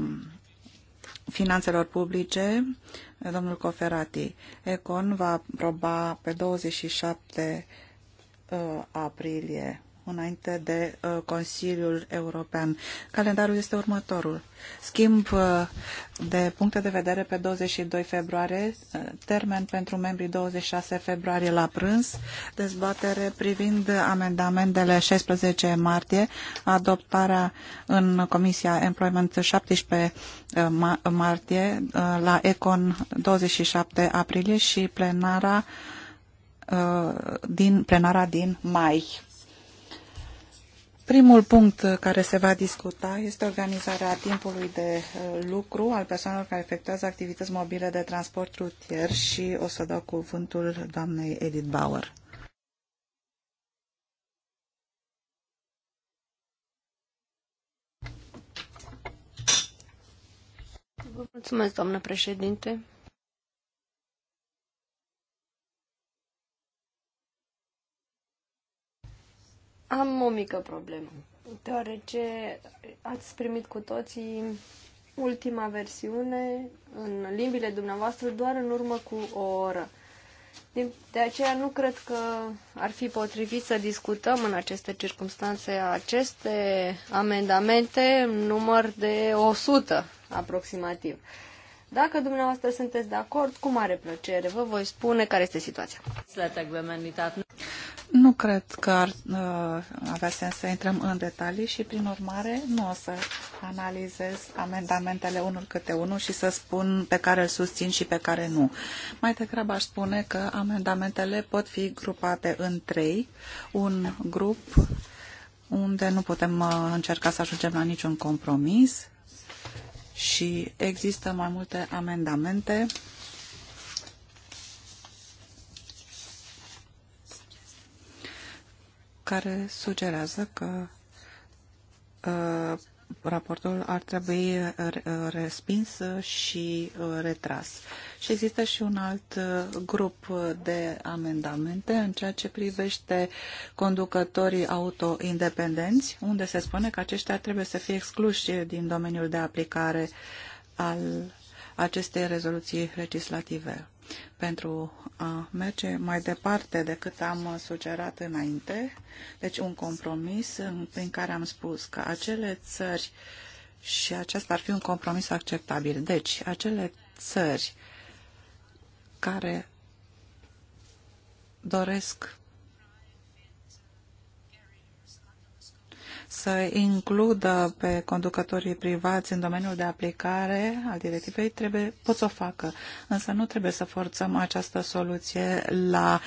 Um, finanțelor publice, domnul Coferati. Econ va aproba pe 27 uh, aprilie înainte de uh, Consiliul European. Calendarul este următorul. Schimb uh, de puncte de vedere pe 22 februarie, uh, termen pentru membrii 26 februarie la prânz, dezbatere privind amendamentele 16 martie, adoptarea în Comisia Employment 17 martie, la Econ 27 aprilie și plenara din plenara din mai. Primul punct care se va discuta este organizarea timpului de eh, lucru al persoanelor care efectuează activități mobile de transport rutier și o să dau cuvântul doamnei Edith Bauer. Vă mulțumesc, doamnă președinte. Am o mică problemă, deoarece ați primit cu toții ultima versiune în limbile dumneavoastră doar în urmă cu o oră. De aceea nu cred că ar fi potrivit să discutăm în aceste circunstanțe aceste amendamente în număr de 100 aproximativ. Dacă dumneavoastră sunteți de acord, cu mare plăcere vă voi spune care este situația. Nu cred că ar uh, avea sens să intrăm în detalii și, prin urmare, nu o să analizez amendamentele unul câte unul și să spun pe care îl susțin și pe care nu. Mai degrabă aș spune că amendamentele pot fi grupate în trei. Un grup unde nu putem uh, încerca să ajungem la niciun compromis și există mai multe amendamente care sugerează că uh, raportul ar trebui uh, uh, respins și uh, retras. Și există și un alt grup de amendamente în ceea ce privește conducătorii auto-independenți, unde se spune că aceștia trebuie să fie excluși din domeniul de aplicare al acestei rezoluții legislative pentru a merge mai departe decât am sugerat înainte. Deci un compromis în, prin care am spus că acele țări și acesta ar fi un compromis acceptabil. Deci, acele țări care doresc să includă pe conducătorii privați în domeniul de aplicare al directivei, trebuie, pot să o facă. Însă nu trebuie să forțăm această soluție la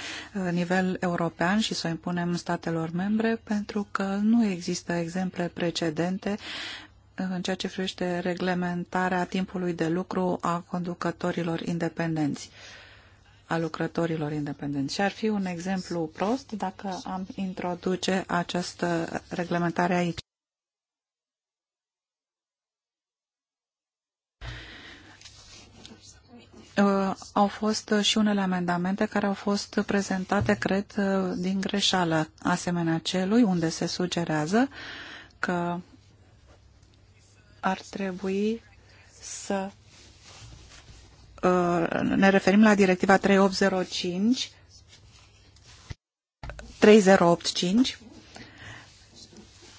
uh, nivel european și să o impunem statelor membre, pentru că nu există exemple precedente uh, în ceea ce privește reglementarea timpului de lucru a conducătorilor independenți a lucrătorilor independenți. Și ar fi un exemplu prost dacă am introduce această reglementare aici. Uh, au fost și unele amendamente care au fost prezentate, cred, uh, din greșeală, asemenea celui unde se sugerează că ar trebui să Uh, ne referim la directiva 3805, 3085,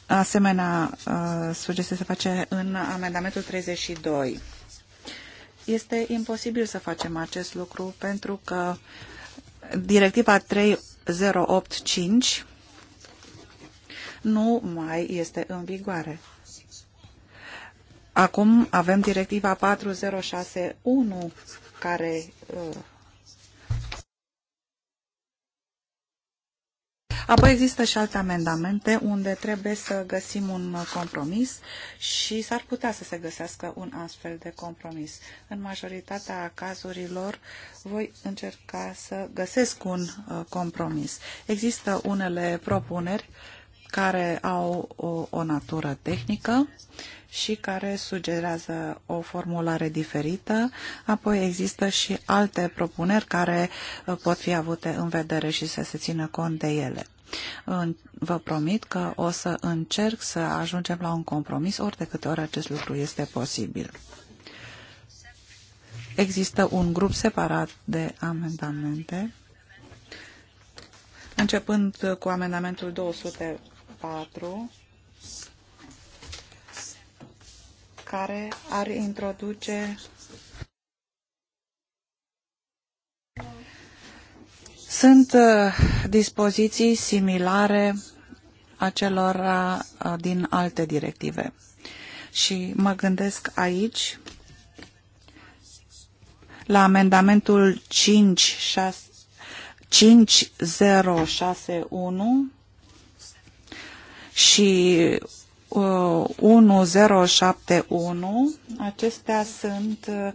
asemenea uh, sugestie se face în amendamentul 32. Este imposibil să facem acest lucru pentru că directiva 3085 nu mai este în vigoare. Acum avem directiva 4061 care uh, Apoi există și alte amendamente unde trebuie să găsim un compromis și s-ar putea să se găsească un astfel de compromis. În majoritatea cazurilor voi încerca să găsesc un uh, compromis. Există unele propuneri care au o, o natură tehnică și care sugerează o formulare diferită. Apoi există și alte propuneri care uh, pot fi avute în vedere și să se țină cont de ele. Vă promit că o să încerc să ajungem la un compromis ori de câte ori acest lucru este posibil. Există un grup separat de amendamente, începând cu amendamentul 200 4 care ar introduce Sunt uh, dispoziții similare acelora uh, uh, din alte directive. Și mă gândesc aici la amendamentul 5, 6, 5061 și uh, 1071. Acestea sunt uh,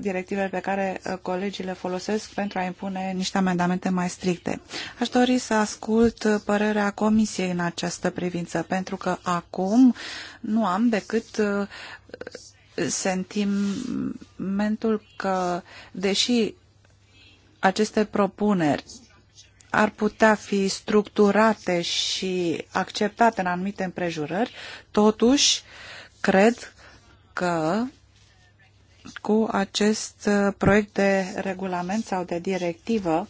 directivele pe care uh, colegii le folosesc pentru a impune niște amendamente mai stricte. Aș dori să ascult părerea Comisiei în această privință, pentru că acum nu am decât uh, sentimentul că, deși aceste propuneri ar putea fi structurate și acceptate în anumite împrejurări, totuși cred că cu acest uh, proiect de regulament sau de directivă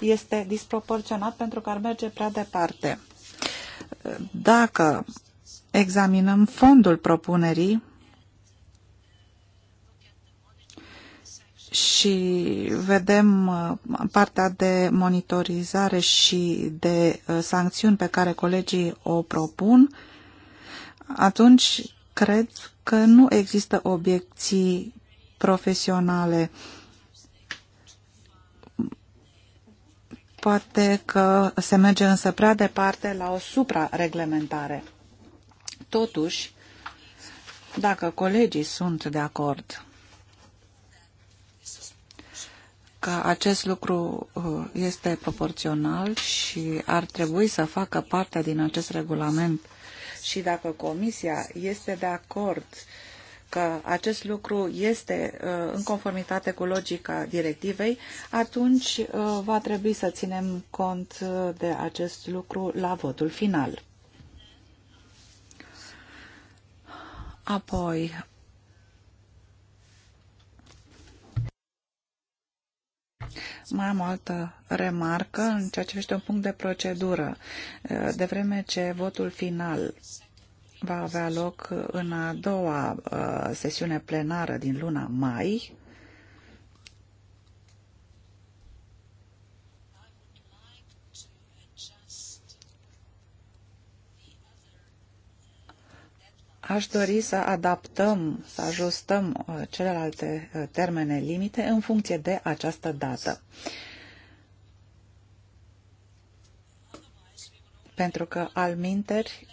este disproporționat pentru că ar merge prea departe. Dacă examinăm fondul propunerii, și vedem uh, partea de monitorizare și de uh, sancțiuni pe care colegii o propun, atunci cred că nu există obiecții profesionale. Poate că se merge însă prea departe la o suprareglementare. Totuși, dacă colegii sunt de acord că acest lucru uh, este proporțional și ar trebui să facă parte din acest regulament. Și dacă Comisia este de acord că acest lucru este uh, în conformitate cu logica directivei, atunci uh, va trebui să ținem cont de acest lucru la votul final. Apoi, Mai am o altă remarcă în ceea ce este un punct de procedură. De vreme ce votul final va avea loc în a doua uh, sesiune plenară din luna mai, Aș dori să adaptăm, să ajustăm uh, celelalte uh, termene limite în funcție de această dată. Pentru că al minteri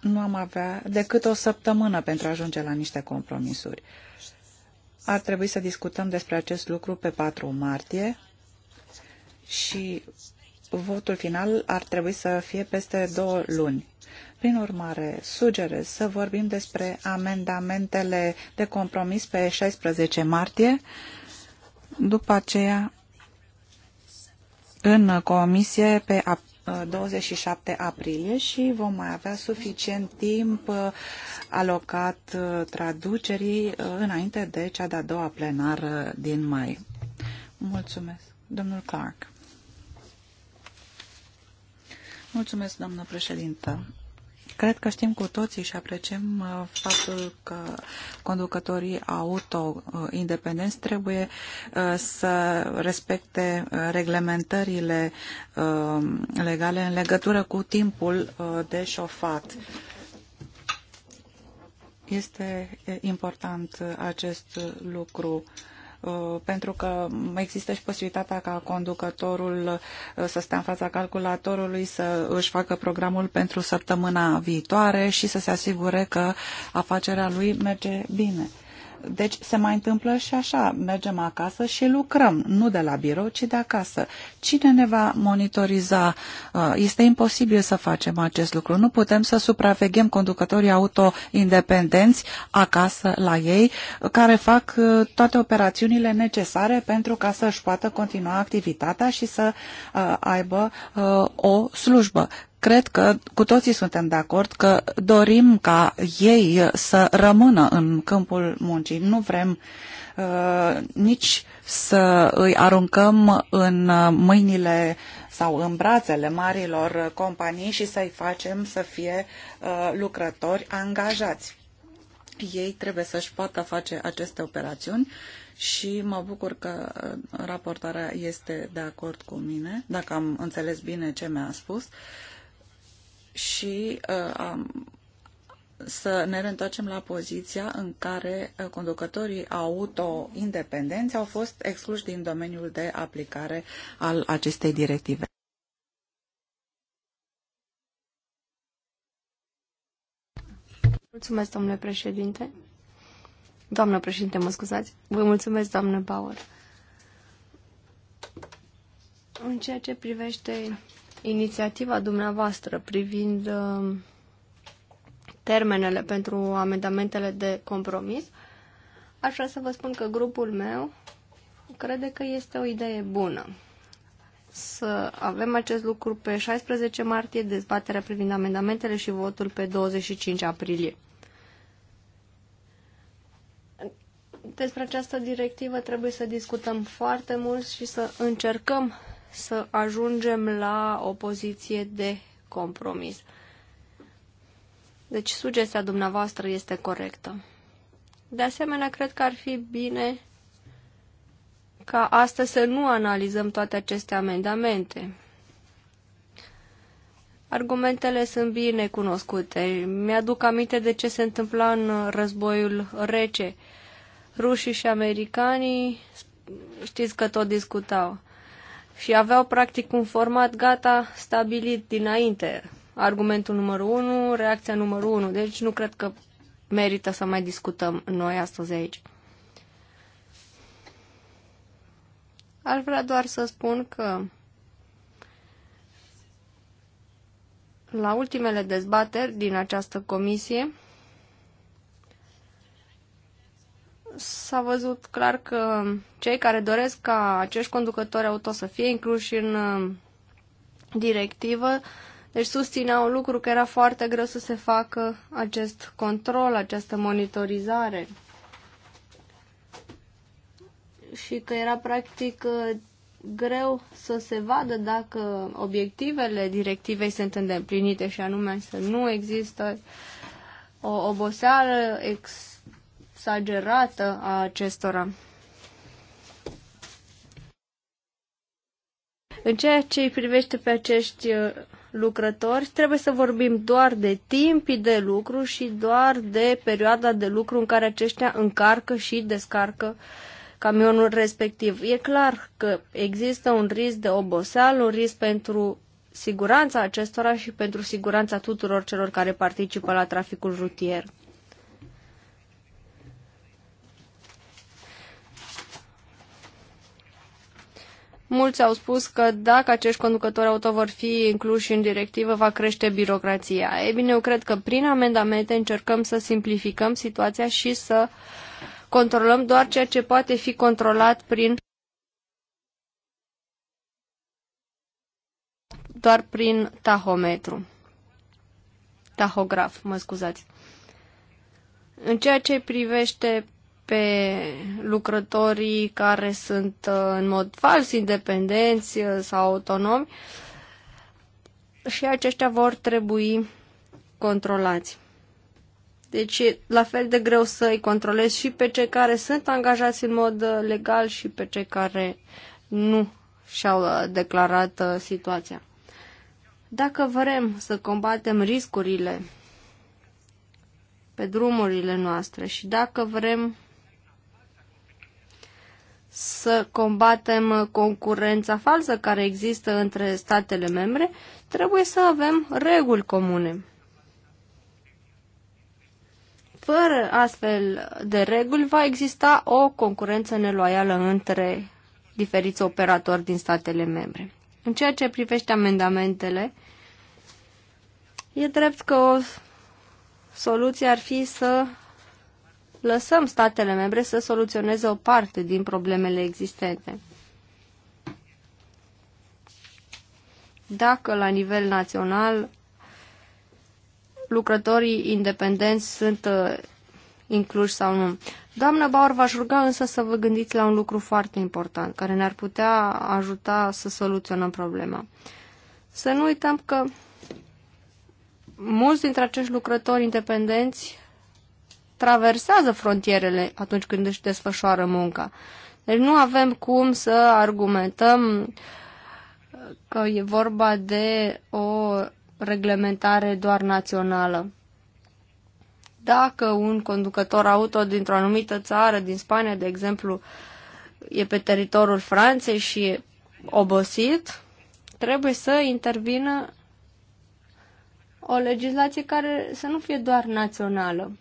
nu am avea decât o săptămână pentru a ajunge la niște compromisuri. Ar trebui să discutăm despre acest lucru pe 4 martie și votul final ar trebui să fie peste două luni. Prin urmare, sugerez să vorbim despre amendamentele de compromis pe 16 martie, după aceea în comisie pe 27 aprilie și vom mai avea suficient timp uh, alocat uh, traducerii uh, înainte de cea de-a doua plenară din mai. Mulțumesc. Domnul Clark. Mulțumesc, doamnă președintă. Cred că știm cu toții și apreciem uh, faptul că conducătorii auto uh, independenți trebuie uh, să respecte reglementările legale în legătură cu timpul de șofat. Este important acest lucru. Uh, Uh, pentru că există și posibilitatea ca conducătorul uh, să stea în fața calculatorului, să își facă programul pentru săptămâna viitoare și să se asigure că afacerea lui merge bine. Deci se mai întâmplă și așa, mergem acasă și lucrăm, nu de la birou, ci de acasă. Cine ne va monitoriza? Uh, este imposibil să facem acest lucru. Nu putem să supraveghem conducătorii auto independenți acasă la ei, care fac uh, toate operațiunile necesare pentru ca să-și poată continua activitatea și să uh, aibă o slujbă. Cred că cu toții suntem de acord că dorim ca ei să rămână în câmpul muncii. Nu vrem uh, nici să îi aruncăm în mâinile sau în brațele marilor companii și să-i facem să fie uh, lucrători angajați. Ei trebuie să-și poată face aceste operațiuni și mă bucur că uh, raportarea este de acord cu mine, dacă am înțeles bine ce mi-a spus. Uh, și uh, să ne reîntoarcem la poziția în care uh, conducătorii auto independenți au fost excluși din domeniul de aplicare al acestei directive. Mulțumesc, domnule președinte. Doamnă președinte, mă scuzați. Vă mulțumesc, doamnă Bauer. În ceea ce privește inițiativa dumneavoastră privind um, termenele pentru amendamentele de compromis, aș vrea să vă spun că grupul meu crede că este o idee bună să avem acest lucru pe 16 martie, dezbaterea privind amendamentele și votul pe 25 aprilie. Despre această directivă trebuie să discutăm foarte mult și să încercăm să ajungem la o poziție de compromis. Deci sugestia dumneavoastră este corectă. De asemenea, cred că ar fi bine ca astăzi să nu analizăm toate aceste amendamente. Argumentele sunt bine cunoscute. Mi-aduc aminte de ce se întâmpla în războiul rece. Rușii și americanii știți că tot discutau și aveau practic un format gata stabilit dinainte. Argumentul numărul 1, reacția numărul 1. Deci nu cred că merită să mai discutăm noi astăzi aici. Aș vrea doar să spun că la ultimele dezbateri din această comisie, s-a văzut clar că cei care doresc ca acești conducători auto să fie incluși în uh, directivă, deci susțineau un lucru că era foarte greu să se facă acest control, această monitorizare. Și că era practic uh, greu să se vadă dacă obiectivele directivei sunt îndeplinite și anume să nu există o oboseală ex exagerată a acestora. În ceea ce îi privește pe acești uh, lucrători, trebuie să vorbim doar de timpii de lucru și doar de perioada de lucru în care aceștia încarcă și descarcă camionul respectiv. E clar că există un risc de oboseală, un risc pentru siguranța acestora și pentru siguranța tuturor celor care participă la traficul rutier. Mulți au spus că dacă acești conducători auto vor fi incluși în directivă, va crește birocrația. Ei bine, eu cred că prin amendamente încercăm să simplificăm situația și să controlăm doar ceea ce poate fi controlat prin doar prin tahometru. Tahograf, mă scuzați. În ceea ce privește pe lucrătorii care sunt uh, în mod fals independenți uh, sau autonomi și aceștia vor trebui controlați. Deci e la fel de greu să îi controlezi și pe cei care sunt angajați în mod uh, legal și pe cei care nu și-au declarat situația. Dacă vrem să combatem riscurile pe drumurile noastre și dacă vrem să combatem uh, concurența falsă care există între statele membre, trebuie să avem reguli comune. Fără astfel de reguli va exista o concurență neloială între diferiți operatori din statele membre. În ceea ce privește amendamentele, e drept că o soluție ar fi să lăsăm statele membre să soluționeze o parte din problemele existente. Dacă la nivel național lucrătorii independenți sunt uh, incluși sau nu. Doamnă Bauer, v-aș ruga însă să vă gândiți la un lucru foarte important, care ne-ar putea ajuta să soluționăm problema. Să nu uităm că mulți dintre acești lucrători independenți traversează frontierele atunci când își desfășoară munca. Deci nu avem cum să argumentăm uh, că e vorba de o reglementare doar națională. Dacă un conducător auto dintr-o anumită țară, din Spania, de exemplu, e pe teritoriul Franței și e obosit, trebuie să intervină o legislație care să nu fie doar națională.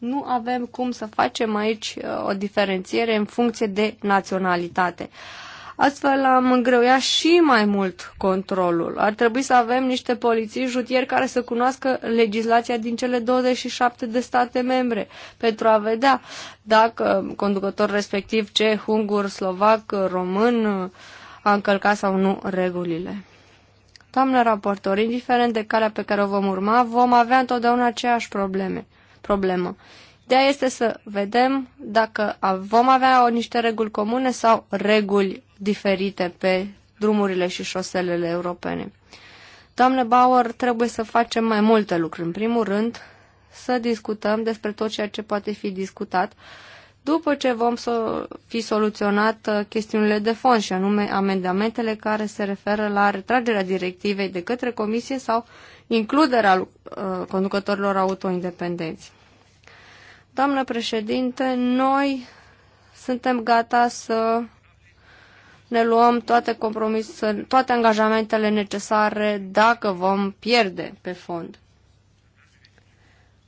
Nu avem cum să facem aici uh, o diferențiere în funcție de naționalitate. Astfel am îngreuia și mai mult controlul. Ar trebui să avem niște poliții jutieri care să cunoască legislația din cele 27 de state membre pentru a vedea dacă conducătorul respectiv ce hungur, slovac, român uh, a încălcat sau nu regulile. Doamne raportor, indiferent de calea pe care o vom urma, vom avea întotdeauna aceeași probleme – problemă. Ideea este să vedem dacă vom avea o niște reguli comune sau reguli diferite pe drumurile și șoselele europene. Doamne Bauer, trebuie să facem mai multe lucruri. În primul rând, să discutăm despre tot ceea ce poate fi discutat, uh, după ce vom so fi soluționat uh, chestiunile de fond, și anume amendamentele care se referă la retragerea directivei de către Comisie sau includerea uh, conducătorilor autoindependenți. Doamnă președinte, noi suntem gata să ne luăm toate, compromis, toate angajamentele necesare dacă vom pierde pe fond.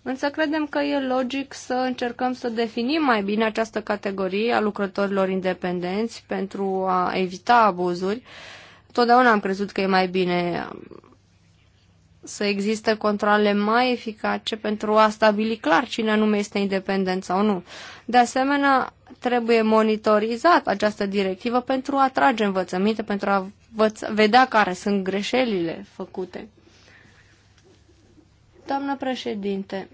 Însă credem că e logic să încercăm să definim mai bine această categorie a lucrătorilor independenți pentru a evita abuzuri. Totdeauna am crezut că e mai bine să existe controle mai eficace pentru a stabili clar cine anume este independent sau nu. De asemenea, trebuie monitorizat această directivă pentru a trage învățăminte, pentru a vedea care sunt greșelile făcute. Doamnă președinte,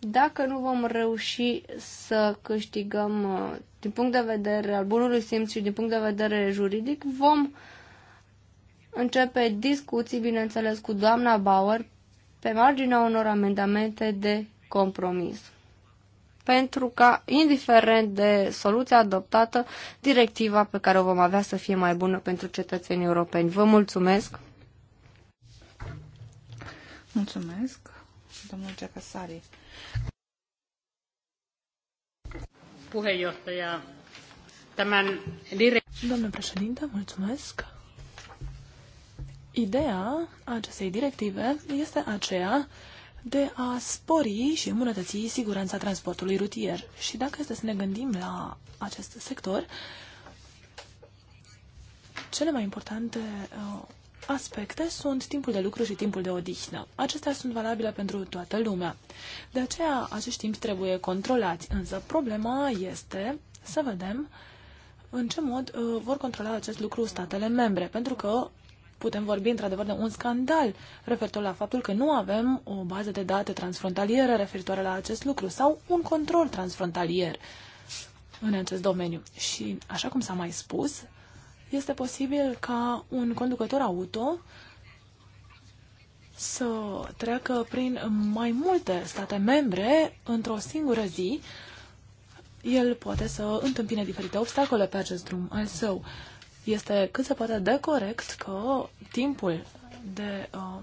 dacă nu vom reuși să câștigăm uh, din punct de vedere al bunului simț și din punct de vedere juridic, vom începe discuții, bineînțeles, cu doamna Bauer pe marginea unor amendamente de compromis. Pentru ca, indiferent de soluția adoptată, directiva pe care o vom avea să fie mai bună pentru cetățenii europeni. Vă mulțumesc! Mulțumesc, domnul Cecăsari. Domnul Domnule președinte, mulțumesc. Ideea acestei directive este aceea de a spori și îmbunătăți siguranța transportului rutier. Și dacă este să ne gândim la acest sector, cele mai importante uh, aspecte sunt timpul de lucru și timpul de odihnă. Acestea sunt valabile pentru toată lumea. De aceea, acești timp trebuie controlați, însă problema este să vedem în ce mod uh, vor controla acest lucru statele membre, pentru că putem vorbi într-adevăr de un scandal referitor la faptul că nu avem o bază de date transfrontalieră referitoare la acest lucru sau un control transfrontalier în acest domeniu. Și, așa cum s-a mai spus, este posibil ca un conducător auto să treacă prin mai multe state membre într-o singură zi, el poate să întâmpine diferite obstacole pe acest drum al său. Este cât se poate de corect că timpul de uh,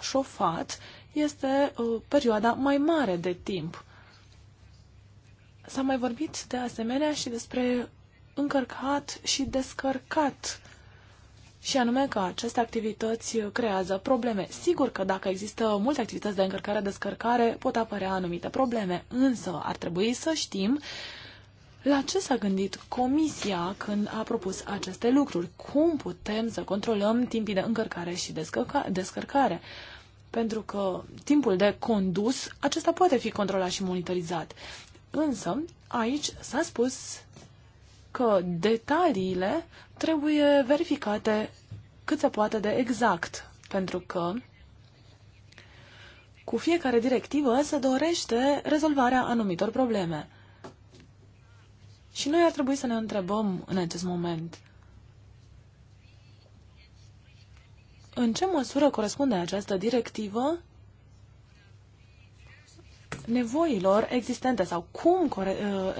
șofat este uh, perioada mai mare de timp. S-a mai vorbit de asemenea și despre încărcat și descărcat. Și anume că aceste activități creează probleme. Sigur că dacă există multe activități de încărcare-descărcare, pot apărea anumite probleme, însă ar trebui să știm la ce s-a gândit comisia când a propus aceste lucruri? Cum putem să controlăm timpii de încărcare și descărca- descărcare? Pentru că timpul de condus, acesta poate fi controlat și monitorizat. Însă, aici s-a spus că detaliile trebuie verificate cât se poate de exact, pentru că cu fiecare directivă se dorește rezolvarea anumitor probleme. Și noi ar trebui să ne întrebăm în acest moment în ce măsură corespunde această directivă nevoilor existente sau cum uh,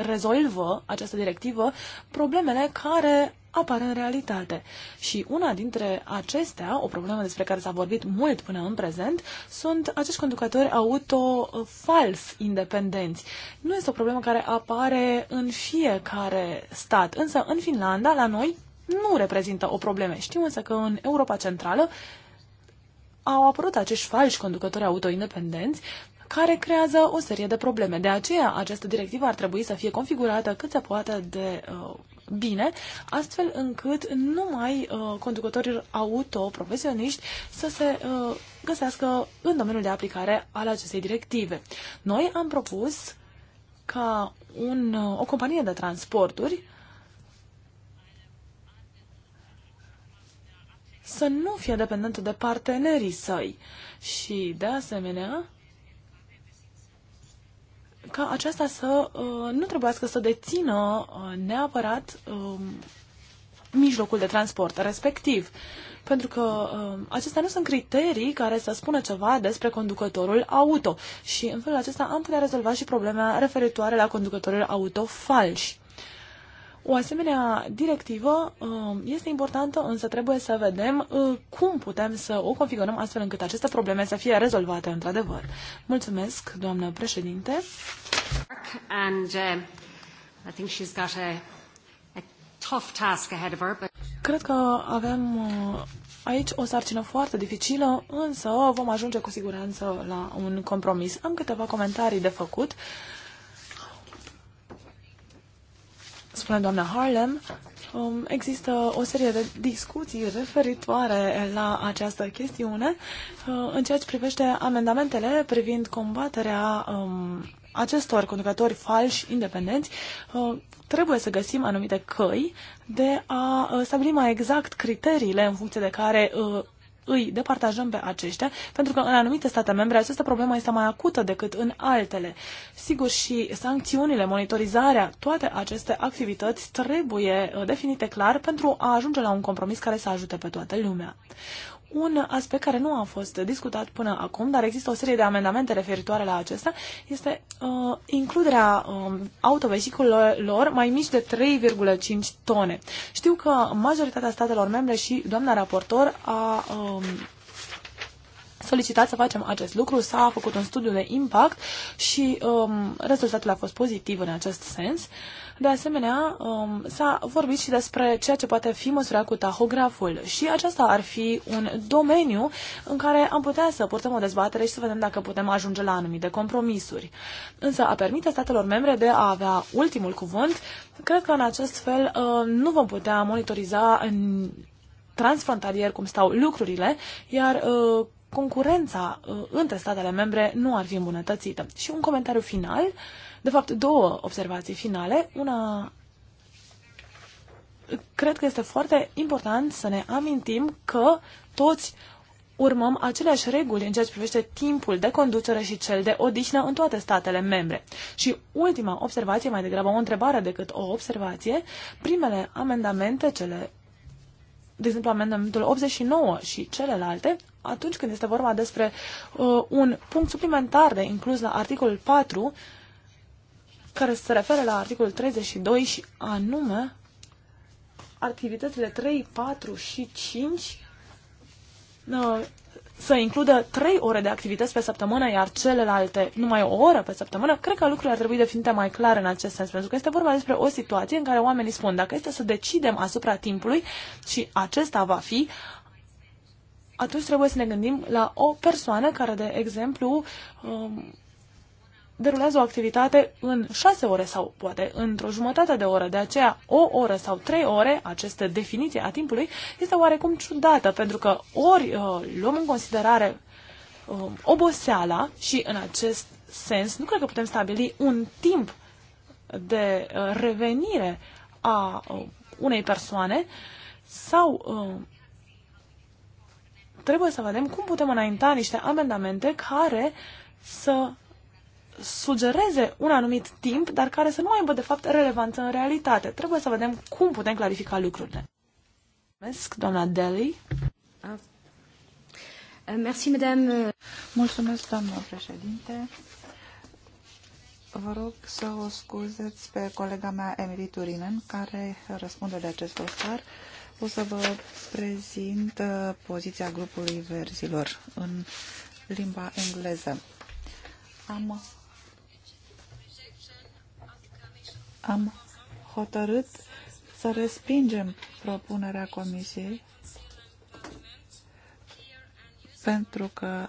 rezolvă această directivă problemele care apar în realitate. Și una dintre acestea, o problemă despre care s-a vorbit mult până în prezent, sunt acești conducători auto fals independenți. Nu este o problemă care apare în fiecare stat, însă în Finlanda, la noi, nu reprezintă o problemă. Știu însă că în Europa Centrală au apărut acești falși conducători auto independenți care creează o serie de probleme. De aceea, această directivă ar trebui să fie configurată cât se poate de uh, bine, astfel încât numai uh, conducătorii auto profesioniști să se uh, găsească în domeniul de aplicare al acestei directive. Noi am propus ca un, uh, o companie de transporturi să nu fie dependentă de partenerii săi și, de asemenea, ca aceasta să uh, nu trebuiască să dețină uh, neapărat um, mijlocul de transport respectiv. Pentru că um, acestea nu sunt criterii care să spună ceva despre conducătorul auto. Și în felul acesta am putea rezolva și problema referitoare la conducătorul auto falși. O asemenea directivă um, este importantă, însă trebuie să vedem uh, cum putem să o configurăm astfel încât aceste probleme să fie rezolvate într-adevăr. Mulțumesc, doamnă președinte. Uh, Cred că avem uh, aici o sarcină foarte dificilă, însă vom ajunge cu siguranță la un compromis. Am câteva comentarii de făcut. Uh, spune doamna Harlem, um, există o serie de discuții referitoare la această chestiune uh, în ceea ce privește amendamentele privind combaterea um, acestor conducători falși independenți. Uh, trebuie să găsim anumite căi de a uh, stabili mai exact criteriile în funcție de care uh, îi departajăm pe aceștia, pentru că în anumite state membre această problemă este mai acută decât în altele. Sigur și sancțiunile, monitorizarea, toate aceste activități trebuie uh, definite clar pentru a ajunge la un compromis care să ajute pe toată lumea un aspect care nu a fost discutat până acum, dar există o serie de amendamente referitoare la acesta, este uh, includerea um, autovehiculelor mai mici de 3,5 tone. Știu că majoritatea statelor membre și doamna raportor a um, solicitat să facem acest lucru, s-a făcut un studiu de impact și um, rezultatul a fost pozitiv în acest sens. Uh, de asemenea, um, s-a vorbit și despre ceea ce poate fi măsurat cu tahograful și aceasta ar fi un domeniu în care am putea să purtăm o dezbatere și să vedem dacă putem ajunge la anumite compromisuri. Însă a permite statelor membre de a avea ultimul cuvânt, cred că în acest fel um, nu vom putea monitoriza în transfrontalier cum stau lucrurile, iar uh, concurența uh, între statele membre nu ar fi îmbunătățită. Și un comentariu final. Uh, de fapt, două observații finale. Una, cred că este foarte important să ne amintim că toți urmăm aceleași reguli în ceea ce privește timpul de conducere și cel de odihnă în toate statele membre. Și ultima observație, mai degrabă o întrebare decât o observație, primele amendamente, cele de exemplu, amendamentul 89 și celelalte, atunci când este vorba despre uh, un punct suplimentar de inclus la articolul 4, care se referă la articolul 32 și anume activitățile 3, 4 și 5 uh, să includă 3 ore de activități pe săptămână, iar celelalte numai o oră pe săptămână, cred că lucrurile ar trebui definite mai clar în acest sens, pentru că este vorba despre o situație în care oamenii spun, dacă este să decidem asupra timpului și acesta va fi, atunci trebuie să ne gândim la o persoană care, de exemplu, um, derulează o activitate în șase ore sau poate într-o jumătate de oră. De aceea, o oră sau trei ore, această definiție a timpului, este oarecum ciudată, pentru că ori uh, luăm în considerare uh, oboseala și în acest sens nu cred că putem stabili un timp de uh, revenire a uh, unei persoane sau uh, trebuie să vedem cum putem înainta niște amendamente care să sugereze un anumit timp, dar care să nu aibă de fapt relevanță în realitate. Trebuie să vedem cum putem clarifica lucrurile. Mulțumesc, doamna Deli. Ah. Eh, merci, madame. Mulțumesc, doamnă președinte. Vă rog să o scuzeți pe colega mea, Emily Turinen, care răspunde de acest dosar. O să vă prezint eh, poziția grupului verzilor în limba engleză. Am am hotărât să respingem propunerea Comisiei pentru că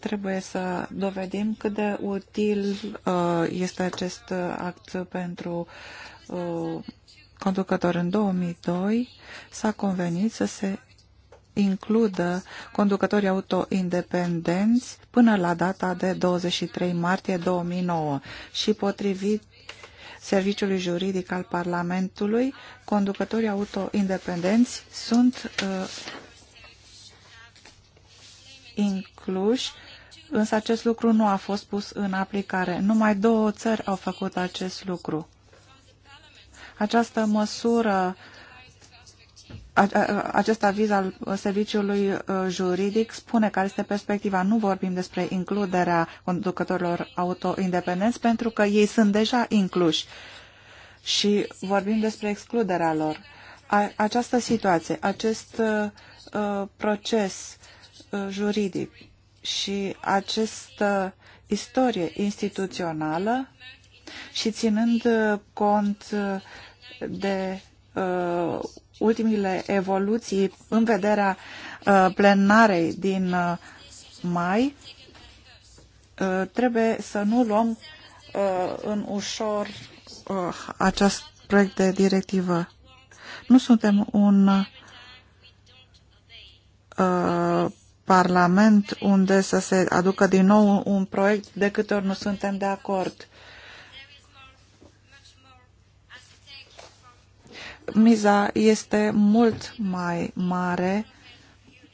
trebuie să dovedim cât de util uh, este acest act pentru uh, conducător. În 2002 s-a convenit să se includă conducătorii auto independenți până la data de 23 martie 2009 și potrivit Serviciului Juridic al Parlamentului, conducătorii auto-independenți sunt uh, incluși, însă acest lucru nu a fost pus în aplicare. Numai două țări au făcut acest lucru. Această măsură acest aviz al serviciului uh, juridic spune care este perspectiva. Nu vorbim despre includerea conducătorilor auto-independenți pentru că ei sunt deja incluși și vorbim despre excluderea lor. Această situație, acest uh, uh, proces juridic și această istorie instituțională și ținând cont de ultimile evoluții în vederea uh, plenarei din uh, mai, uh, trebuie să nu luăm în ușor acest proiect de directivă. Nu suntem un parlament unde să se aducă din nou un proiect de câte ori nu suntem de acord. miza este mult mai mare.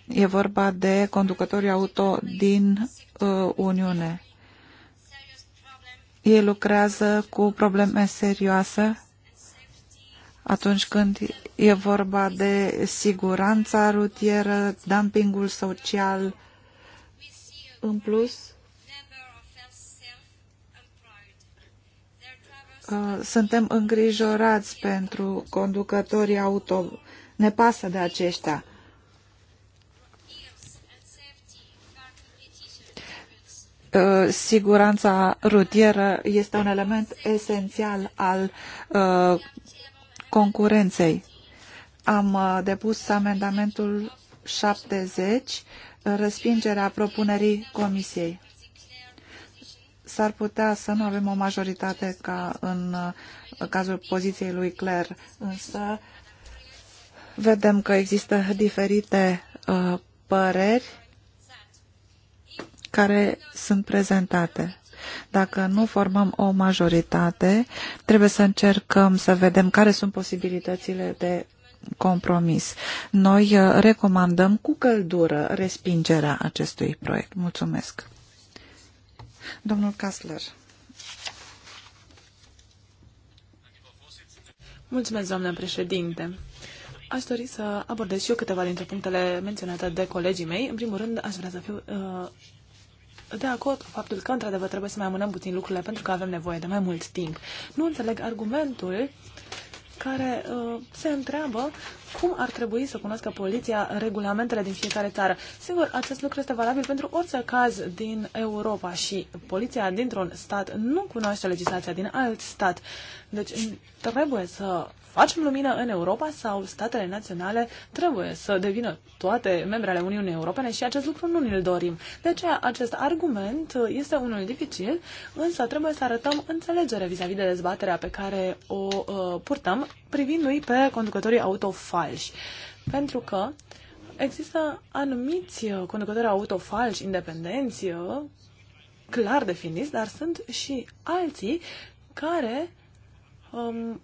E vorba de conducătorii auto din uh, Uniune. Ei lucrează cu probleme serioase atunci când e vorba de siguranța rutieră, dumpingul social. În plus, Uh, suntem îngrijorați pentru conducătorii auto. Ne pasă de aceștia. Uh, siguranța rutieră este un element esențial al uh, concurenței. Am depus amendamentul 70, respingerea propunerii Comisiei s-ar putea să nu avem o majoritate ca în cazul poziției lui Claire, însă vedem că există diferite uh, păreri care sunt prezentate. Dacă nu formăm o majoritate, trebuie să încercăm să vedem care sunt posibilitățile de compromis. Noi uh, recomandăm cu căldură respingerea acestui proiect. Mulțumesc! Domnul Kassler. Mulțumesc, doamnă președinte. Aș dori să abordez și eu câteva dintre punctele menționate de colegii mei. În primul rând, aș vrea să fiu uh, de acord cu faptul că, într-adevăr, trebuie să mai amânăm puțin lucrurile pentru că avem nevoie de mai mult timp. Nu înțeleg argumentul care uh, se întreabă cum ar trebui să cunoască poliția regulamentele din fiecare țară. Sigur, acest lucru este valabil pentru orice caz din Europa și poliția dintr-un stat nu cunoaște legislația din alt stat. Deci trebuie să facem lumină în Europa sau statele naționale trebuie să devină toate membre ale Uniunii Europene și acest lucru nu ne-l dorim. De aceea acest argument este unul dificil, însă trebuie să arătăm înțelegere vis-a-vis -vis de dezbaterea pe care o uh, purtăm privindu-i pe conducătorii auto falși. Pentru că există anumiți conducători auto falși, independenți, uh, clar definiți, dar sunt și alții care um,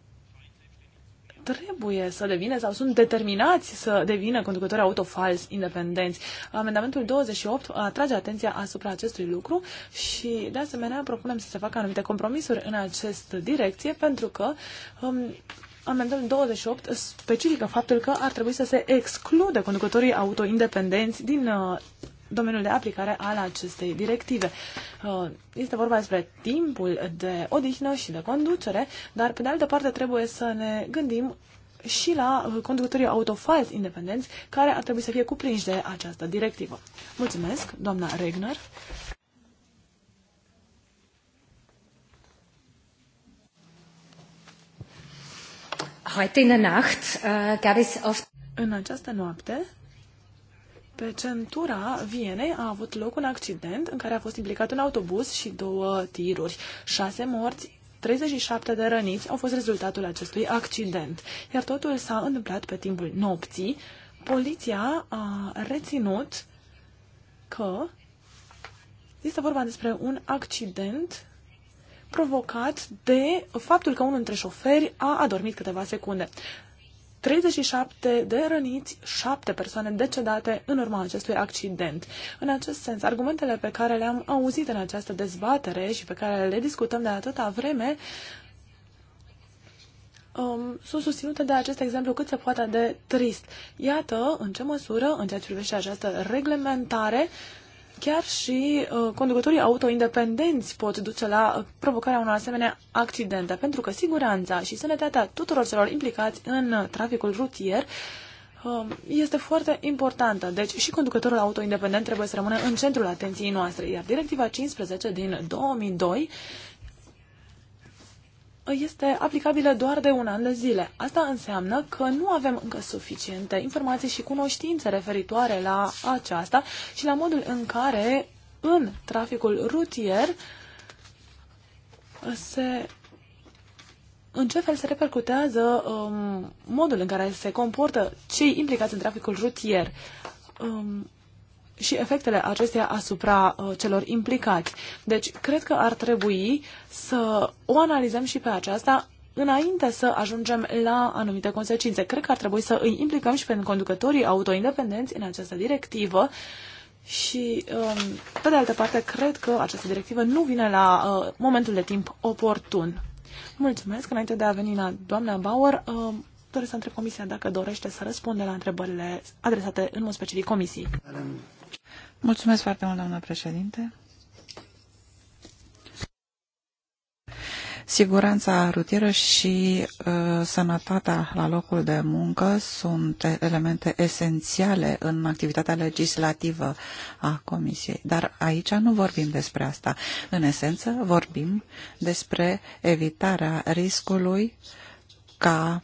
trebuie să devină sau sunt determinați să devină conducători auto fals independenți. Amendamentul 28 atrage atenția asupra acestui lucru și, de asemenea, propunem să se facă anumite compromisuri în această direcție pentru că um, amendamentul 28 specifică faptul că ar trebui să se exclude conducătorii auto independenți din uh, domeniul de aplicare al acestei directive. Uh, este vorba despre timpul de odihnă și de conducere, dar pe de altă parte trebuie să ne gândim și la uh, conducătorii autofalți independenți care ar trebui să fie cuprinși de această directivă. Mulțumesc, doamna Regner. Heute in der Nacht äh, gab es oft... În această noapte pe centura Vienei a avut loc un accident în care a fost implicat un autobuz și două tiruri. Șase morți, 37 de răniți au fost rezultatul acestui accident, iar totul s-a întâmplat pe timpul nopții. Poliția a reținut că este vorba despre un accident provocat de faptul că unul dintre șoferi a adormit câteva secunde. 37 de răniți, 7 persoane decedate în urma acestui accident. În acest sens, argumentele pe care le-am auzit în această dezbatere și pe care le discutăm de atâta vreme um, sunt susținute de acest exemplu cât se poate de trist. Iată în ce măsură, în ceea ce privește această reglementare, uh, Chiar și uh, conducătorii autoindependenți pot duce la uh, provocarea unor asemenea accidente, pentru că siguranța și sănătatea tuturor celor implicați în uh, traficul rutier uh, este foarte importantă. Deci și conducătorul autoindependent trebuie să rămână în centrul atenției noastre, iar Directiva 15 din 2002 este aplicabilă doar de un an de zile. Asta înseamnă că nu avem încă suficiente informații și cunoștințe referitoare la aceasta și la modul în care în traficul rutier se în ce fel se repercutează um, modul în care se comportă cei implicați în traficul rutier. Um, și efectele acesteia asupra uh, celor implicați. Deci, cred că ar trebui să o analizăm și pe aceasta înainte să ajungem la anumite consecințe. Cred că ar trebui să îi implicăm și pe conducătorii autoindependenți în această directivă și, um, pe de altă parte, cred că această directivă nu vine la uh, momentul de timp oportun. Mulțumesc. Înainte de a veni la doamna Bauer, um, doresc să întreb comisia dacă dorește să răspundă la întrebările adresate în mod specific comisiei. Mulțumesc foarte mult, doamnă președinte. Siguranța rutieră și uh, sănătatea la locul de muncă sunt elemente esențiale în activitatea legislativă a Comisiei. Dar aici nu vorbim despre asta. În esență, vorbim despre evitarea riscului ca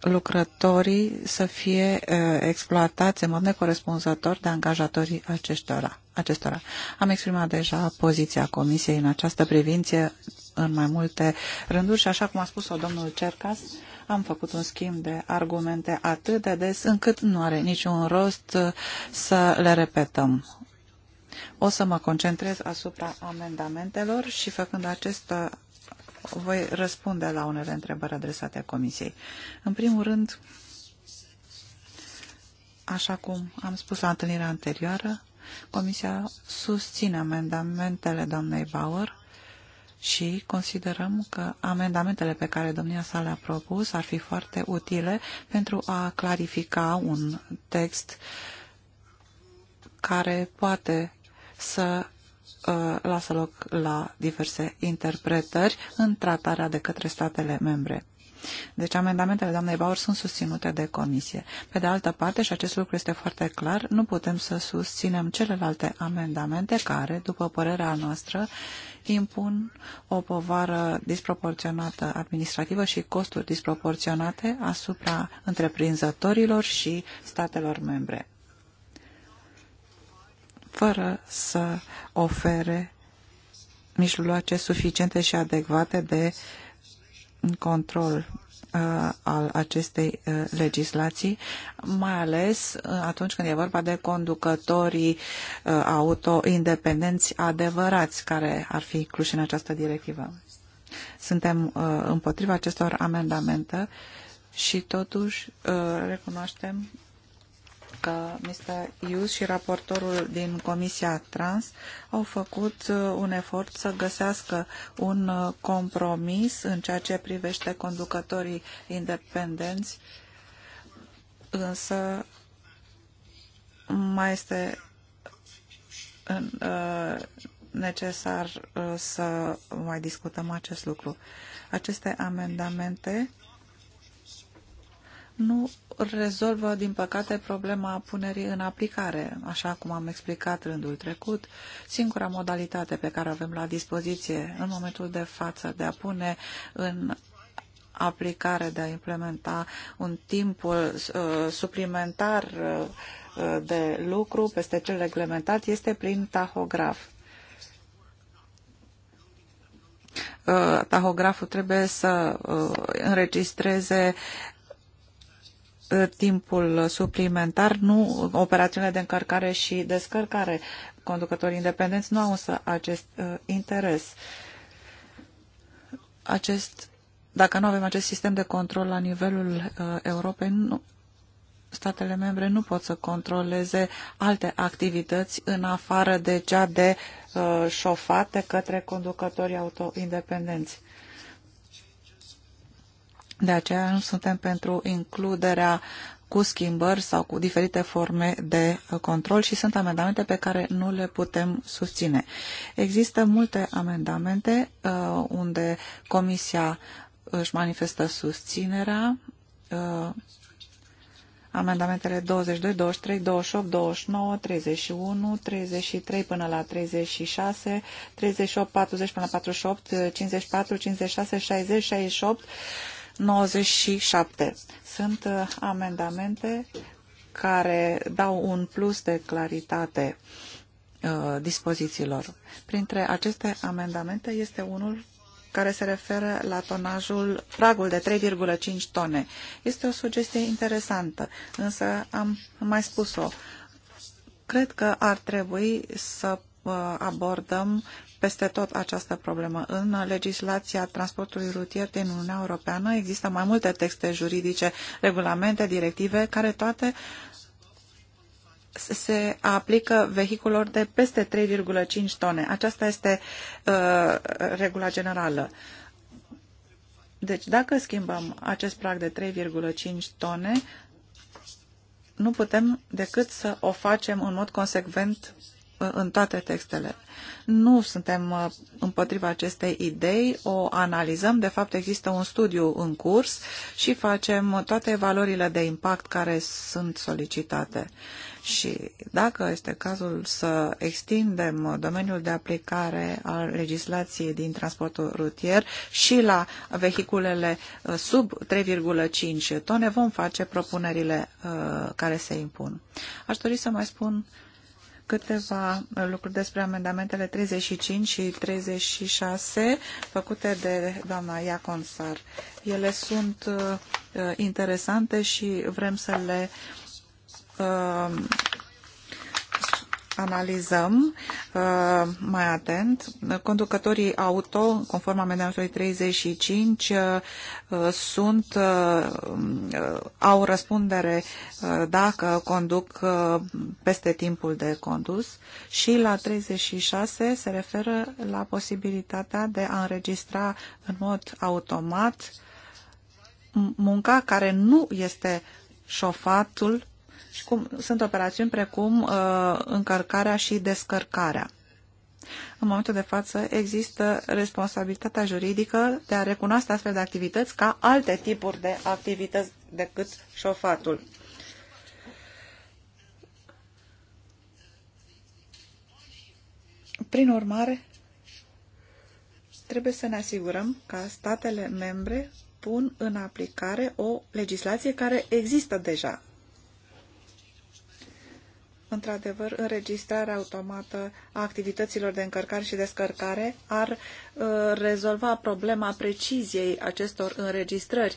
lucrătorii să fie uh, exploatați în mod necorespunzător de angajatorii acestora. acestora. Am exprimat deja poziția Comisiei în această privință în mai multe rânduri și așa cum a spus-o domnul Cercas, am făcut un schimb de argumente atât de des încât nu are niciun rost uh, să le repetăm. O să mă concentrez asupra amendamentelor și făcând acest uh, voi răspunde la unele întrebări adresate Comisiei. În primul rând, așa cum am spus la întâlnirea anterioară, Comisia susține amendamentele doamnei Bauer și considerăm că amendamentele pe care domnia sa le-a propus ar fi foarte utile pentru a clarifica un text care poate să Uh, lasă loc la diverse interpretări în tratarea de către statele membre. Deci amendamentele doamnei Bauer sunt susținute de comisie. Pe de altă parte, și acest lucru este foarte clar, nu putem să susținem celelalte amendamente care, după părerea noastră, impun o povară disproporționată administrativă și costuri disproporționate asupra întreprinzătorilor și statelor membre fără să ofere mijloace suficiente și adecvate de control uh, al acestei uh, legislații, mai ales uh, atunci când e vorba de conducătorii auto independenți adevărați care ar fi incluși în această directivă. Suntem împotriva acestor amendamente și totuși recunoaștem că Mr. Hughes și raportorul din Comisia Trans au făcut uh, un efort să găsească un uh, compromis în ceea ce privește conducătorii independenți, însă mai este uh, necesar să mai discutăm acest lucru. Aceste amendamente nu rezolvă, din păcate, problema punerii în aplicare. Așa cum am explicat rândul trecut, singura modalitate pe care o avem la dispoziție în momentul de față de a pune în aplicare, de a implementa un timp uh, suplimentar uh, de lucru peste cel reglementat este prin tahograf. Uh, tahograful trebuie să uh, înregistreze timpul suplimentar, nu operațiunile de încărcare și descărcare. Conducătorii independenți nu au însă acest uh, interes. Acest, dacă nu avem acest sistem de control la nivelul uh, Europei, nu, statele membre nu pot să controleze alte activități în afară de cea de uh, șofate către conducătorii auto-independenți. Uh, de aceea nu suntem pentru includerea cu schimbări sau cu diferite forme de control și sunt amendamente pe care nu le putem susține. Există multe amendamente uh, unde Comisia își manifestă susținerea. Uh, amendamentele 22, 23, 28, 29, 31, 33 până la 36, 38, 40 până la 48, 54, 56, 60, 68, 97. Sunt uh, amendamente care dau un plus de claritate uh, dispozițiilor. Printre aceste amendamente este unul care se referă la tonajul, pragul de 3,5 tone. Este o sugestie interesantă, însă am mai spus-o. Cred că ar trebui să uh, abordăm peste tot această problemă. În legislația transportului rutier din Uniunea Europeană există mai multe texte juridice, regulamente, directive, care toate se aplică vehiculor de peste 3,5 tone. Aceasta este uh, regula generală. Deci dacă schimbăm acest prag de 3,5 tone, nu putem decât să o facem în mod consecvent în toate textele. Nu suntem uh, împotriva acestei idei, o analizăm, de fapt există un studiu în curs și facem toate valorile de impact care sunt solicitate. Și dacă este cazul să extindem domeniul de aplicare al legislației din transportul rutier și la vehiculele uh, sub 3,5 tone, vom face propunerile uh, care se impun. Aș dori să mai spun câteva lucruri despre amendamentele 35 și 36 făcute de doamna Iaconsar. Ele sunt uh, interesante și vrem să le uh, analizăm uh, mai atent. Conducătorii auto, conform amendamentului 35, uh, sunt, uh, uh, au răspundere uh, dacă conduc uh, peste timpul de condus și la 36 se referă la posibilitatea de a înregistra în mod automat munca care nu este șofatul și cum, sunt operațiuni precum uh, încărcarea și descărcarea. În momentul de față există responsabilitatea juridică de a recunoaște astfel de activități ca alte tipuri de activități decât șofatul. Prin urmare, trebuie să ne asigurăm că statele membre pun în aplicare o legislație care există deja. Într-adevăr, înregistrarea automată a activităților de încărcare și descărcare ar uh, rezolva problema preciziei acestor înregistrări,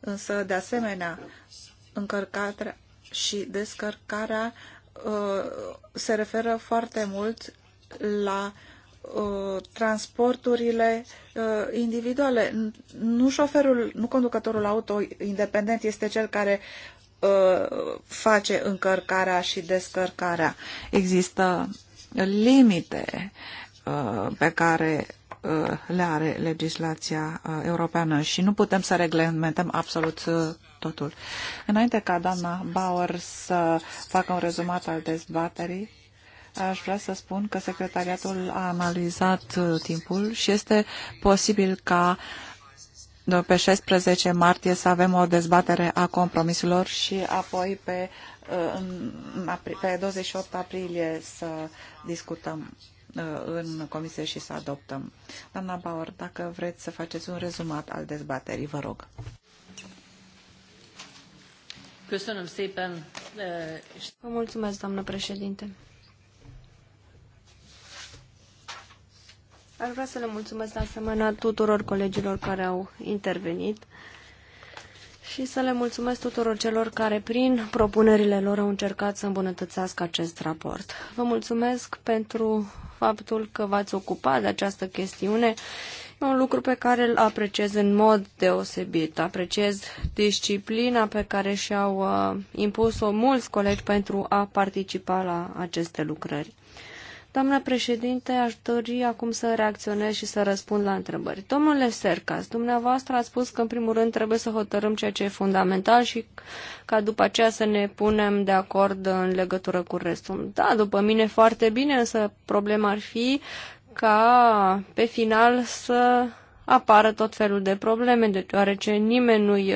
însă, de asemenea, încărcarea și descărcarea uh, se referă foarte mult la uh, transporturile uh, individuale. Nu șoferul, nu conducătorul auto independent este cel care Uh, face încărcarea și descărcarea. Există limite uh, pe care uh, le are legislația europeană și nu putem să reglementăm absolut totul. Înainte ca doamna Bauer să facă un rezumat al dezbaterii, aș vrea să spun că secretariatul a analizat timpul și este posibil ca uh, pe 16 martie să avem o dezbatere a compromisurilor și apoi pe, uh, pe 28 aprilie să discutăm uh, în comisie și să adoptăm. Doamna Bauer, dacă vreți să faceți un rezumat al dezbaterii, vă rog. Uh, vă mulțumesc, doamnă președinte. Aș vrea să le mulțumesc de asemenea tuturor colegilor care au intervenit și să le mulțumesc tuturor celor care, prin propunerile lor, au încercat să îmbunătățească acest raport. Vă mulțumesc pentru faptul că v-ați ocupat de această chestiune. E un lucru pe care îl apreciez în mod deosebit. Apreciez disciplina pe care și-au uh, impus-o mulți colegi pentru a participa la aceste lucrări. Doamna președinte, aș dori acum să reacționez și să răspund la întrebări. Domnule Sercas, dumneavoastră a spus că în primul rând trebuie să hotărâm ceea ce e fundamental și ca după aceea să ne punem de acord în legătură cu restul. Da, după mine foarte bine, însă problema ar fi ca pe final să apară tot felul de probleme, deoarece nimeni nu-i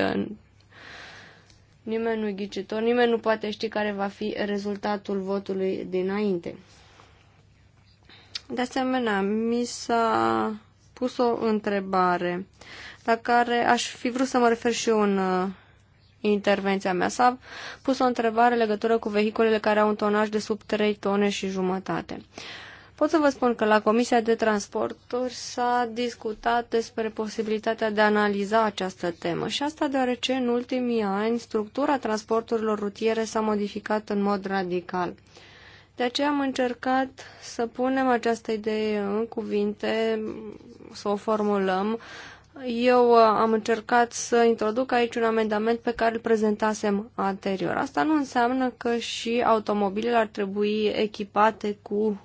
nimeni nu ghicitor, nimeni nu poate ști care va fi rezultatul votului dinainte. De asemenea, mi s-a pus o întrebare la care aș fi vrut să mă refer și eu în uh, intervenția mea. S-a pus o întrebare legătură cu vehiculele care au un tonaj de sub 3 tone și jumătate. Pot să vă spun că la Comisia de Transporturi s-a discutat despre posibilitatea de a analiza această temă și asta deoarece în ultimii ani structura transporturilor rutiere s-a modificat în mod radical. De aceea am încercat să punem această idee în cuvinte, să o formulăm. Eu uh, am încercat să introduc aici un amendament pe care îl prezentasem anterior. Asta nu înseamnă că și automobilele ar trebui echipate cu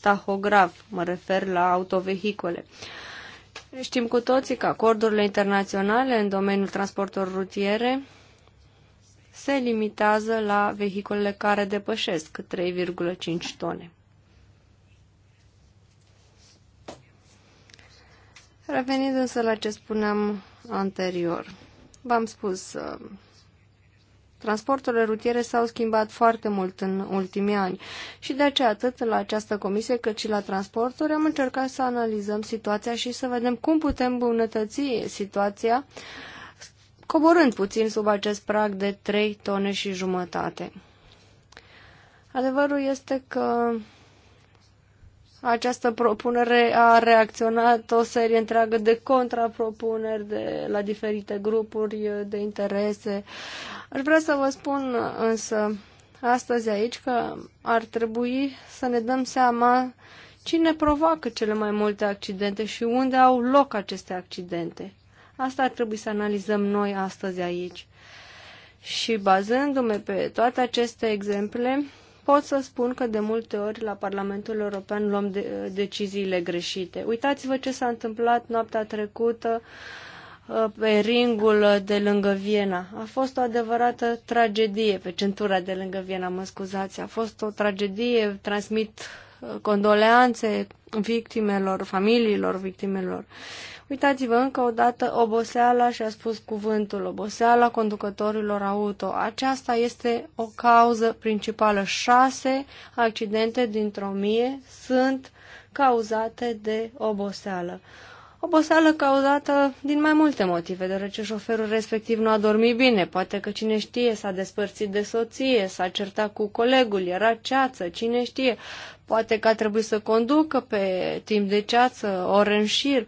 tahograf, mă refer la autovehicole. Știm cu toții că acordurile internaționale în domeniul transporturilor rutiere se limitează la vehiculele care depășesc 3,5 tone. Revenind însă la ce spuneam anterior, v-am spus, uh, transporturile rutiere s-au schimbat foarte mult în ultimii ani și de aceea atât la această comisie cât și la transporturi am încercat să analizăm situația și să vedem cum putem bunătăți situația uh, coborând puțin sub acest prag de 3 tone și jumătate. Adevărul este că această propunere a reacționat o serie întreagă de contrapropuneri de, la diferite grupuri de interese. Aș vrea să vă spun însă astăzi aici că ar trebui să ne dăm seama cine provoacă cele mai multe accidente și unde au loc aceste accidente. Asta ar trebui să analizăm noi astăzi aici. Și bazându mă pe toate aceste exemple, pot să spun că de multe ori la Parlamentul European luăm de- deciziile greșite. Uitați-vă ce s-a întâmplat noaptea trecută uh, pe ringul de lângă Viena. A fost o adevărată tragedie pe centura de lângă Viena, mă scuzați. A fost o tragedie, transmit uh, condoleanțe victimelor, familiilor victimelor. Uitați-vă încă o dată oboseala și a spus cuvântul, oboseala conducătorilor auto. Aceasta este o cauză principală. Șase accidente dintr-o mie sunt cauzate de oboseală. Oboseală cauzată din mai multe motive, deoarece șoferul respectiv nu a dormit bine, poate că cine știe s-a despărțit de soție, s-a certat cu colegul, era ceață, cine știe, poate că a trebuit să conducă pe timp de ceață, ore în șir,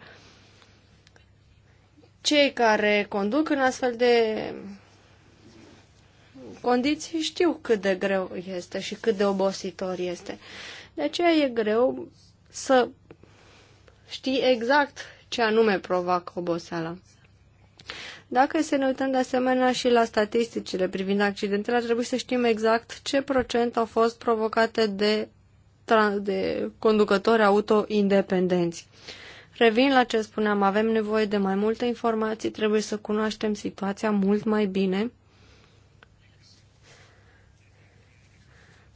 cei care conduc în astfel de condiții știu cât de greu este și cât de obositor este. De aceea e greu să știi exact ce anume provoacă oboseala. Dacă să ne uităm de asemenea și la statisticile privind accidentele, ar trebui să știm exact ce procent au fost provocate de, de conducători auto independenți. Uh, Revin la ce spuneam, avem nevoie de mai multe informații, trebuie să cunoaștem situația mult mai bine.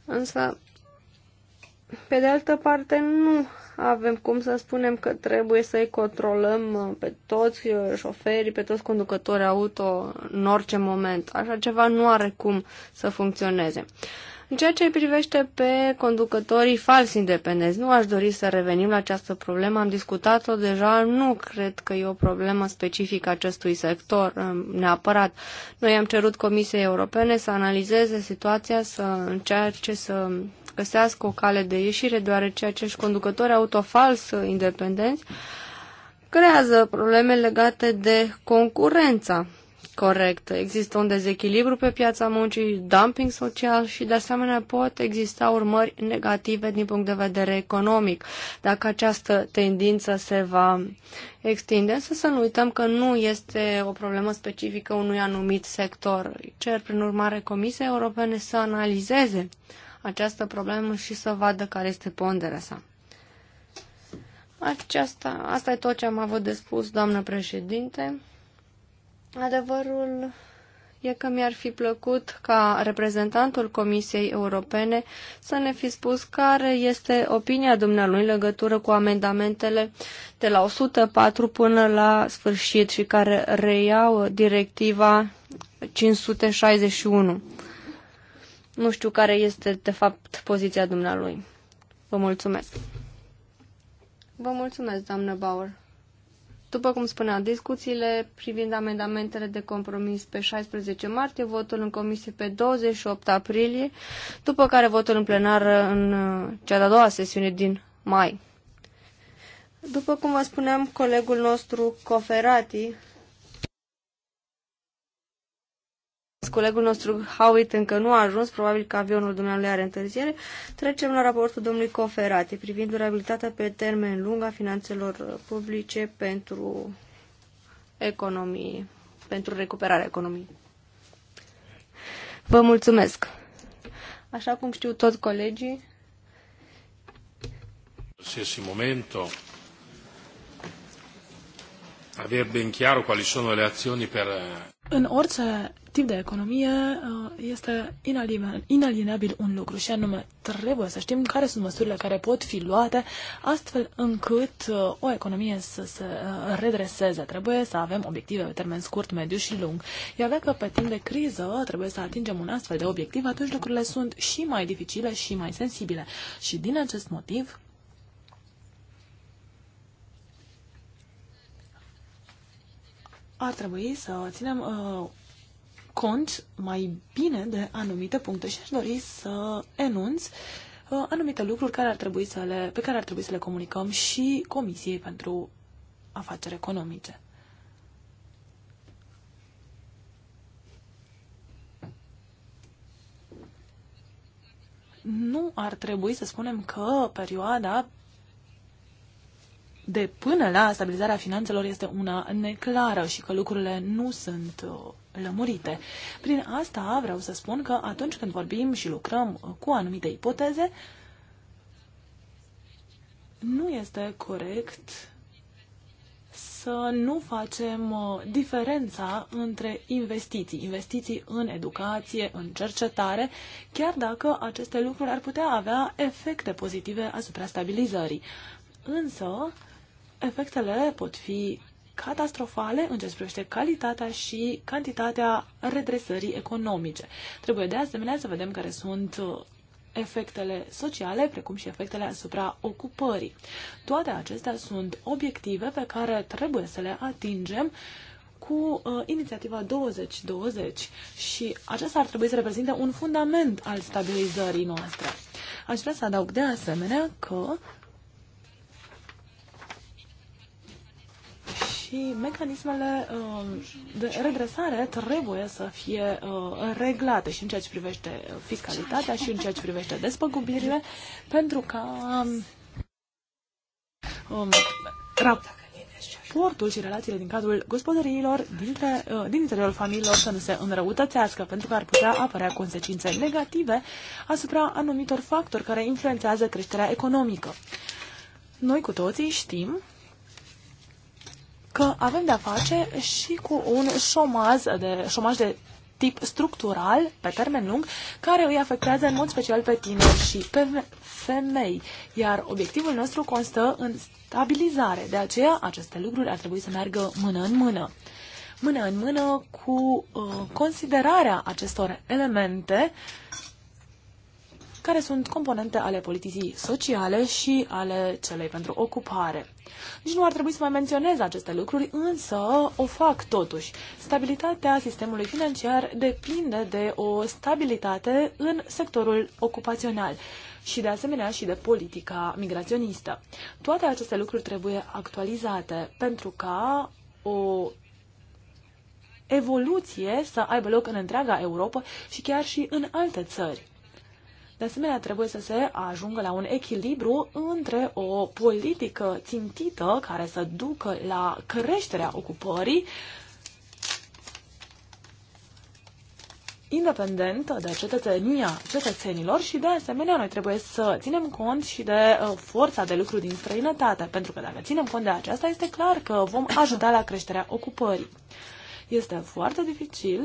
Însă, pe de altă parte, nu avem cum să spunem că trebuie să-i controlăm uh, pe toți uh, șoferii, pe toți conducătorii auto în orice moment. Așa ceva nu are cum să funcționeze. În ceea ce privește pe conducătorii falsi independenți, nu aș dori să revenim la această problemă, am discutat-o deja, nu cred că e o problemă specifică acestui sector um, neapărat. Noi am cerut Comisiei Europene să analizeze situația, să încerce să găsească o cale de ieșire, deoarece acești conducători autofals uh, independenți creează probleme legate de concurența Corect. Există un dezechilibru pe piața muncii, dumping social și de asemenea pot exista urmări negative din punct de vedere economic dacă această tendință se va extinde. Însă să nu uităm că nu este o problemă specifică unui anumit sector. Cer prin urmare Comisia Europene să analizeze această problemă și să vadă care este ponderea sa. Aceasta, asta e tot ce am avut de spus, doamnă președinte. Adevărul e că mi-ar fi plăcut ca reprezentantul Comisiei Europene să ne fi spus care este opinia dumnealui în legătură cu amendamentele de la 104 până la sfârșit și care reiau directiva 561. Nu știu care este de fapt poziția dumnealui. Vă mulțumesc. Vă mulțumesc, doamnă Bauer. După cum spuneam, discuțiile privind amendamentele de compromis pe 16 martie, votul în comisie pe 28 aprilie, după care votul în plenar în uh, cea de-a doua sesiune din mai. După cum vă spuneam, colegul nostru Coferati Colegul nostru Howitt încă nu a ajuns, probabil că avionul dumneavoastră are întârziere. Trecem la raportul domnului Coferati privind durabilitatea pe termen lung a finanțelor publice pentru economie, pentru recuperarea economiei. Vă mulțumesc! Așa cum știu toți colegii, aver ben chiaro quali sono le azioni per... Eh, În orice tip de economie eh, este inalienabil un lucru și anume trebuie să știm care sunt măsurile care pot fi luate astfel încât eh, o economie să se redreseze. Trebuie să avem obiective pe termen scurt, mediu și lung. Iar dacă pe timp de criză trebuie să atingem un astfel de obiectiv, atunci lucrurile sunt și mai dificile și mai sensibile. Și din acest motiv ar trebui să ținem uh, cont mai bine de anumite puncte și aș dori să enunț uh, anumite lucruri care ar trebui să le, pe care ar trebui să le comunicăm și Comisiei pentru Afaceri Economice. nu ar trebui să spunem că perioada de până la stabilizarea finanțelor este una neclară și că lucrurile nu sunt uh, lămurite. Prin asta vreau să spun că atunci când vorbim și lucrăm uh, cu anumite ipoteze, nu este corect să nu facem uh, diferența între investiții, investiții în educație, în cercetare, chiar dacă aceste lucruri ar putea avea efecte pozitive asupra stabilizării. Însă, efectele pot fi catastrofale în ce privește calitatea și cantitatea redresării economice. Trebuie de asemenea să vedem care sunt uh, efectele sociale, precum și efectele asupra ocupării. Toate acestea sunt obiective pe care trebuie să le atingem cu uh, inițiativa 2020 și acesta ar trebui să reprezinte un fundament al stabilizării noastre. Aș vrea să adaug de asemenea că și mecanismele um, de redresare trebuie să fie uh, reglate și în ceea ce privește uh, fiscalitatea și în ceea ce privește despăgubirile, pentru că um, um raportul și relațiile din cadrul gospodăriilor dintre, uh, din interiorul familiilor să nu se înrăutățească, pentru că ar putea apărea consecințe negative asupra anumitor factori care influențează creșterea economică. Noi cu toții știm că avem de-a face și cu un șomaz de, șomaj de tip structural, pe termen lung, care îi afectează în mod special pe tineri și pe femei. Iar obiectivul nostru constă în stabilizare. De aceea, aceste lucruri ar trebui să meargă mână în mână. Mână în mână cu uh, considerarea acestor elemente care sunt componente ale politicii sociale și ale celei pentru ocupare. Nici nu ar trebui să mai menționez aceste lucruri, însă o fac totuși. Stabilitatea sistemului financiar depinde de o stabilitate în sectorul ocupațional și de asemenea și de politica migraționistă. Toate aceste lucruri trebuie actualizate pentru ca o evoluție să aibă loc în întreaga Europa și chiar și în alte țări. De asemenea, trebuie să se ajungă la un echilibru între o politică țintită care să ducă la creșterea ocupării independentă de cetățenia cetățenilor și de asemenea noi trebuie să ținem cont și de uh, forța de lucru din străinătate, pentru că dacă ținem cont de aceasta, este clar că vom ajuta la creșterea ocupării. Este foarte dificil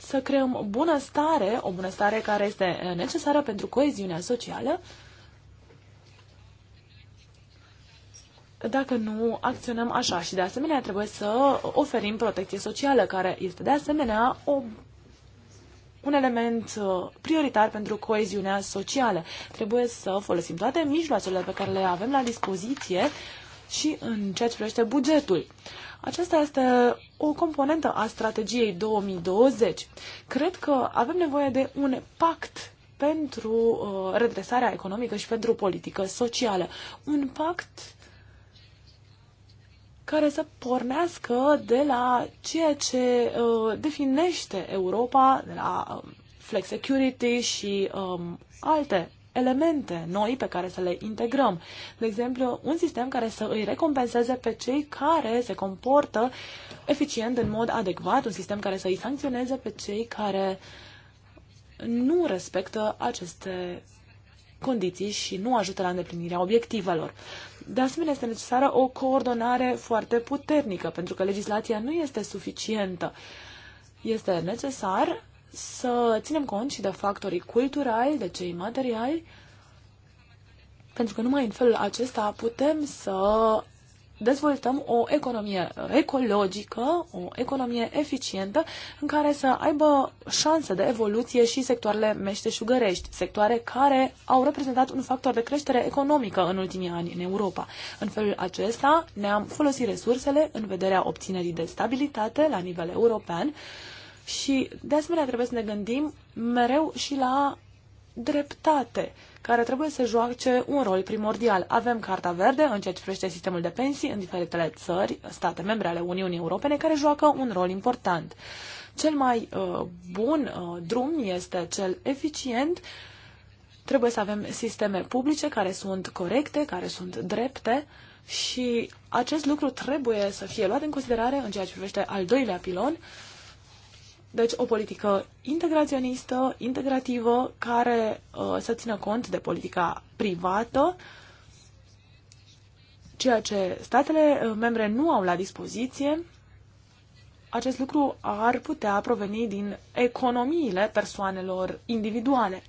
să creăm bunăstare, o bunăstare care este eh, necesară pentru coeziunea socială, dacă nu acționăm așa și de asemenea trebuie să oferim protecție socială, care este de asemenea o, un element eh, prioritar pentru coeziunea socială. Trebuie să folosim toate mijloacele pe care le avem la dispoziție și în ceea ce privește bugetul. Aceasta este o componentă a strategiei 2020. Cred că avem nevoie de un pact pentru uh, redresarea economică și pentru politică socială. Un pact care să pornească de la ceea ce uh, definește Europa, de la um, flex security și um, alte elemente noi pe care să le integrăm. De exemplu, un sistem care să îi recompenseze pe cei care se comportă eficient în mod adecvat, un sistem care să îi sancționeze pe cei care nu respectă aceste condiții și nu ajută la îndeplinirea obiectivelor. De asemenea, este necesară o coordonare foarte puternică, pentru că legislația nu este suficientă. Este necesar să ținem cont și de factorii culturali, de cei materiali, pentru că numai în felul acesta putem să dezvoltăm o economie ecologică, o economie eficientă, în care să aibă șanse de evoluție și sectoarele meșteșugărești, sectoare care au reprezentat un factor de creștere economică în ultimii ani în Europa. În felul acesta ne-am folosit resursele în vederea obținerii de stabilitate la nivel european și, de asemenea, trebuie să ne gândim mereu și la dreptate, care trebuie să joace un rol primordial. Avem Carta Verde în ceea ce privește sistemul de pensii în diferitele țări, state membre ale Uniunii Europene, care joacă un rol important. Cel mai uh, bun uh, drum este cel eficient. Trebuie să avem sisteme publice care sunt corecte, care sunt drepte și acest lucru trebuie să fie luat în considerare în ceea ce privește al doilea pilon, uh, deci o politică integraționistă, integrativă, care uh, să țină cont de politica privată, ceea ce statele uh, membre nu au la dispoziție. Acest lucru ar putea proveni din economiile persoanelor individuale.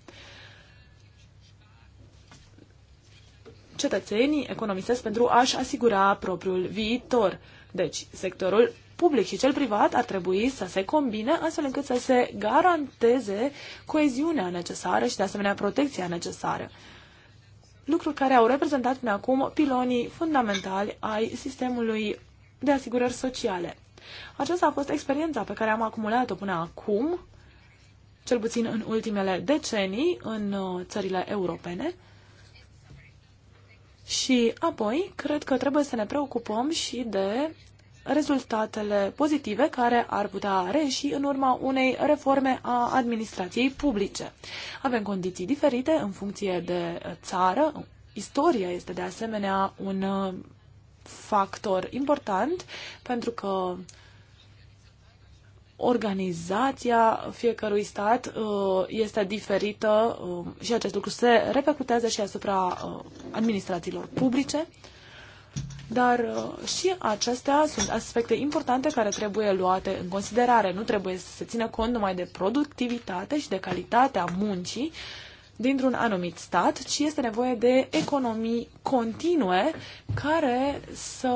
Cetățenii economisesc pentru a-și asigura propriul viitor. Deci, sectorul public și cel privat ar trebui să se combine astfel încât să se garanteze coeziunea necesară și de asemenea protecția necesară. Lucruri care au reprezentat până acum pilonii fundamentali ai sistemului de asigurări sociale. Aceasta a fost experiența pe care am acumulat-o până acum, cel puțin în ultimele decenii, în uh, țările europene. Și apoi, cred că trebuie să ne preocupăm și de rezultatele pozitive care ar putea reși în urma unei reforme a administrației publice. Avem condiții diferite în funcție de țară. Istoria este de asemenea un uh, factor important pentru că organizația fiecărui stat uh, este diferită uh, și acest lucru se repercutează și asupra administrațiilor publice dar uh, și acestea sunt aspecte importante care trebuie luate în considerare. Nu trebuie să se țină cont numai de productivitate și de calitatea muncii dintr-un anumit stat, ci este nevoie de economii continue care să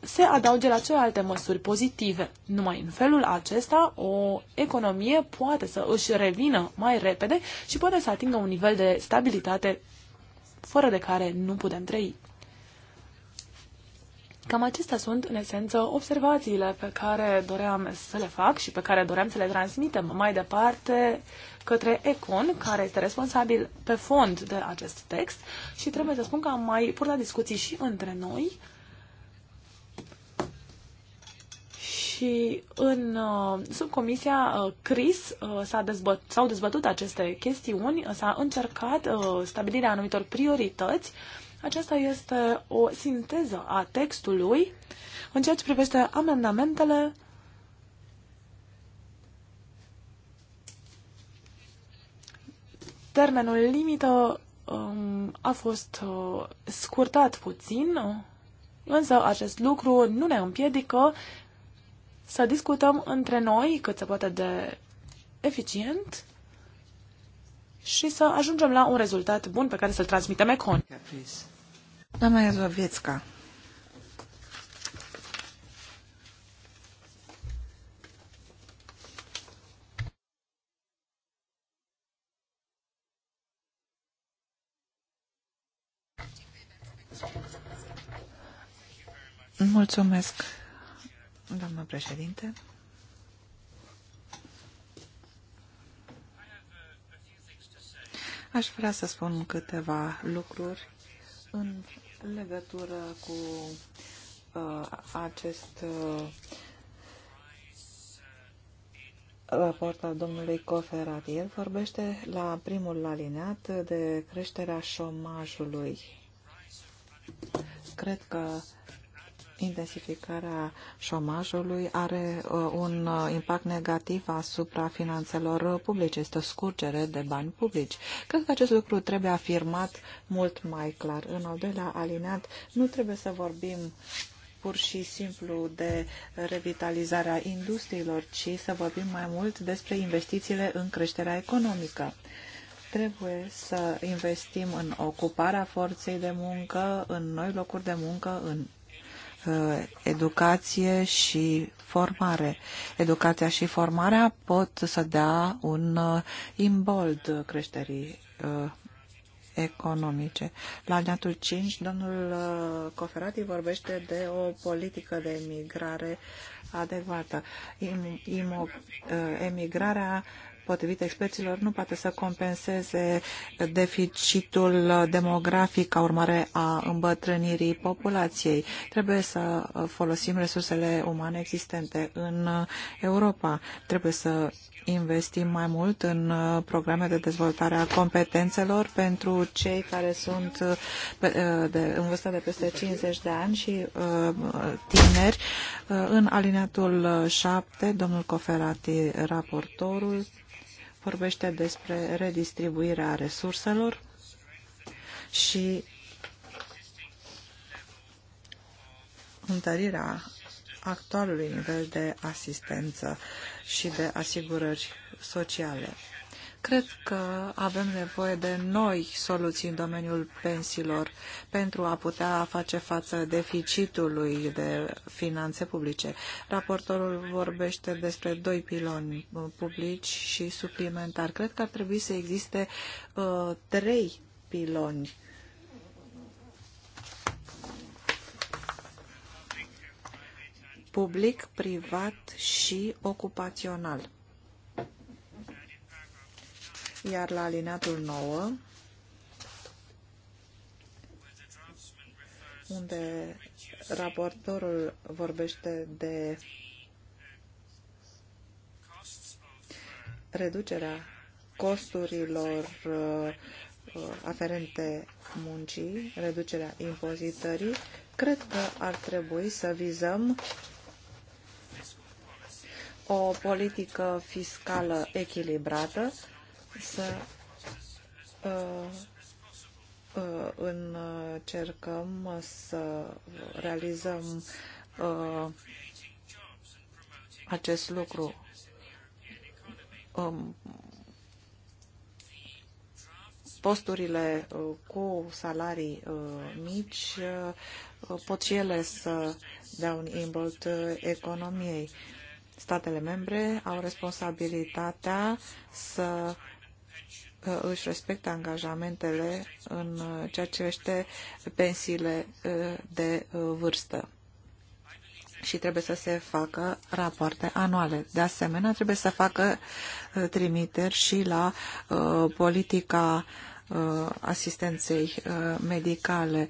se adauge la celelalte măsuri pozitive. Numai în felul acesta o economie poate să își revină mai repede și poate să atingă un nivel de stabilitate fără de care nu putem trăi. Cam acestea sunt, în esență, observațiile pe care doream să le fac și pe care doream să le transmitem mai departe către Econ, care este responsabil pe fond de acest text și trebuie să spun că am mai purtat discuții și între noi și în uh, subcomisia uh, CRIS uh, s-a dezbăt, s-au dezbătut aceste chestiuni, s-a încercat stabilirea anumitor priorități aceasta este o sinteză a textului în ceea ce privește amendamentele Termenul limită um, a fost uh, scurtat puțin, însă acest lucru nu ne împiedică să discutăm între noi cât se poate de eficient și să ajungem la un rezultat bun pe care să-l transmitem Econ. Doamna Iazovietska. Mulțumesc, doamnă președinte. Aș vrea să spun câteva lucruri în în legătură cu uh, acest uh, raport al domnului Coferati, el vorbește la primul alineat de creșterea șomajului. Cred că uh, intensificarea șomajului are uh, un uh, impact negativ asupra finanțelor publice. Este o scurgere de bani publici. Cred că acest lucru trebuie afirmat mult mai clar. În al doilea alineat, nu trebuie să vorbim pur și simplu de revitalizarea industriilor, ci să vorbim mai mult despre investițiile în creșterea economică trebuie să investim în ocuparea forței de muncă, în noi locuri de muncă, în Uh, educație și formare. Educația și formarea pot să dea un uh, imbold creșterii uh, economice. La alineatul 5, domnul Coferati vorbește de o politică de emigrare adecvată. Emigrarea potrivit experților, nu poate să compenseze deficitul demografic ca urmare a îmbătrânirii populației. Trebuie să folosim resursele umane existente în Europa. Trebuie să investim mai mult în programe de dezvoltare a competențelor pentru cei care sunt de, în vârstă de peste 50 de ani și uh, tineri. Uh, în alineatul 7, domnul Coferati, raportorul, vorbește despre redistribuirea resurselor și întărirea actualului nivel de asistență și de asigurări sociale. Cred că avem nevoie de noi soluții în domeniul pensiilor pentru a putea face față deficitului de finanțe publice. Raportorul vorbește despre doi piloni publici și suplimentari. Cred că ar trebui să existe uh, trei piloni. public, privat și ocupațional. Iar la alineatul 9, unde raportorul vorbește de reducerea costurilor uh, aferente muncii, reducerea impozitării, cred că ar trebui să vizăm o politică fiscală echilibrată să uh, uh, încercăm să realizăm uh, acest lucru. Um, posturile uh, cu salarii uh, mici uh, pot și ele să dea un imbolt economiei. Statele membre au responsabilitatea să își respectă angajamentele în uh, ceea ce este pensiile uh, de uh, vârstă și trebuie să se facă rapoarte anuale. De asemenea, trebuie să facă trimiteri și la politica asistenței medicale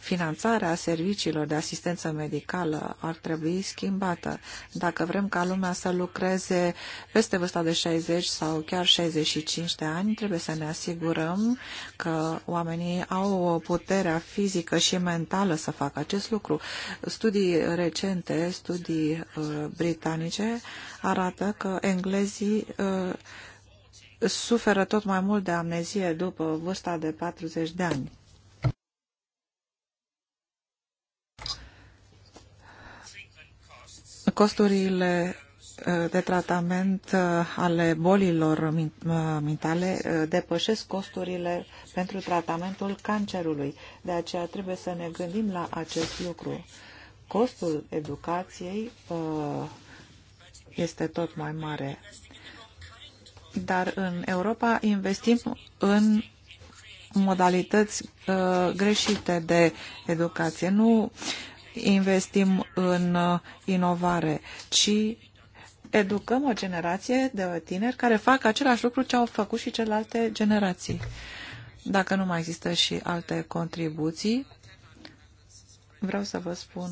Finanțarea serviciilor de asistență medicală ar trebui schimbată. Dacă vrem ca lumea să lucreze peste vârsta de 60 sau chiar 65 de ani, trebuie să ne asigurăm că oamenii au puterea fizică și mentală să facă acest lucru. Studii recente, studii uh, britanice, arată că englezii uh, suferă tot mai mult de amnezie după vârsta de 40 de ani. Costurile eh, de tratament eh, ale bolilor mentale eh, depășesc costurile pentru tratamentul cancerului. De aceea trebuie să ne gândim la acest lucru. Costul educației este tot mai mare. Dar în Europa investim în modalități greșite de educație. Nu uh, investim în uh, inovare, ci educăm o generație de tineri care fac același lucru ce au făcut și celelalte generații. Dacă nu mai există și alte contribuții, vreau să vă spun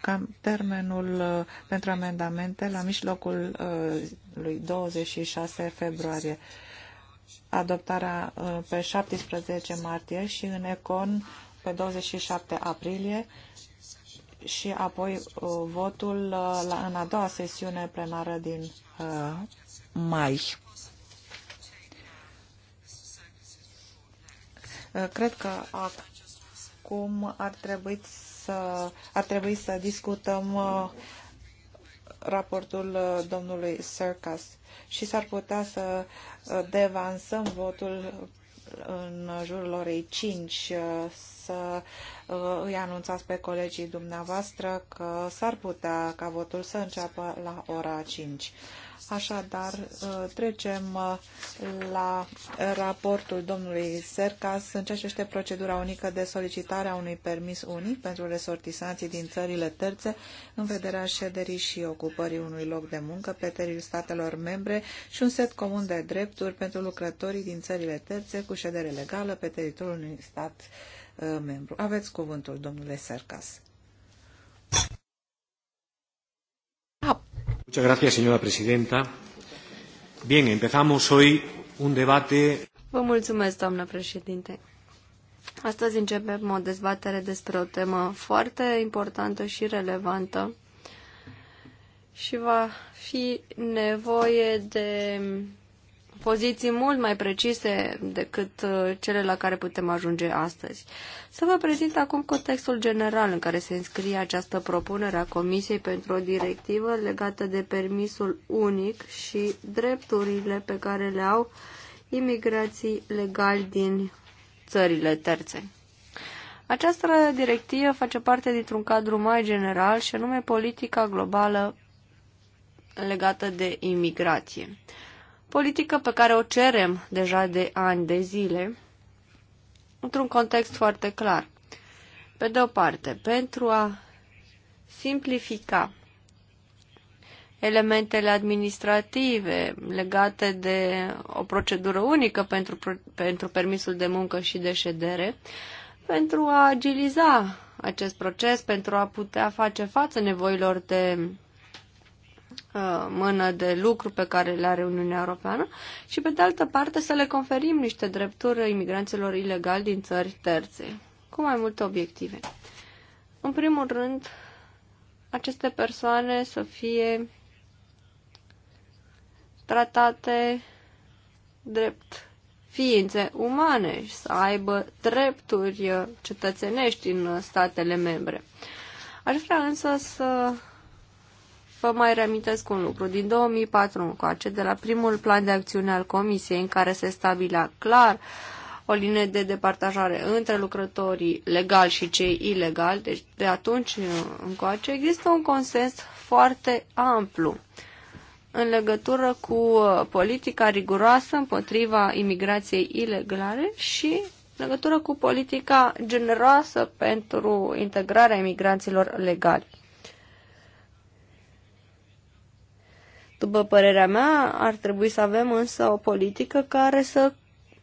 că termenul uh, pentru amendamente la mijlocul uh, lui 26 februarie. Adoptarea pe 17 martie și în Econ pe 27 aprilie și apoi uh, votul uh, la, în a doua sesiune plenară din uh, mai. Uh, cred că acum ar trebui să, ar trebui să discutăm raportul domnului Sercas și s-ar putea să devansăm votul în jurul orei 5 să uh, îi anunțați pe colegii dumneavoastră că s-ar putea ca votul să înceapă la ora 5. Așadar, uh, trecem uh, la raportul domnului Sercas în ceea ce este procedura unică de solicitare a unui permis unic pentru resortisanții din țările terțe în vederea șederii și ocupării unui loc de muncă pe teritoriul statelor membre și un set comun de drepturi pentru lucrătorii din țările terțe cu ședere legală pe teritoriul unui stat Uh, membru. Aveți cuvântul, domnule Sarkas. Ah. Muchas gracias, señora presidenta. Bien, empezamos hoy un debate. Vă mulțumesc, doamnă președinte. Astăzi începem o dezbatere despre o temă foarte importantă și relevantă și va fi nevoie de poziții mult mai precise decât uh, cele la care putem ajunge astăzi. Să vă prezint acum contextul general în care se înscrie această propunere a Comisiei pentru o directivă legată de permisul unic și drepturile pe care le au imigrații legali din țările terțe. Această directivă face parte dintr-un cadru mai general și anume politica globală legată de imigrație politică pe care o cerem deja de ani de zile, într-un context foarte clar. Pe de o parte, pentru a simplifica elementele administrative legate de o procedură unică pentru, pentru permisul de muncă și de ședere, pentru a agiliza acest proces, pentru a putea face față nevoilor de Uh, mână de lucru pe care le are Uniunea Europeană și, pe de altă parte, să le conferim niște drepturi imigranților ilegali din țări terțe, cu mai multe obiective. În primul rând, aceste persoane să fie tratate drept ființe umane și să aibă drepturi cetățenești în statele membre. Aș vrea însă să vă mai reamintesc un lucru. Din 2004 încoace, de la primul plan de acțiune al Comisiei, în care se stabilea clar o linie de departajare între lucrătorii legali și cei ilegali, deci de atunci încoace, există un consens foarte amplu în legătură cu uh, politica riguroasă împotriva imigrației ilegale și în legătură cu politica generoasă pentru integrarea imigranților legali. După părerea mea, ar trebui să avem însă o politică care să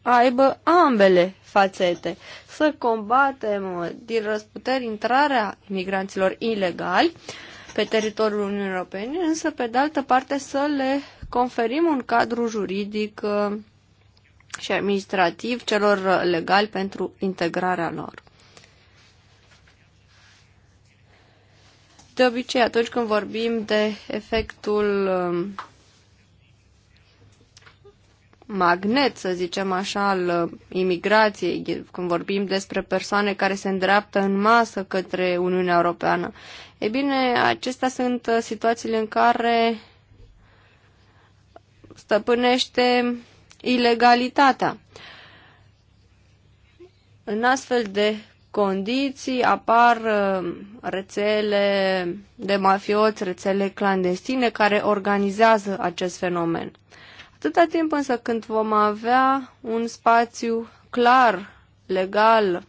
aibă ambele fațete. Să combatem din răsputeri intrarea imigranților ilegali pe teritoriul Uniunii Europene, însă pe de altă parte să le conferim un cadru juridic uh, și administrativ celor legali pentru integrarea lor. De obicei, atunci când vorbim de efectul um, magnet, să zicem așa, al um, imigrației, când vorbim despre persoane care se îndreaptă în masă către Uniunea Europeană. E bine, acestea sunt uh, situațiile în care stăpânește ilegalitatea. În astfel de condiții apar uh, rețele de mafioți, rețele clandestine care organizează acest fenomen. Atâta timp însă când vom avea un spațiu clar, legal,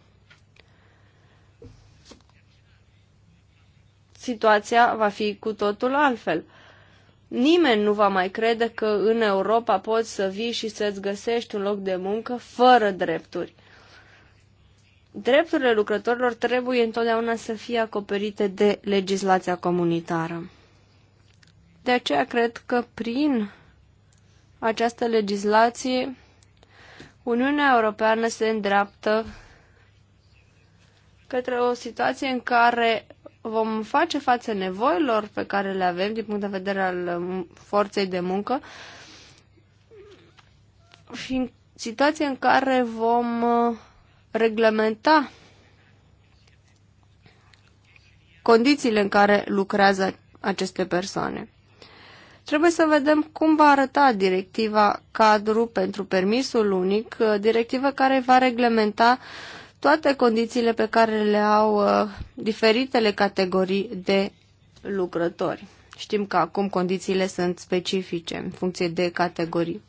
situația va fi cu totul altfel. Nimeni nu va mai crede că în Europa poți să vii și să-ți găsești un loc de muncă fără drepturi drepturile lucrătorilor trebuie întotdeauna să fie acoperite de legislația comunitară. De aceea cred că prin această legislație Uniunea Europeană se îndreaptă către o situație în care vom face față nevoilor pe care le avem din punct de vedere al um, forței de muncă și în situație în care vom uh, reglementa condițiile în care lucrează aceste persoane. Trebuie să vedem cum va arăta directiva cadru pentru permisul unic, uh, directivă care va reglementa toate condițiile pe care le au uh, diferitele categorii de lucrători. Știm că acum condițiile sunt specifice în funcție de categorii.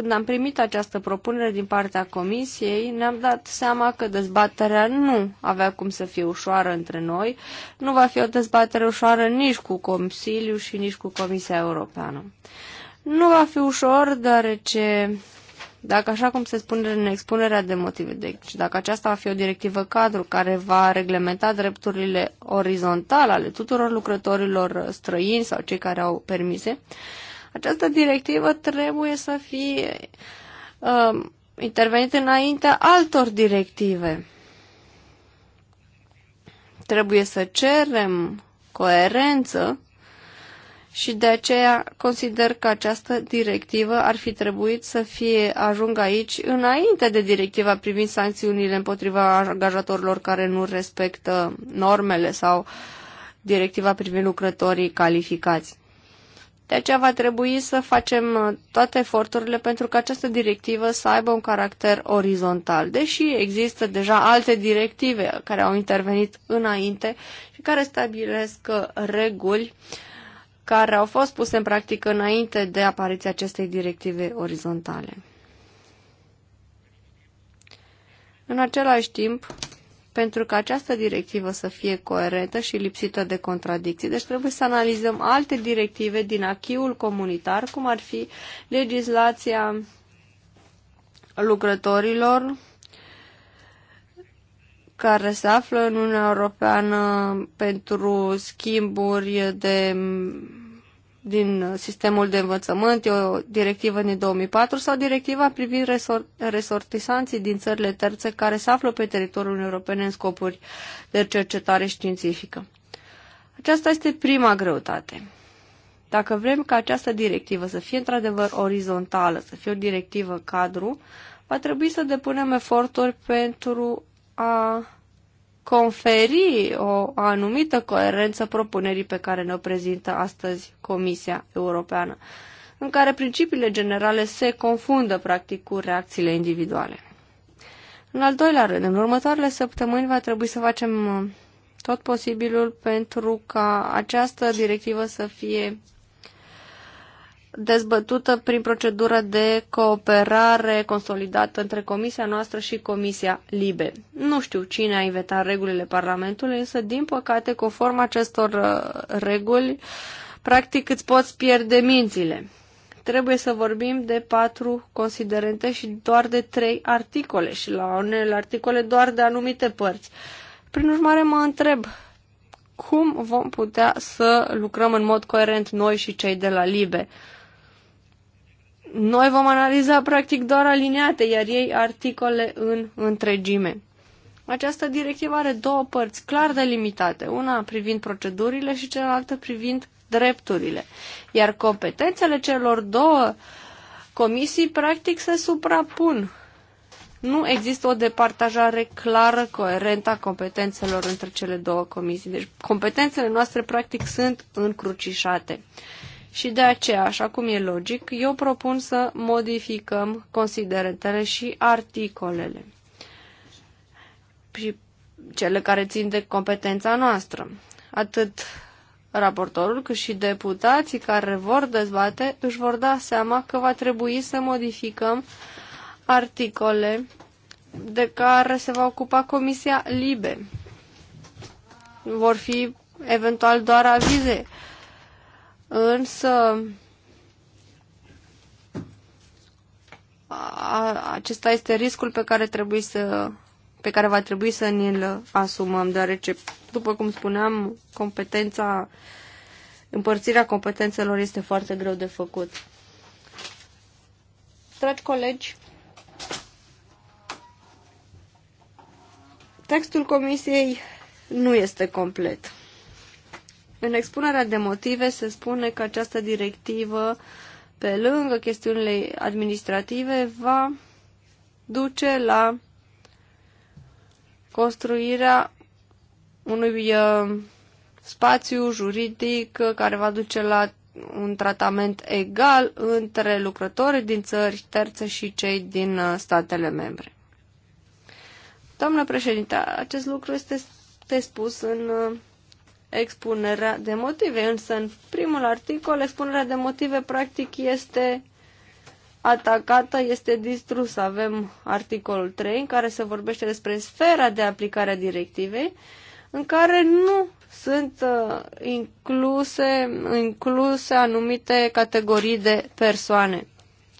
Când am primit această propunere din partea comisiei, ne-am dat seama că dezbaterea nu avea cum să fie ușoară între noi, nu va fi o dezbatere ușoară nici cu Consiliu și nici cu Comisia Europeană. Nu va fi ușor, deoarece dacă așa cum se spune în expunerea de motive, deci dacă aceasta va fi o directivă cadru care va reglementa drepturile orizontale ale tuturor lucrătorilor străini sau cei care au permise, uh, această directivă trebuie să fie uh, um, intervenită înaintea altor directive. Trebuie să cerem coerență și de aceea consider că această directivă ar fi trebuit să fie ajungă aici înainte de directiva privind sancțiunile împotriva angajatorilor care nu respectă normele sau directiva privind lucrătorii calificați. De aceea va trebui să facem uh, toate eforturile pentru ca această directivă să aibă un caracter orizontal, deși există deja alte directive care au intervenit înainte și care stabilesc uh, reguli care au fost puse în practică înainte de apariția acestei directive orizontale. În același timp, pentru că această directivă să fie coerentă și lipsită de contradicții. Deci trebuie să analizăm alte directive din achiul comunitar, cum ar fi legislația lucrătorilor care se află în Uniunea Europeană pentru schimburi de din sistemul de învățământ, e o directivă din 2004 sau directiva privind resortisanții din țările terțe care se află pe teritoriul european în scopuri de cercetare științifică. Aceasta este prima greutate. Dacă vrem ca această directivă să fie într-adevăr orizontală, să fie o directivă cadru, va trebui să depunem eforturi pentru a conferi o anumită coerență propunerii pe care ne-o prezintă astăzi Comisia Europeană, în care principiile generale se confundă practic cu reacțiile individuale. În al doilea rând, în următoarele săptămâni va trebui să facem uh, tot posibilul pentru ca această directivă să fie dezbătută prin procedură de cooperare consolidată între comisia noastră și comisia LIBE. Nu știu cine a inventat regulile Parlamentului, însă, din păcate, conform acestor uh, reguli, practic îți poți pierde mințile. Trebuie să vorbim de patru considerente și doar de trei articole și la unele articole doar de anumite părți. Prin urmare, mă întreb, cum vom putea să lucrăm în mod coerent noi și cei de la LIBE. Noi vom analiza practic doar aliniate, iar ei articole în întregime. Această directivă are două părți clar delimitate, una privind procedurile și cealaltă privind drepturile. Iar competențele celor două comisii practic se suprapun. Nu există o departajare clară, coerentă a competențelor între cele două comisii. Deci competențele noastre practic sunt încrucișate. Uh, și de aceea, așa cum e logic, eu propun să modificăm considerentele și articolele. Și cele care țin de competența noastră. Atât raportorul cât și deputații care vor dezbate își vor da seama că va trebui să modificăm articole de care se va ocupa Comisia Libe. Vor fi eventual doar avize Însă, a, acesta este riscul pe care, trebuie să, pe care va trebui să ne-l asumăm, deoarece, după cum spuneam, competența, împărțirea competențelor este foarte greu de făcut. Dragi colegi, textul comisiei nu este complet. În expunerea de motive se spune că această directivă, pe lângă chestiunile administrative, va duce la construirea unui uh, spațiu juridic uh, care va duce la un tratament egal între lucrători din țări terțe și cei din uh, statele membre. Doamnă președinte, acest lucru este spus în expunerea de motive. Însă, în primul articol, expunerea de motive practic este atacată, este distrusă. Avem articolul 3 în care se vorbește despre sfera de aplicare a directivei, în care nu sunt uh, incluse, incluse anumite categorii de persoane.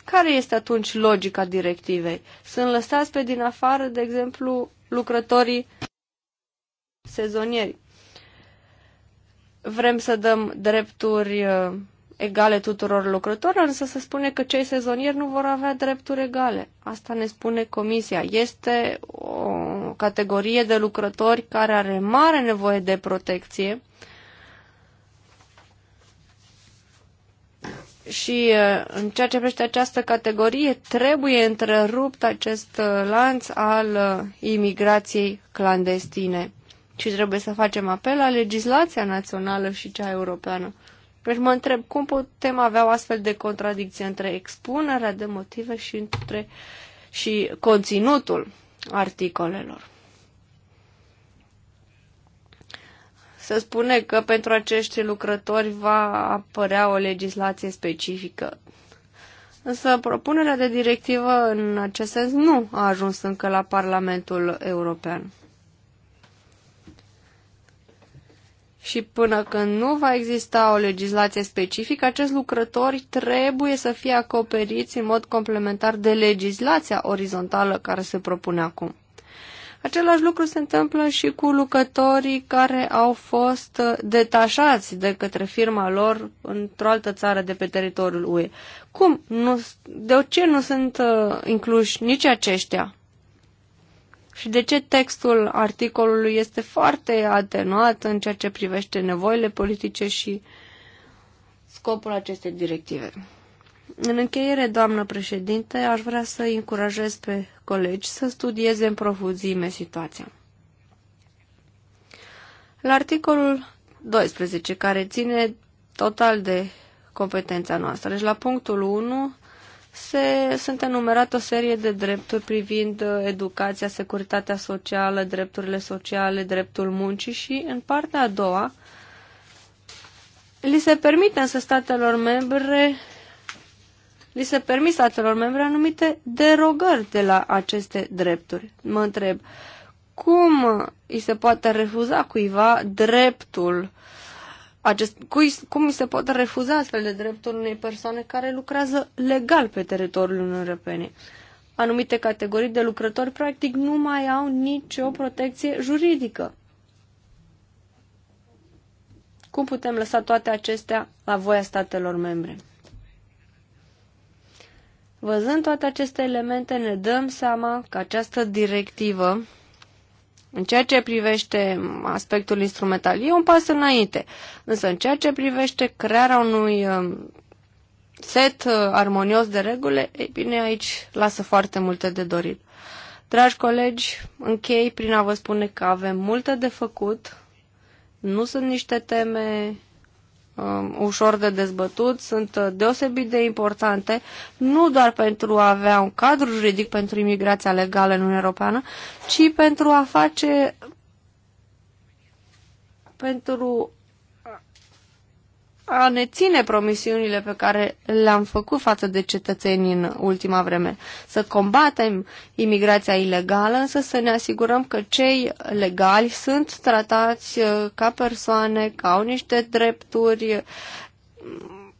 Care este atunci logica directivei? Sunt lăsați pe din afară, de exemplu, lucrătorii sezonieri vrem să dăm drepturi uh, egale tuturor lucrătorilor, însă se spune că cei sezonieri nu vor avea drepturi egale. Asta ne spune comisia. Este o categorie de lucrători care are mare nevoie de protecție și uh, în ceea ce privește această categorie trebuie întrerupt acest uh, lanț al imigrației clandestine ci trebuie să facem apel la legislația națională și cea europeană. Deci mă întreb cum putem avea o astfel de contradicție între expunerea de motive și, între, și conținutul articolelor. Se spune că pentru acești lucrători va apărea o legislație specifică. Însă propunerea de directivă în acest sens nu a ajuns încă la Parlamentul European. Și până când nu va exista o legislație specifică, acești lucrători trebuie să fie acoperiți în mod complementar de legislația orizontală care se propune acum. Același lucru se întâmplă și cu lucrătorii care au fost detașați de către firma lor într-o altă țară de pe teritoriul UE. Cum? Nu, de ce nu sunt uh, incluși nici aceștia și de ce textul articolului este foarte atenuat în ceea ce privește nevoile politice și scopul acestei directive? În încheiere, doamnă președinte, aș vrea să încurajez pe colegi să studieze în profunzime situația. La articolul 12, care ține total de competența noastră, deci la punctul 1 se, sunt enumerate o serie de drepturi privind uh, educația, securitatea socială, drepturile sociale, dreptul muncii și în partea a doua li se permite însă statelor membre li se permit statelor membre anumite derogări de la aceste drepturi. Mă întreb, cum îi se poate refuza cuiva dreptul uh, acest, cui, cum se pot refuza astfel de drepturi unei persoane care lucrează legal pe teritoriul Uniunii Europene? Anumite categorii de lucrători practic nu mai au nicio protecție juridică. Cum putem lăsa toate acestea la voia statelor membre? Văzând toate aceste elemente, ne dăm seama că această directivă în ceea ce privește aspectul instrumental, e un pas înainte. Însă în ceea ce privește crearea unui um, set uh, armonios de regule, ei bine, aici lasă foarte multe de dorit. Dragi colegi, închei prin a vă spune că avem multe de făcut. Nu sunt niște teme Um, ușor de dezbătut sunt uh, deosebit de importante, nu doar pentru a avea un cadru juridic pentru imigrația legală în Uniunea Europeană, ci pentru a face pentru a ne ține promisiunile pe care le-am făcut față de cetățenii în ultima vreme. Să combatem imigrația ilegală, însă să ne asigurăm că cei legali sunt tratați uh, ca persoane, ca au niște drepturi mm,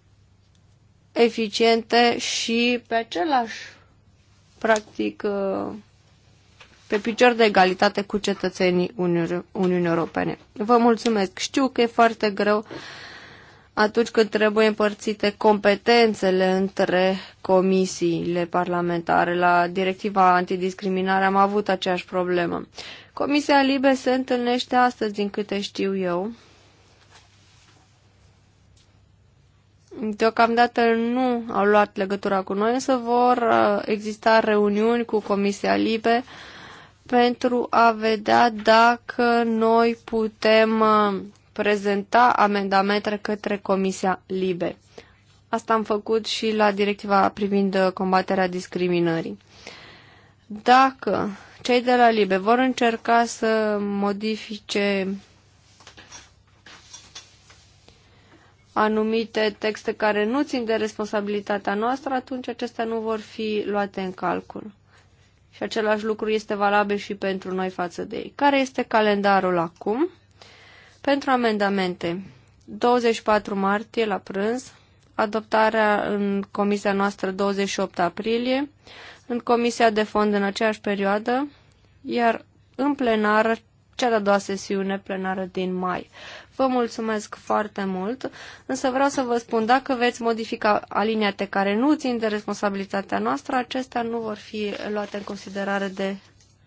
eficiente și pe același, practic, uh, pe picior de egalitate cu cetățenii Uniunii Europene. Vă mulțumesc. Știu că e foarte greu atunci când trebuie împărțite competențele între comisiile parlamentare. La directiva antidiscriminare am avut aceeași problemă. Comisia Libe se întâlnește astăzi, din câte știu eu. Deocamdată nu au luat legătura cu noi, însă vor uh, exista reuniuni cu Comisia Libe pentru a vedea dacă noi putem uh, prezenta amendamente către Comisia Libe. Asta am făcut și la directiva privind uh, combaterea discriminării. Dacă cei de la Libe vor încerca să modifice anumite texte care nu țin de responsabilitatea noastră, atunci acestea nu vor fi luate în calcul. Și același lucru este valabil și pentru noi față de ei. Care este calendarul acum? Pentru amendamente, 24 martie la prânz, adoptarea în comisia noastră 28 aprilie, în comisia de fond în aceeași perioadă, iar în plenară cea de-a doua sesiune plenară din mai. Vă mulțumesc foarte mult, însă vreau să vă spun, dacă veți modifica aliniate care nu țin de responsabilitatea noastră, acestea nu vor fi luate în considerare de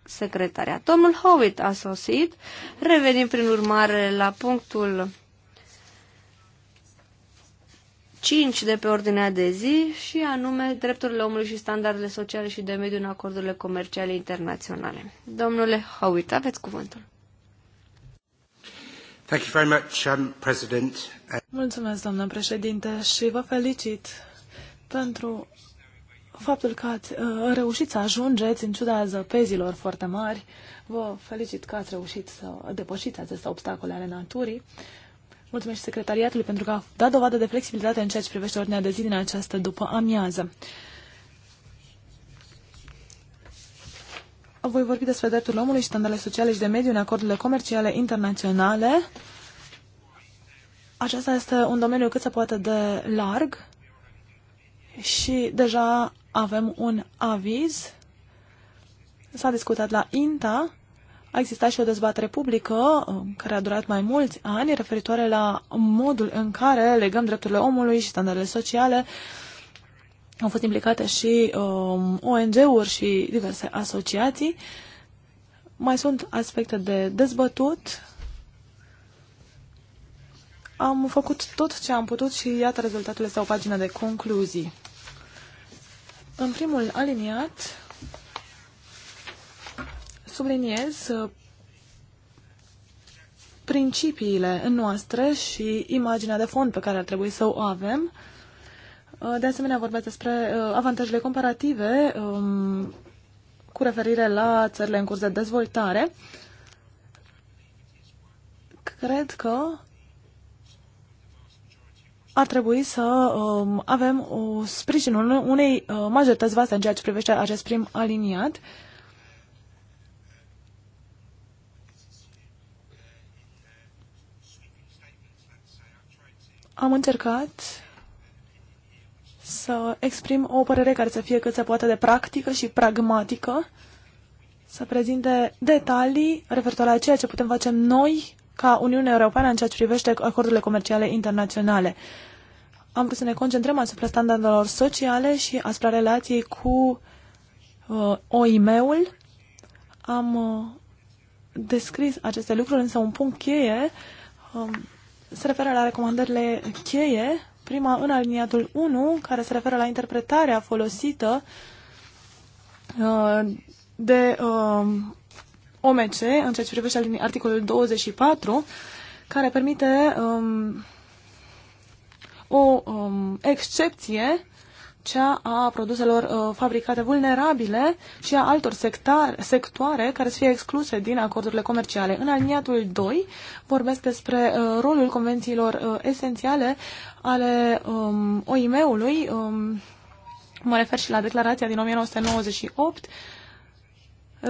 secretariat. Domnul Howitt a sosit. Revenim prin urmare la punctul 5 de pe ordinea de zi și anume drepturile omului și standardele sociale și de mediu în acordurile comerciale internaționale. Domnule Howitt, aveți cuvântul. Thank you very much, um, President. Mulțumesc, doamnă președinte, și vă felicit pentru faptul că ați uh, reușit să ajungeți în ciuda zăpezilor foarte mari. Vă felicit că ați reușit să depășiți aceste obstacole ale naturii. Mulțumesc și secretariatului pentru că a dat dovadă de flexibilitate în ceea ce privește ordinea de zi din această după amiază. Voi vorbi despre drepturile omului și standardele sociale și de mediu în acordurile comerciale internaționale. Acesta este un domeniu cât se poate de larg și deja avem un aviz. S-a discutat la INTA. A existat și o dezbatere publică um, care a durat mai mulți ani referitoare la modul în care legăm drepturile omului și standardele sociale. Au fost implicate și um, ONG-uri și diverse asociații. Mai sunt aspecte de dezbătut. Am făcut tot ce am putut și iată rezultatul este o pagină de concluzii. În primul aliniat subliniez uh, principiile noastre și imaginea de fond pe care ar trebui să o avem. Uh, de asemenea, vorbesc despre uh, avantajele comparative um, cu referire la țările în curs de dezvoltare. Cred că ar trebui să um, avem o sprijinul unei uh, majorități vaste în ceea ce privește acest prim aliniat. Am încercat să exprim o părere care să fie cât se poate de practică și pragmatică, să prezinte detalii referitoare la ceea ce putem face noi ca Uniunea Europeană în ceea ce privește acordurile comerciale internaționale. Am vrut să ne concentrăm asupra standardelor sociale și asupra relației cu uh, OIM-ul. Am uh, descris aceste lucruri, însă un punct cheie um, se referă la recomandările cheie. Prima în aliniatul 1, care se referă la interpretarea folosită uh, de uh, OMC în ceea ce privește articolul 24, care permite um, o um, excepție cea a produselor uh, fabricate vulnerabile și a altor sectar, sectoare care să fie excluse din acordurile comerciale. În aliniatul 2 vorbesc despre uh, rolul convențiilor uh, esențiale ale um, OIM-ului. Um, mă refer și la declarația din 1998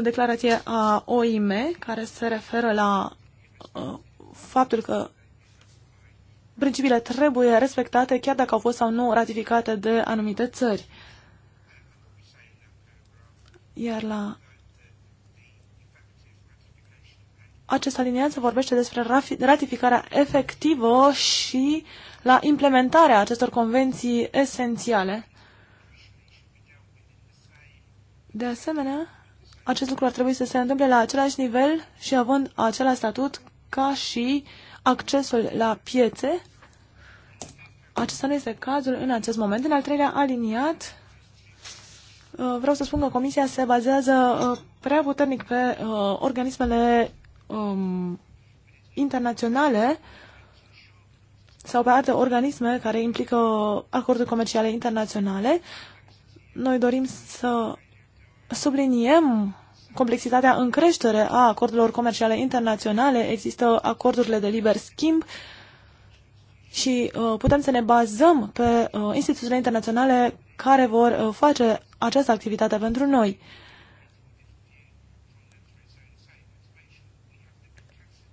declarație a OIM care se referă la uh, faptul că principiile trebuie respectate chiar dacă au fost sau nu ratificate de anumite țări. Iar la acest aliniat se vorbește despre ratificarea efectivă și la implementarea acestor convenții esențiale. De asemenea, acest lucru ar trebui să se întâmple la același nivel și având același statut ca și accesul la piețe. Acesta nu este cazul în acest moment. În al treilea aliniat, uh, vreau să spun că Comisia se bazează uh, prea puternic pe uh, organismele um, internaționale sau pe alte organisme care implică acorduri comerciale internaționale. Noi dorim să subliniem complexitatea în creștere a acordurilor comerciale internaționale, există acordurile de liber schimb și uh, putem să ne bazăm pe uh, instituțiile internaționale care vor uh, face această activitate pentru noi.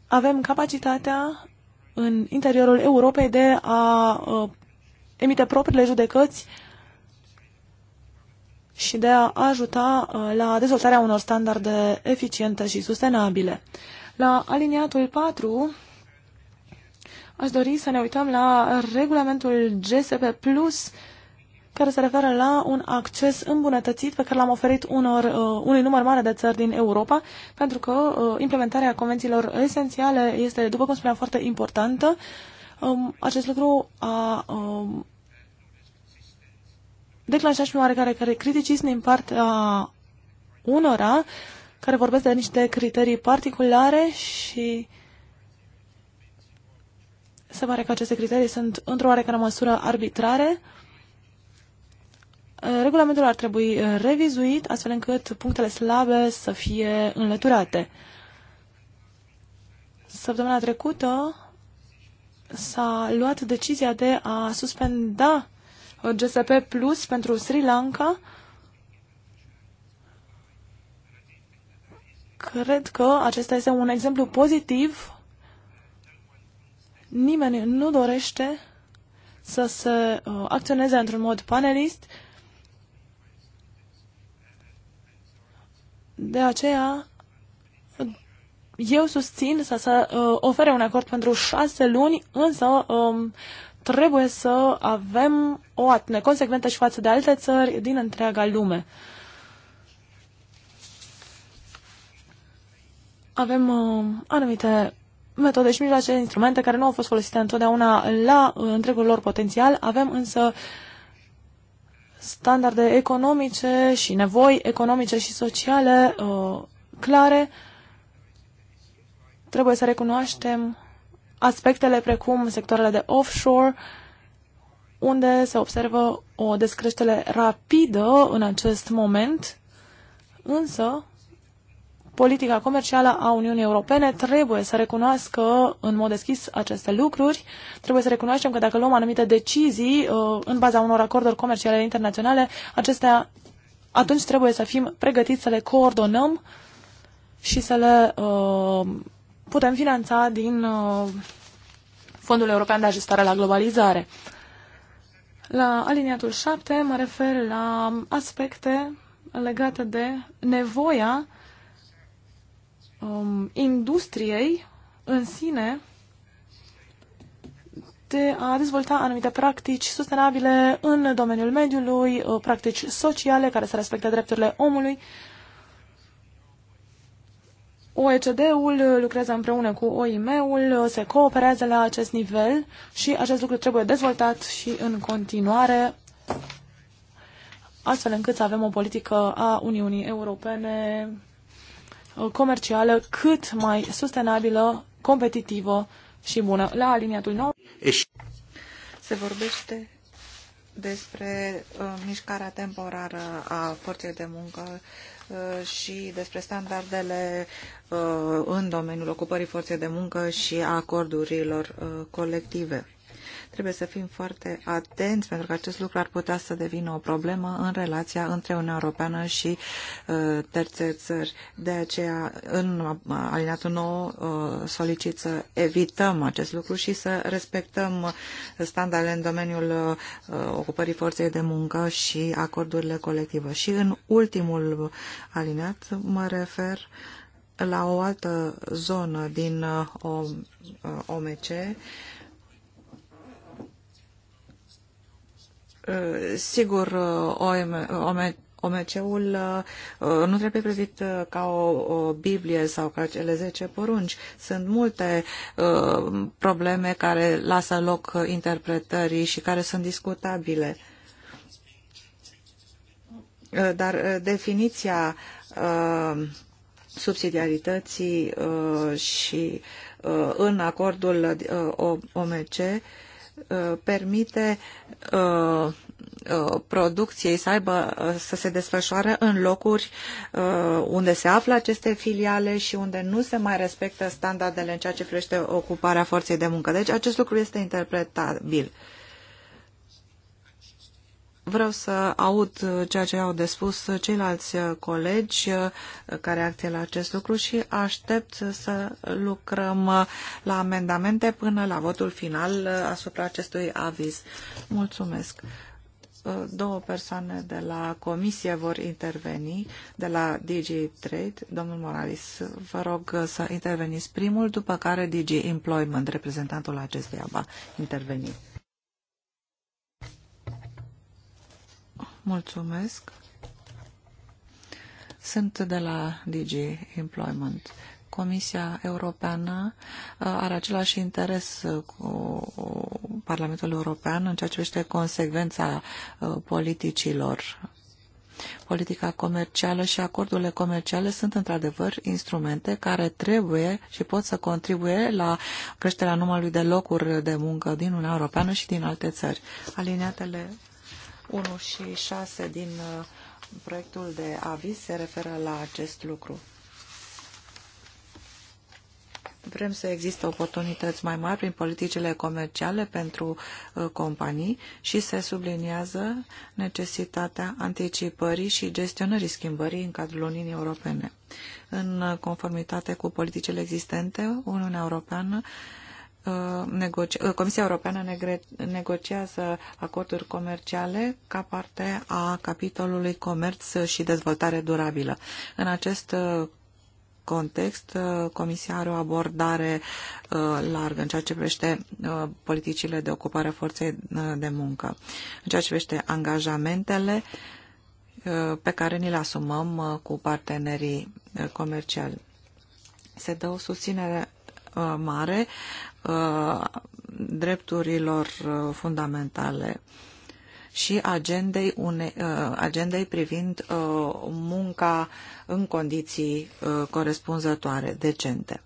Avem capacitatea în interiorul Europei de a uh, emite propriile judecăți uh, și de a ajuta uh, la dezvoltarea unor standarde eficiente și sustenabile. La aliniatul 4 aș dori să ne uităm la regulamentul GSP Plus care se referă la un acces îmbunătățit pe care l-am oferit unor, uh, unui număr mare de țări din Europa, pentru că uh, implementarea convențiilor esențiale este, după cum spuneam, foarte importantă. Um, acest lucru a um, declanșat și oarecare care criticism din partea unora care vorbesc de niște criterii particulare și se pare că aceste criterii sunt într-o oarecare măsură arbitrare. Regulamentul ar trebui revizuit astfel încât punctele slabe să fie înlăturate. Săptămâna trecută s-a luat decizia de a suspenda Uh, GSP Plus pentru Sri Lanka. Cred că acesta este un exemplu pozitiv. Nimeni nu dorește să se uh, acționeze într-un mod panelist. De aceea, eu susțin să se uh, ofere un acord pentru șase luni, însă um, trebuie să avem o atitudine consecventă și față de alte țări din întreaga lume. Avem uh, anumite metode și mijloace, instrumente care nu au fost folosite întotdeauna la uh, întregul lor potențial. Avem însă standarde economice și nevoi economice și sociale uh, clare. Trebuie să recunoaștem aspectele precum sectoarele de offshore, unde se observă o descreștere rapidă în acest moment, însă politica comercială a Uniunii Europene trebuie să recunoască în mod deschis aceste lucruri. Trebuie să recunoaștem că dacă luăm anumite decizii uh, în baza unor acorduri comerciale internaționale, acestea atunci trebuie să fim pregătiți să le coordonăm și să le uh, putem finanța din uh, Fondul European de Ajustare la Globalizare. La aliniatul 7 mă refer la aspecte legate de nevoia um, industriei în sine de a dezvolta anumite practici sustenabile în domeniul mediului, uh, practici sociale care să respecte drepturile omului OECD-ul uh, lucrează împreună cu OIM-ul, uh, se cooperează la acest nivel și acest lucru trebuie dezvoltat și în continuare, astfel încât să avem o politică a Uniunii Europene uh, comercială cât mai sustenabilă, competitivă și bună. La aliniatul nou. se vorbește despre uh, mișcarea temporară a forței de muncă Uh, și despre standardele uh, în domeniul ocupării forței de muncă și a acordurilor uh, colective. Trebuie să fim foarte atenți pentru că acest lucru ar putea să devină o problemă în relația între Uniunea Europeană și uh, terțe țări. De aceea, în alineatul nou, uh, solicit să evităm acest lucru și să respectăm standardele în domeniul uh, ocupării forței de muncă și acordurile colective. Și în ultimul alineat mă refer la o altă zonă din OMC Uh, sigur, uh, OMC-ul uh, nu trebuie privit ca o, Biblie sau ca cele 10 porunci. Sunt multe probleme care lasă loc interpretării și care sunt discutabile. Dar definiția subsidiarității și în acordul OMC Uh, permite uh, uh, producției să aibă să se desfășoare în locuri unde se află aceste filiale și unde nu se mai respectă standardele în ceea ce privește ocuparea forței de muncă. Deci acest lucru este interpretabil. Uh, Vreau să aud uh, ceea ce au de spus uh, ceilalți uh, colegi care acte la acest lucru și aștept să lucrăm la amendamente până la votul final asupra acestui aviz. Mulțumesc! Două persoane de la comisie vor interveni, de la DG Trade. Domnul Morales, vă rog să interveniți primul, după care DG Employment, reprezentantul acestuia, va interveni. Mulțumesc. Sunt de la DG Employment. Comisia Europeană uh, are același interes uh, cu Parlamentul European în ceea ce privește consecvența uh, politicilor. Politica comercială și acordurile comerciale sunt într-adevăr instrumente care trebuie și pot să contribuie la creșterea numărului de locuri de muncă din Uniunea Europeană și din alte țări. Aliniatele 1 și 6 din uh, proiectul de aviz se referă la acest lucru. Vrem să existe oportunități mai mari prin politicile comerciale pentru uh, companii și se subliniază necesitatea anticipării și gestionării schimbării în cadrul Uniunii Europene. În uh, conformitate cu politicile existente, Uniunea Europeană Comisia Europeană negociază acorduri comerciale ca parte a capitolului Comerț și Dezvoltare Durabilă. În acest uh, context, uh, Comisia are o abordare uh, largă în ceea ce privește politicile de ocupare a forței de muncă, în ceea ce privește angajamentele pe care ni le asumăm cu partenerii comerciali. Se dă o susținere Uh, mare uh, drepturilor uh, fundamentale și agendei, une, agendei privind munca în condiții corespunzătoare, decente.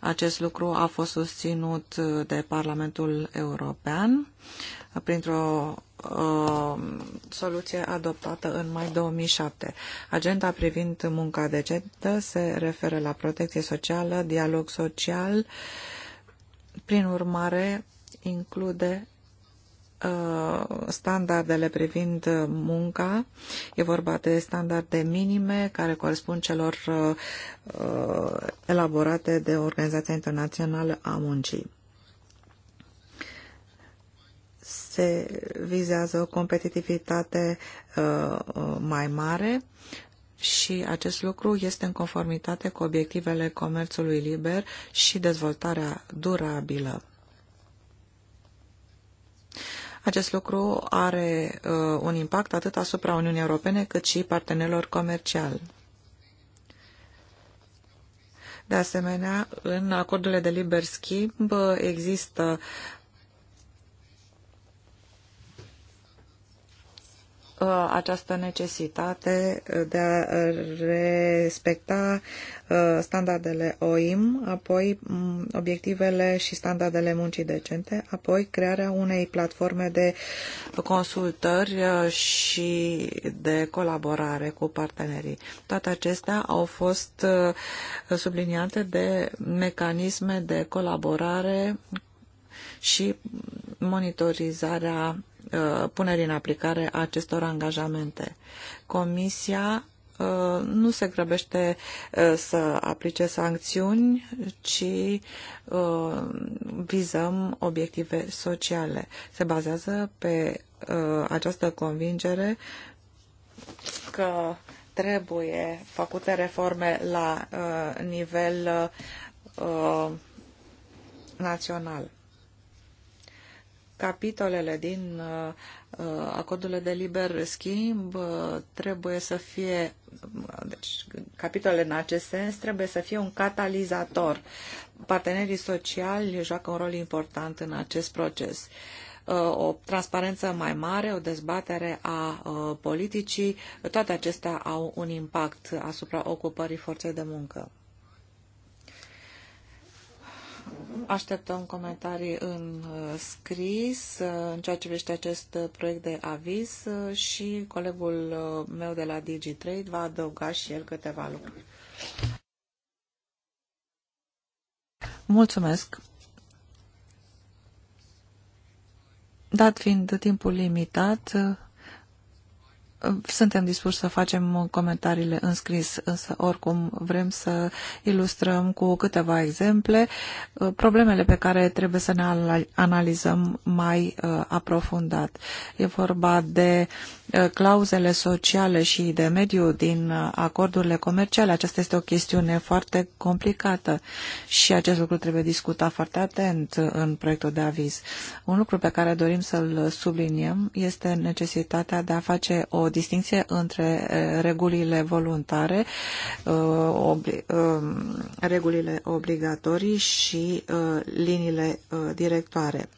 Acest lucru a fost susținut de Parlamentul European printr-o uh, soluție adoptată în mai 2007. Agenda privind munca decentă se referă la protecție socială, dialog social, prin urmare include Uh, standardele privind uh, munca. E vorba de standarde minime care corespund celor uh, elaborate de Organizația Internațională a Muncii. Se vizează o competitivitate mai mare și acest lucru este în conformitate cu obiectivele comerțului liber și dezvoltarea durabilă. Acest lucru are uh, un impact atât asupra Uniunii Europene cât și partenerilor comerciali. De asemenea, în acordurile de liber schimb uh, există Uh, această necesitate de a respecta uh, standardele OIM, apoi mm, obiectivele și standardele muncii decente, apoi crearea unei platforme de consultări uh, și de colaborare cu partenerii. Toate acestea au fost subliniate de mecanisme de colaborare și monitorizarea Uh, punerii în aplicare a acestor angajamente. Comisia uh, nu se grăbește uh, să aplice sancțiuni, ci vizăm obiective sociale. Se bazează pe această convingere că trebuie făcute reforme la nivel național capitolele din uh, acordurile de liber schimb uh, trebuie să fie, deci capitolele în acest sens trebuie să fie un catalizator. Partenerii sociali joacă un rol important în acest proces uh, o transparență mai mare, o dezbatere a politicii, toate acestea au un impact asupra ocupării forței de muncă. Așteptăm comentarii în uh, scris uh, în ceea ce privește acest uh, proiect de aviz și colegul meu de la DigiTrade va adăuga și el câteva lucruri. Mulțumesc! Dat fiind timpul limitat, suntem dispuși să facem comentariile înscris, însă oricum vrem să ilustrăm cu câteva exemple uh, problemele pe care trebuie să ne analizăm mai uh, aprofundat. E vorba de uh, Eh, clauzele sociale și de mediu din eh, acordurile comerciale. Aceasta este o chestiune foarte complicată și acest lucru trebuie discutat foarte atent eh, în proiectul de aviz. Un lucru pe care dorim să-l subliniem este necesitatea de a face o distinție între regulile voluntare, regulile obligatorii și liniile directoare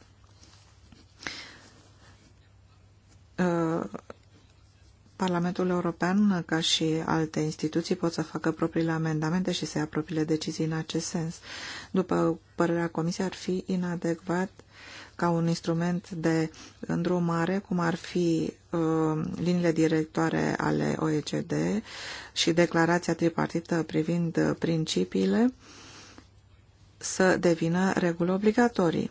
Parlamentul European, ca și alte instituții, pot să facă propriile amendamente și să ia propriile decizii în acest sens. După părerea Comisiei, ar fi inadecvat ca un instrument de îndrumare, cum ar fi uh, liniile directoare ale OECD și declarația tripartită privind principiile, să devină regulă obligatorii,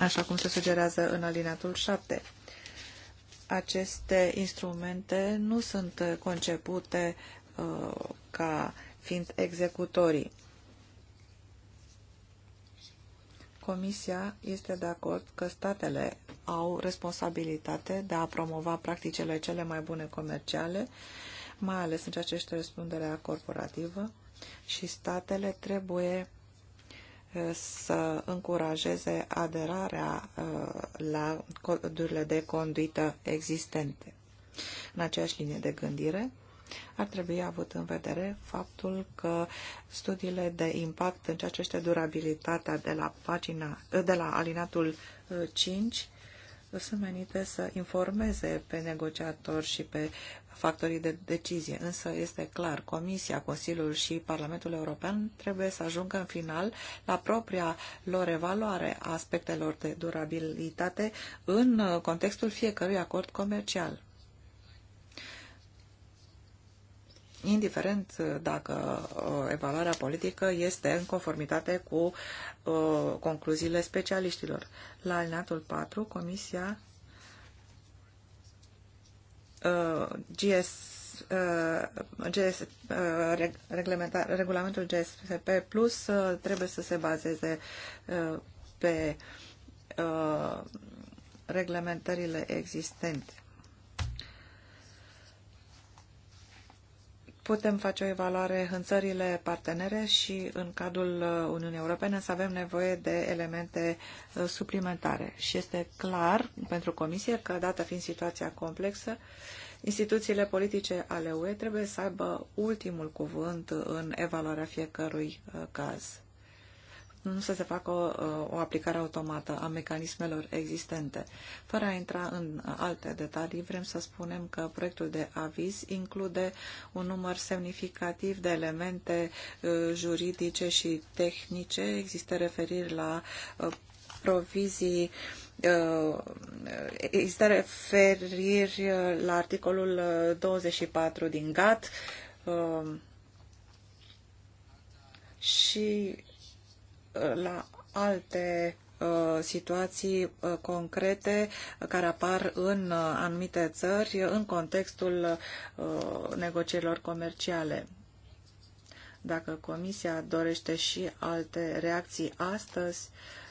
așa cum se sugerează în alineatul 7 aceste instrumente nu sunt concepute uh, ca fiind executorii. Comisia este de acord că statele au responsabilitate de a promova practicile cele mai bune comerciale, mai ales în ceea ce este răspunderea corporativă, și statele trebuie să încurajeze aderarea uh, la codurile de conduită existente. În aceeași linie de gândire, ar trebui avut în vedere faptul că studiile de impact în ceea ce este durabilitatea de la, pagina, de la alinatul 5 uh, sunt menite să informeze pe negociatori și pe factorii de decizie. Însă este clar, Comisia, Consiliul și Parlamentul European trebuie să ajungă în final la propria lor evaluare a aspectelor de durabilitate în contextul fiecărui acord comercial. indiferent uh, dacă uh, evaluarea politică este în conformitate cu uh, concluziile specialiștilor. La alineatul 4, Comisia GS, GS, regulamentul GSP Plus trebuie să se bazeze pe reglementările existente putem face o evaluare în țările partenere și în cadrul uh, Uniunii Europene, să avem nevoie de elemente uh, suplimentare. Și este clar pentru Comisie că, dată fiind situația complexă, instituțiile politice ale UE trebuie să aibă ultimul cuvânt în evaluarea fiecărui uh, caz nu să se facă o, uh, o aplicare automată a mecanismelor existente. Fără a intra în alte detalii, vrem să spunem că proiectul de aviz include un număr semnificativ de elemente uh, juridice și tehnice. Există referiri la uh, provizii există referiri la articolul 24 din GAT și la alte uh, situații uh, concrete uh, care apar în anumite țări în contextul negocierilor comerciale. Dacă Comisia dorește și alte reacții astăzi, uh,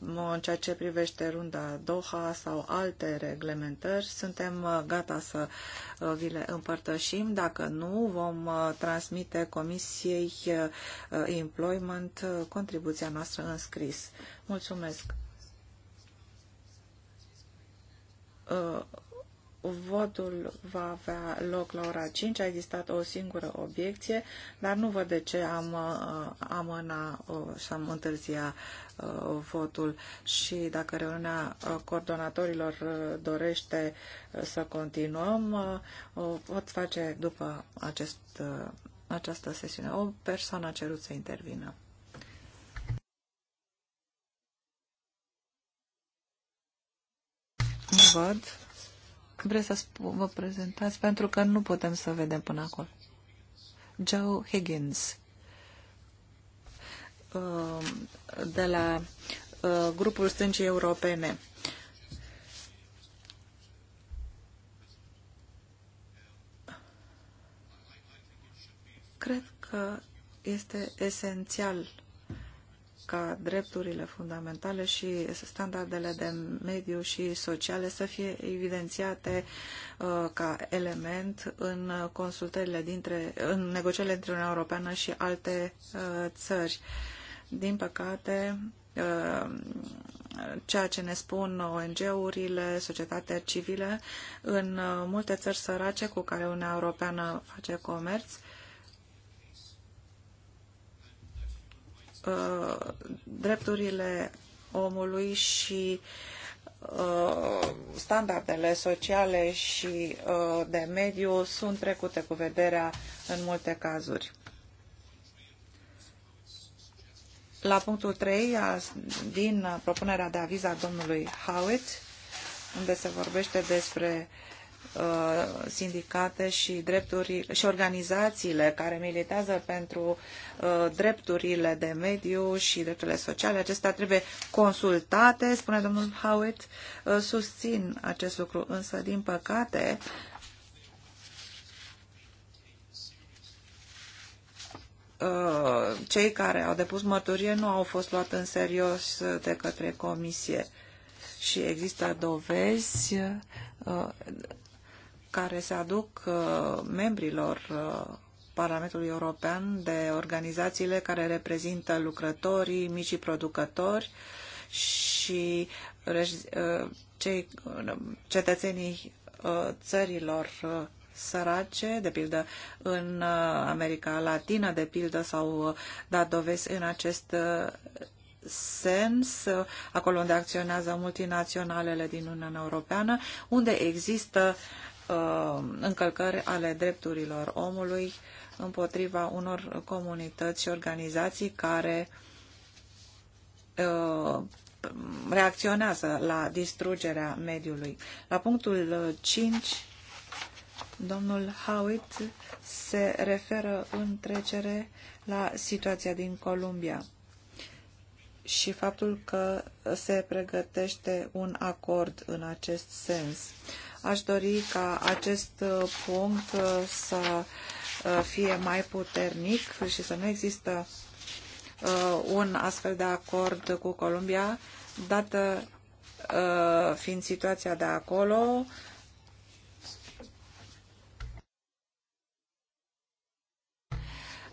în ceea ce privește runda Doha sau alte reglementări, suntem uh, gata să uh, vi le împărtășim. Dacă nu, vom uh, transmite Comisiei Employment contribuția noastră în scris. Mulțumesc! Votul va avea loc la ora 5. A existat o singură obiecție, dar nu văd de ce am uh, amâna uh, și am întârzia uh, votul și dacă reuniunea coordonatorilor dorește să continuăm, o pot face după acest, această sesiune. O persoană a cerut să intervină. Nu văd vreți să vă prezentați? Pentru că nu putem să vedem până acolo. Joe Higgins um, de la uh, grupul stâncii europene. Cred că este esențial ca drepturile fundamentale și standardele de mediu și sociale să fie evidențiate uh, ca element în consultările dintre, în negocierile dintre Uniunea Europeană și alte uh, țări. Din păcate, uh, ceea ce ne spun ONG-urile, societatea civile, în multe țări sărace cu care Uniunea Europeană face comerț, Uh, drepturile omului și uh, standardele sociale și uh, de mediu sunt trecute cu vederea în multe cazuri. La punctul 3 din propunerea de aviz a domnului Howitt, unde se vorbește despre uh, Uh, sindicate și drepturi și organizațiile care militează pentru uh, drepturile de mediu și drepturile sociale. Acestea trebuie consultate, spune domnul Howitt, uh, susțin acest lucru, însă din păcate cei care au depus mărturie nu au fost luat în serios de către comisie și există dovezi care se aduc uh, membrilor uh, Parlamentului European de organizațiile care reprezintă lucrătorii, micii producători și uh, cei, cetățenii țărilor sărace, de pildă în America Latină, de pildă s-au dat dovezi în acest sens, acolo unde acționează multinaționalele din Uniunea Europeană, unde există uh, Uh, încălcări ale drepturilor omului împotriva unor comunități și organizații care uh, reacționează la distrugerea mediului. La punctul 5, uh, domnul Howitt se referă în trecere la situația din Columbia și faptul că se pregătește un acord în acest sens. Uh, Aș dori ca acest uh, punct uh, să uh, fie mai puternic și să nu există un astfel de acord cu Columbia, dată fiind situația de acolo,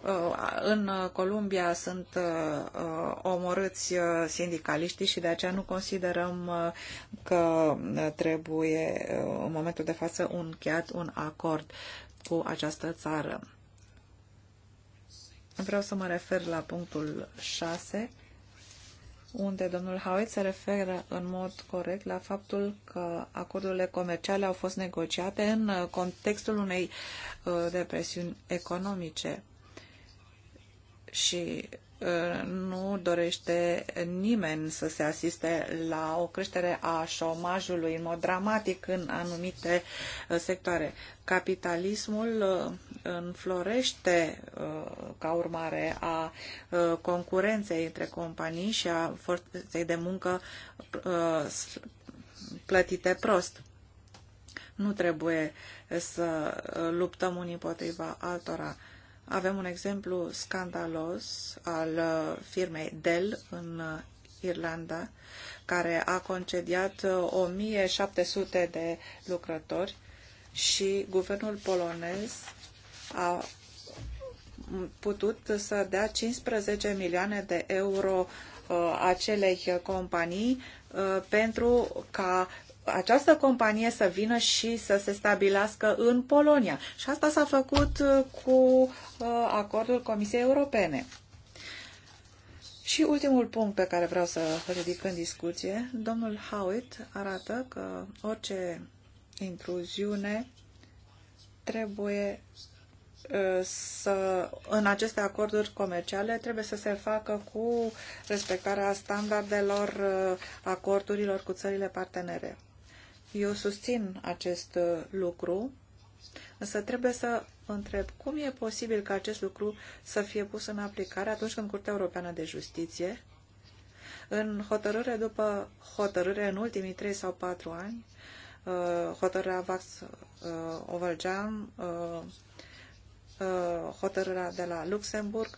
Uh, în Columbia sunt uh, uh, omorâți sindicaliștii și de aceea nu considerăm că trebuie în momentul de față un încheiat un acord cu această țară. Vreau să mă refer la punctul 6 unde domnul Howitt se referă în mod corect la faptul că acordurile comerciale au fost negociate în contextul unei depresiuni economice și uh, nu dorește nimeni să se asiste la o creștere a șomajului în mod dramatic în anumite uh, sectoare. Capitalismul uh, înflorește ca urmare a concurenței între companii și a forței de muncă plătite prost. Nu trebuie să luptăm unii împotriva altora avem un exemplu scandalos al uh, firmei Dell în uh, Irlanda, care a concediat 1700 uh, de lucrători și guvernul polonez a putut să dea 15 milioane de euro acelei companii pentru ca această companie să vină și să se stabilească în Polonia. Și asta s-a făcut uh, cu uh, acordul Comisiei Europene. Și ultimul punct pe care vreau să ridic în discuție, domnul Howitt arată că orice intruziune trebuie uh, să, în aceste acorduri comerciale trebuie să se facă cu respectarea standardelor acordurilor cu țările partenere. Eu susțin acest uh, lucru, însă trebuie să întreb cum e posibil ca acest lucru să fie pus în aplicare atunci când Curtea Europeană de Justiție, în hotărâre după hotărâre în ultimii 3 sau 4 ani, uh, hotărârea Vax uh, Ovalgean, hotărârea de la Luxemburg,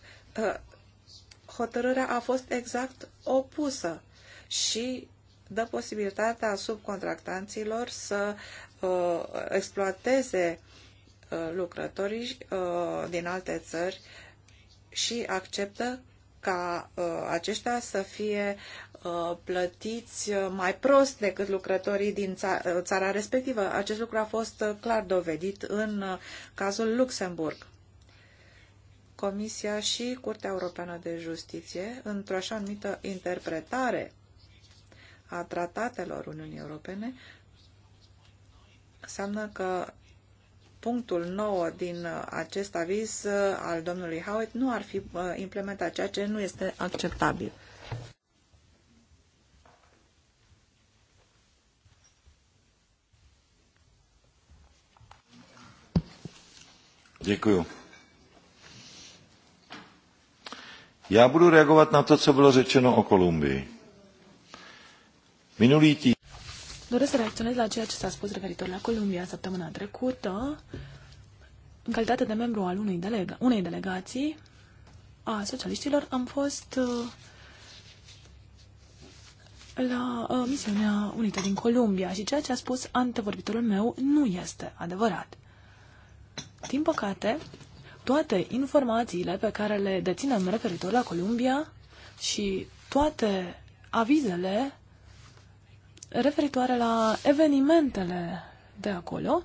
hotărârea a fost exact opusă și dă posibilitatea subcontractanților să uh, exploateze uh, lucrătorii uh, din alte țări și acceptă ca uh, aceștia să fie uh, plătiți uh, mai prost decât lucrătorii din ța- uh, țara respectivă. Acest lucru a fost uh, clar dovedit în uh, cazul Luxemburg. Comisia și Curtea Europeană de Justiție, într-o așa anumită interpretare a tratatelor Uniunii Europene, înseamnă că punctul nou din uh, acest aviz uh, al domnului Howitt nu ar fi uh, implementat, ceea ce nu este acceptabil. Děkuju. Já budu reagovat na to, co bylo řečeno o Kolumbii. Minulý Doresc să reacționez la ceea ce s-a spus referitor la Columbia săptămâna trecută. În calitate de membru al unei, delega- unei delegații a socialiștilor, am fost uh, la uh, misiunea unită din Columbia și ceea ce a spus antevorbitorul meu nu este adevărat. Din păcate, toate informațiile pe care le deținem referitor la Columbia și toate avizele referitoare la evenimentele de acolo,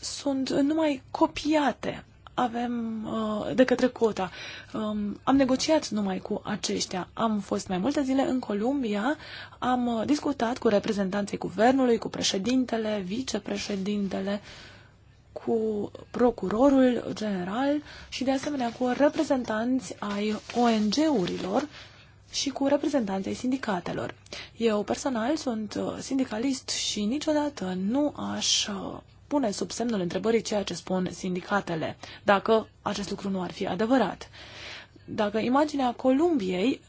sunt numai copiate avem uh, de către cota. Um, am negociat numai cu aceștia. Am fost mai multe zile în Columbia, am uh, discutat cu reprezentanții guvernului, cu președintele, vicepreședintele, cu procurorul general și de asemenea cu reprezentanți ai ONG-urilor și cu reprezentanții sindicatelor. Eu personal sunt uh, sindicalist și niciodată nu aș uh, pune sub semnul întrebării ceea ce spun sindicatele, dacă acest lucru nu ar fi adevărat. Dacă imaginea Columbiei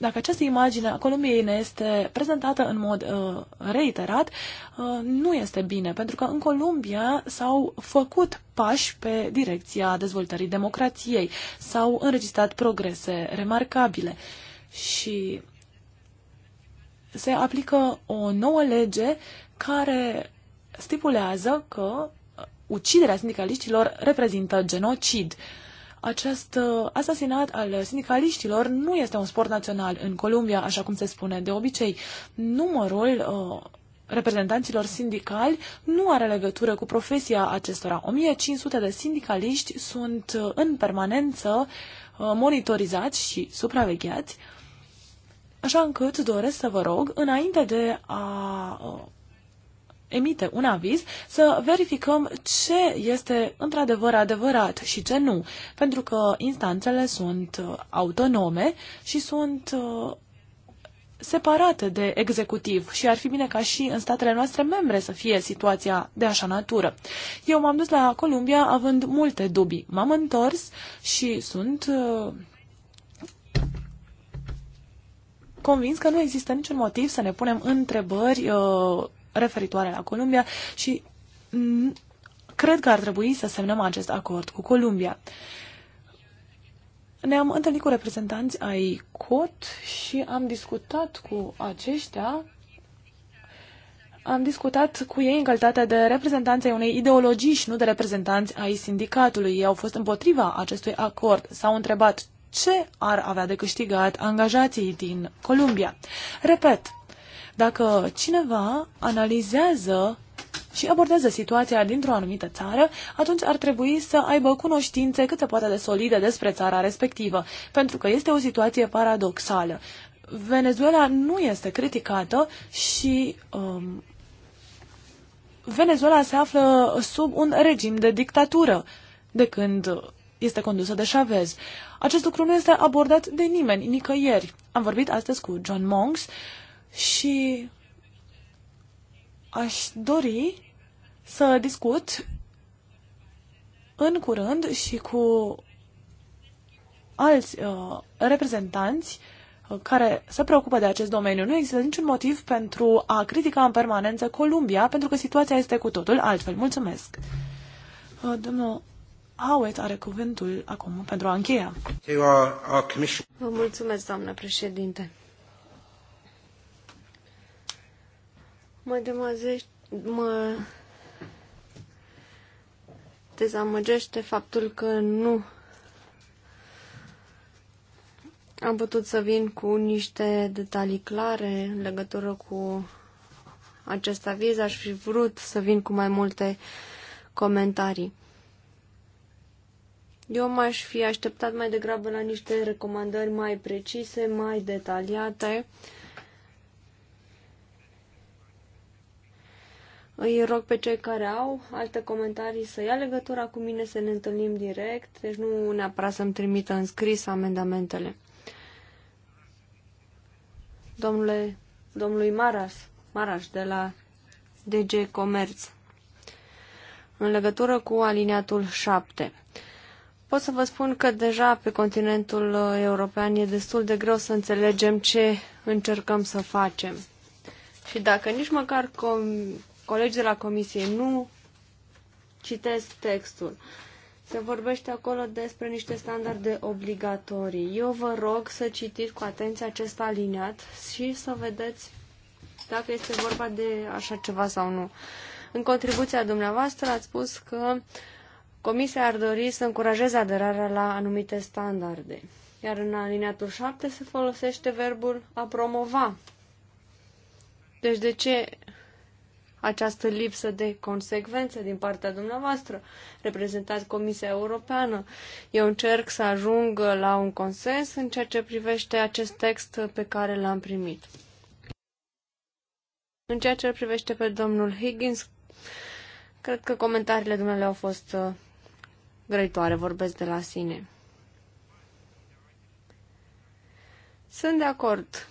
dacă această imagine a Columbiei ne este prezentată în mod uh, reiterat, uh, nu este bine, pentru că în Columbia s-au făcut pași pe direcția dezvoltării democrației, s-au înregistrat progrese remarcabile și se aplică o nouă lege care stipulează că uciderea sindicaliștilor reprezintă genocid. Uh, acest uh, asasinat al sindicaliștilor nu este un sport național în Columbia, așa cum se spune de obicei. Numărul uh, reprezentanților sindicali nu are legătură cu profesia acestora. 1500 de sindicaliști sunt uh, în permanență uh, monitorizați și supravegheați, așa încât doresc să vă rog, înainte de a emite un aviz, să verificăm ce este într-adevăr adevărat și ce nu, pentru că instanțele sunt uh, autonome și sunt uh, separate de executiv și ar fi bine ca și în statele noastre membre să fie situația de așa natură. Eu m-am dus la Columbia având multe dubii. M-am întors și sunt uh, convins că nu există niciun motiv să ne punem întrebări uh, referitoare la Columbia și mm, cred că ar trebui să semnăm acest acord cu Columbia. Ne-am întâlnit cu reprezentanți ai COT și am discutat cu aceștia am discutat cu ei în calitate de reprezentanți ai unei ideologii și nu de reprezentanți ai sindicatului. Ei au fost împotriva acestui acord. S-au întrebat ce ar avea de câștigat angajații din Columbia. Repet, dacă cineva analizează și abordează situația dintr-o anumită țară, atunci ar trebui să aibă cunoștințe cât se poate de solide despre țara respectivă, pentru că este o situație paradoxală. Venezuela nu este criticată și um, Venezuela se află sub un regim de dictatură de când este condusă de Chavez. Acest lucru nu este abordat de nimeni, nicăieri. Am vorbit astăzi cu John Monks, uh, și aș dori să discut în curând și cu alți uh, reprezentanți uh, care se preocupă de acest domeniu. Nu există niciun motiv pentru a critica în permanență Columbia, pentru că situația este cu totul altfel. Mulțumesc! Uh, domnul Howitt are cuvântul acum pentru a încheia. Vă mulțumesc, doamnă președinte. Mă demazești, mă dezamăgește faptul că nu am putut să vin cu niște detalii clare în legătură cu acest aviz. Aș fi vrut să vin cu mai multe comentarii. Eu m-aș fi așteptat mai degrabă la niște recomandări mai precise, mai detaliate. Uh, Îi rog pe cei care au alte comentarii să ia legătura cu mine, să ne întâlnim direct, deci nu neapărat să-mi trimită în scris amendamentele. Domnule, domnului Maras, Maras de la DG Comerț, în legătură cu aliniatul 7. Pot să vă spun că deja pe continentul european e destul de greu să înțelegem ce încercăm să facem. Și dacă nici măcar com- colegi de la comisie, nu citesc textul. Se vorbește acolo despre niște standarde obligatorii. Eu vă rog să citiți cu atenție acest aliniat și să vedeți dacă este vorba de așa ceva sau nu. În contribuția dumneavoastră ați spus că Comisia ar dori să încurajeze aderarea la anumite standarde. Iar în aliniatul 7 se folosește verbul a promova. Deci de ce această lipsă de consecvență din partea dumneavoastră. Reprezentați Comisia Europeană. Eu încerc să ajung la un consens în ceea ce privește acest text pe care l-am primit. În ceea ce privește pe domnul Higgins, cred că comentariile dumneavoastră au fost uh, grăitoare, vorbesc de la sine. Sunt de acord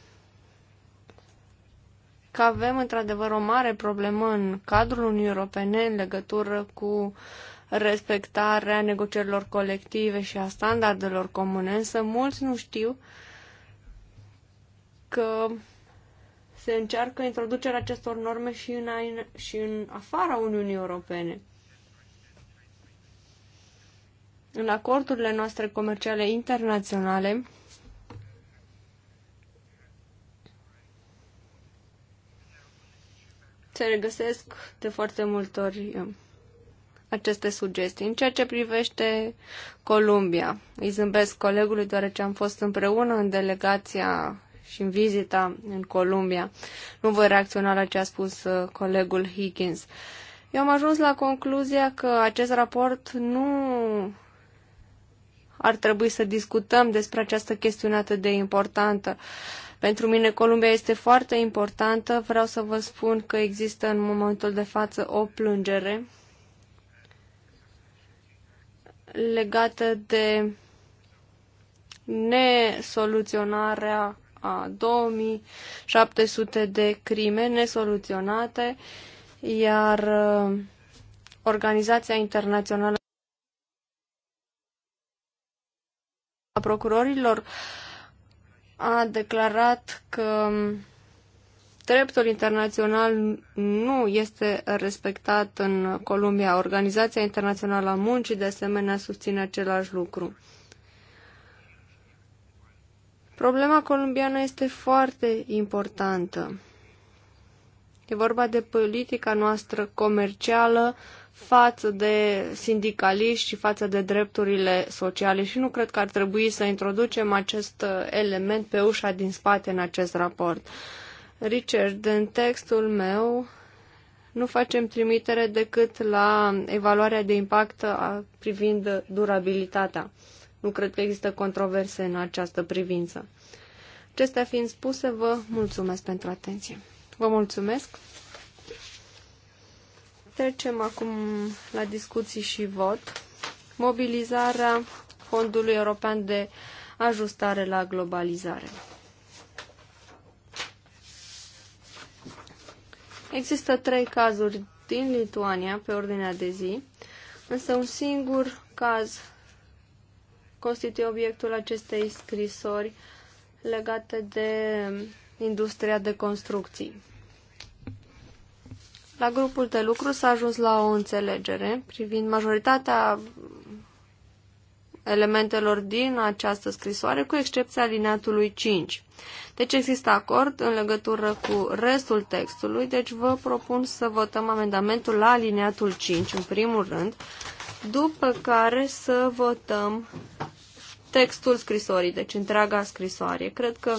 că avem într-adevăr o mare problemă în cadrul Uniunii Europene în legătură cu respectarea negocierilor colective și a standardelor comune, însă mulți nu știu că se încearcă introducerea acestor norme și în, și în afara Uniunii Europene. În acordurile noastre comerciale internaționale, se regăsesc de foarte multe ori um, aceste sugestii. În ceea ce privește Columbia, îi zâmbesc colegului deoarece am fost împreună în delegația și în vizita în Columbia. Nu voi reacționa la ce a spus uh, colegul Higgins. Eu am ajuns la concluzia că acest raport nu ar trebui să discutăm despre această chestiune atât de importantă. Uh, pentru mine Columbia este foarte importantă. Vreau să vă spun că există în momentul de față o plângere legată de nesoluționarea a 2700 de crime nesoluționate, iar uh, Organizația Internațională a Procurorilor a declarat că dreptul internațional nu este respectat în Columbia. Organizația Internațională a Muncii de asemenea susține același lucru. Problema columbiană este foarte importantă. E vorba de politica noastră comercială față de sindicaliști și față de drepturile sociale și nu cred că ar trebui să introducem acest uh, element pe ușa din spate în acest raport. Richard, în textul meu nu facem trimitere decât la evaluarea de impact privind durabilitatea. Nu cred că există controverse în această privință. Acestea fiind spuse, vă mulțumesc pentru atenție. Vă mulțumesc! Trecem acum la discuții și vot. Mobilizarea Fondului European de Ajustare la Globalizare. Există trei cazuri din Lituania pe ordinea de zi, însă un singur caz constituie obiectul acestei scrisori legate de industria de construcții. La grupul de lucru s-a ajuns la o înțelegere privind majoritatea elementelor din această scrisoare, cu excepția alineatului 5. Deci există acord în legătură cu restul textului, deci vă propun să votăm amendamentul la alineatul 5, în primul rând, după care să votăm textul scrisorii, deci întreaga scrisoare. Cred că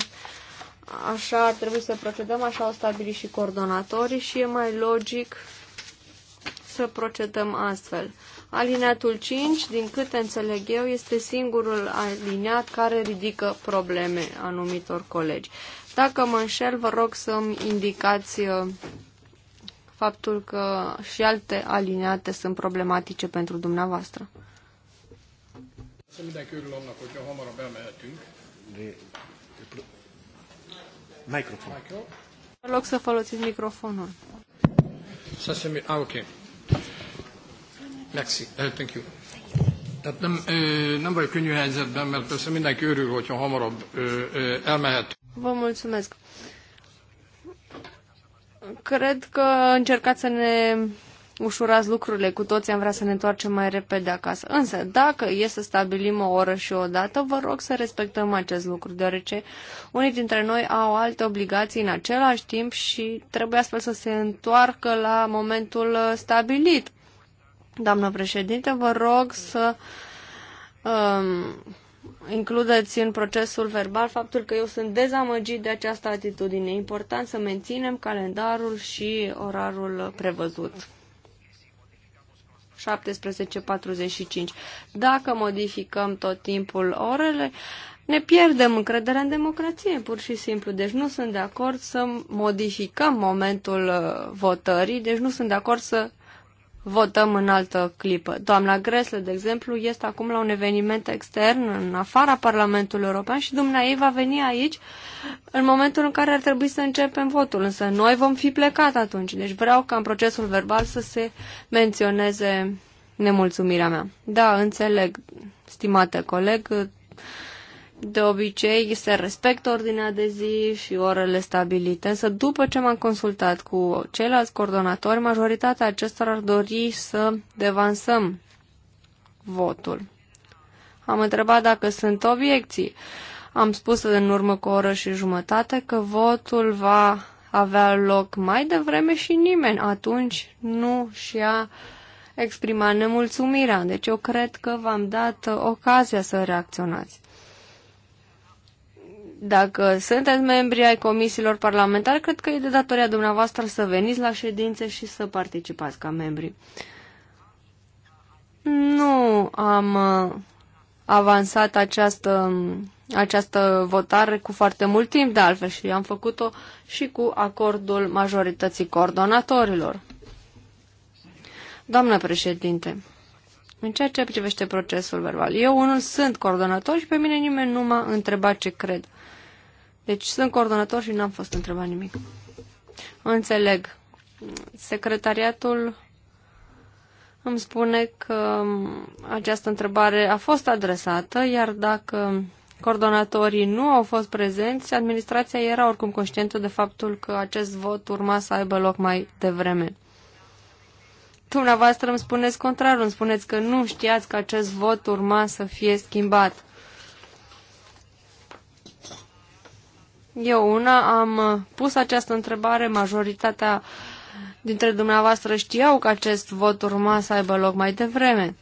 așa ar trebui să procedăm, așa au stabilit și coordonatorii și e mai logic să procedăm astfel. Alineatul 5, din câte înțeleg eu, este singurul alineat care ridică probleme anumitor colegi. Dacă mă înșel, vă rog să-mi indicați uh, faptul că și alte alineate sunt problematice pentru dumneavoastră. Să mi dai că hogyha hamarabb elmehetünk. De Microfon. Vă rog să folosiți microfonul. Să se... Ah, ok. Merci. Uh, thank you. Tehát nem, nem vagy könnyű helyzetben, mert persze mindenki örül, hogyha hamarabb elmehet. Vă mulțumesc. Cred că încercați să ne ușurați lucrurile. Cu toții am vrea să ne întoarcem mai repede acasă. Însă, dacă e să stabilim o oră și o dată, vă rog să respectăm acest lucru, deoarece unii dintre noi au alte obligații în același timp și trebuie astfel să se întoarcă la momentul uh, stabilit. Doamnă președinte, vă rog să um, includeți în procesul verbal faptul că eu sunt dezamăgit de această atitudine. E important să menținem calendarul și orarul prevăzut. 17.45. Dacă modificăm tot timpul orele, ne pierdem încrederea în democrație, pur și simplu. Deci nu sunt de acord să modificăm momentul uh, votării, deci nu sunt de acord să votăm în altă clipă. Doamna Gresle, de exemplu, este acum la un eveniment extern în afara Parlamentului European și dumnea ei va veni aici în momentul în care ar trebui să începem votul, însă noi vom fi plecat atunci. Deci vreau ca în procesul verbal să se menționeze nemulțumirea mea. Da, înțeleg, stimate coleg, de obicei se respectă ordinea de zi și orele stabilite, însă după ce m-am consultat cu ceilalți coordonatori, majoritatea acestora ar dori să devansăm votul. Am întrebat dacă sunt obiecții. Am spus în urmă cu o oră și jumătate că votul va avea loc mai devreme și nimeni atunci nu și-a exprimat nemulțumirea. Deci eu cred că v-am dat ocazia să reacționați. Dacă sunteți membri ai comisiilor parlamentare, cred că e de datoria dumneavoastră să veniți la ședințe și să participați ca membri. Nu am uh, avansat această, această votare cu foarte mult timp, de altfel, și am făcut-o și cu acordul majorității coordonatorilor. Doamnă președinte, în ceea ce privește procesul verbal, eu unul sunt coordonator și pe mine nimeni nu m-a întrebat ce cred. Deci sunt coordonator și n-am fost întrebat nimic. Înțeleg. Secretariatul îmi spune că um, această întrebare a fost adresată, iar dacă coordonatorii nu au fost prezenți, administrația era oricum conștientă de faptul că acest vot urma să aibă loc mai devreme. Dumneavoastră îmi spuneți contrarul, îmi spuneți că nu știați că acest vot urma să fie schimbat. Eu una am uh, pus această întrebare, majoritatea dintre dumneavoastră știau că acest vot urma să aibă loc mai devreme.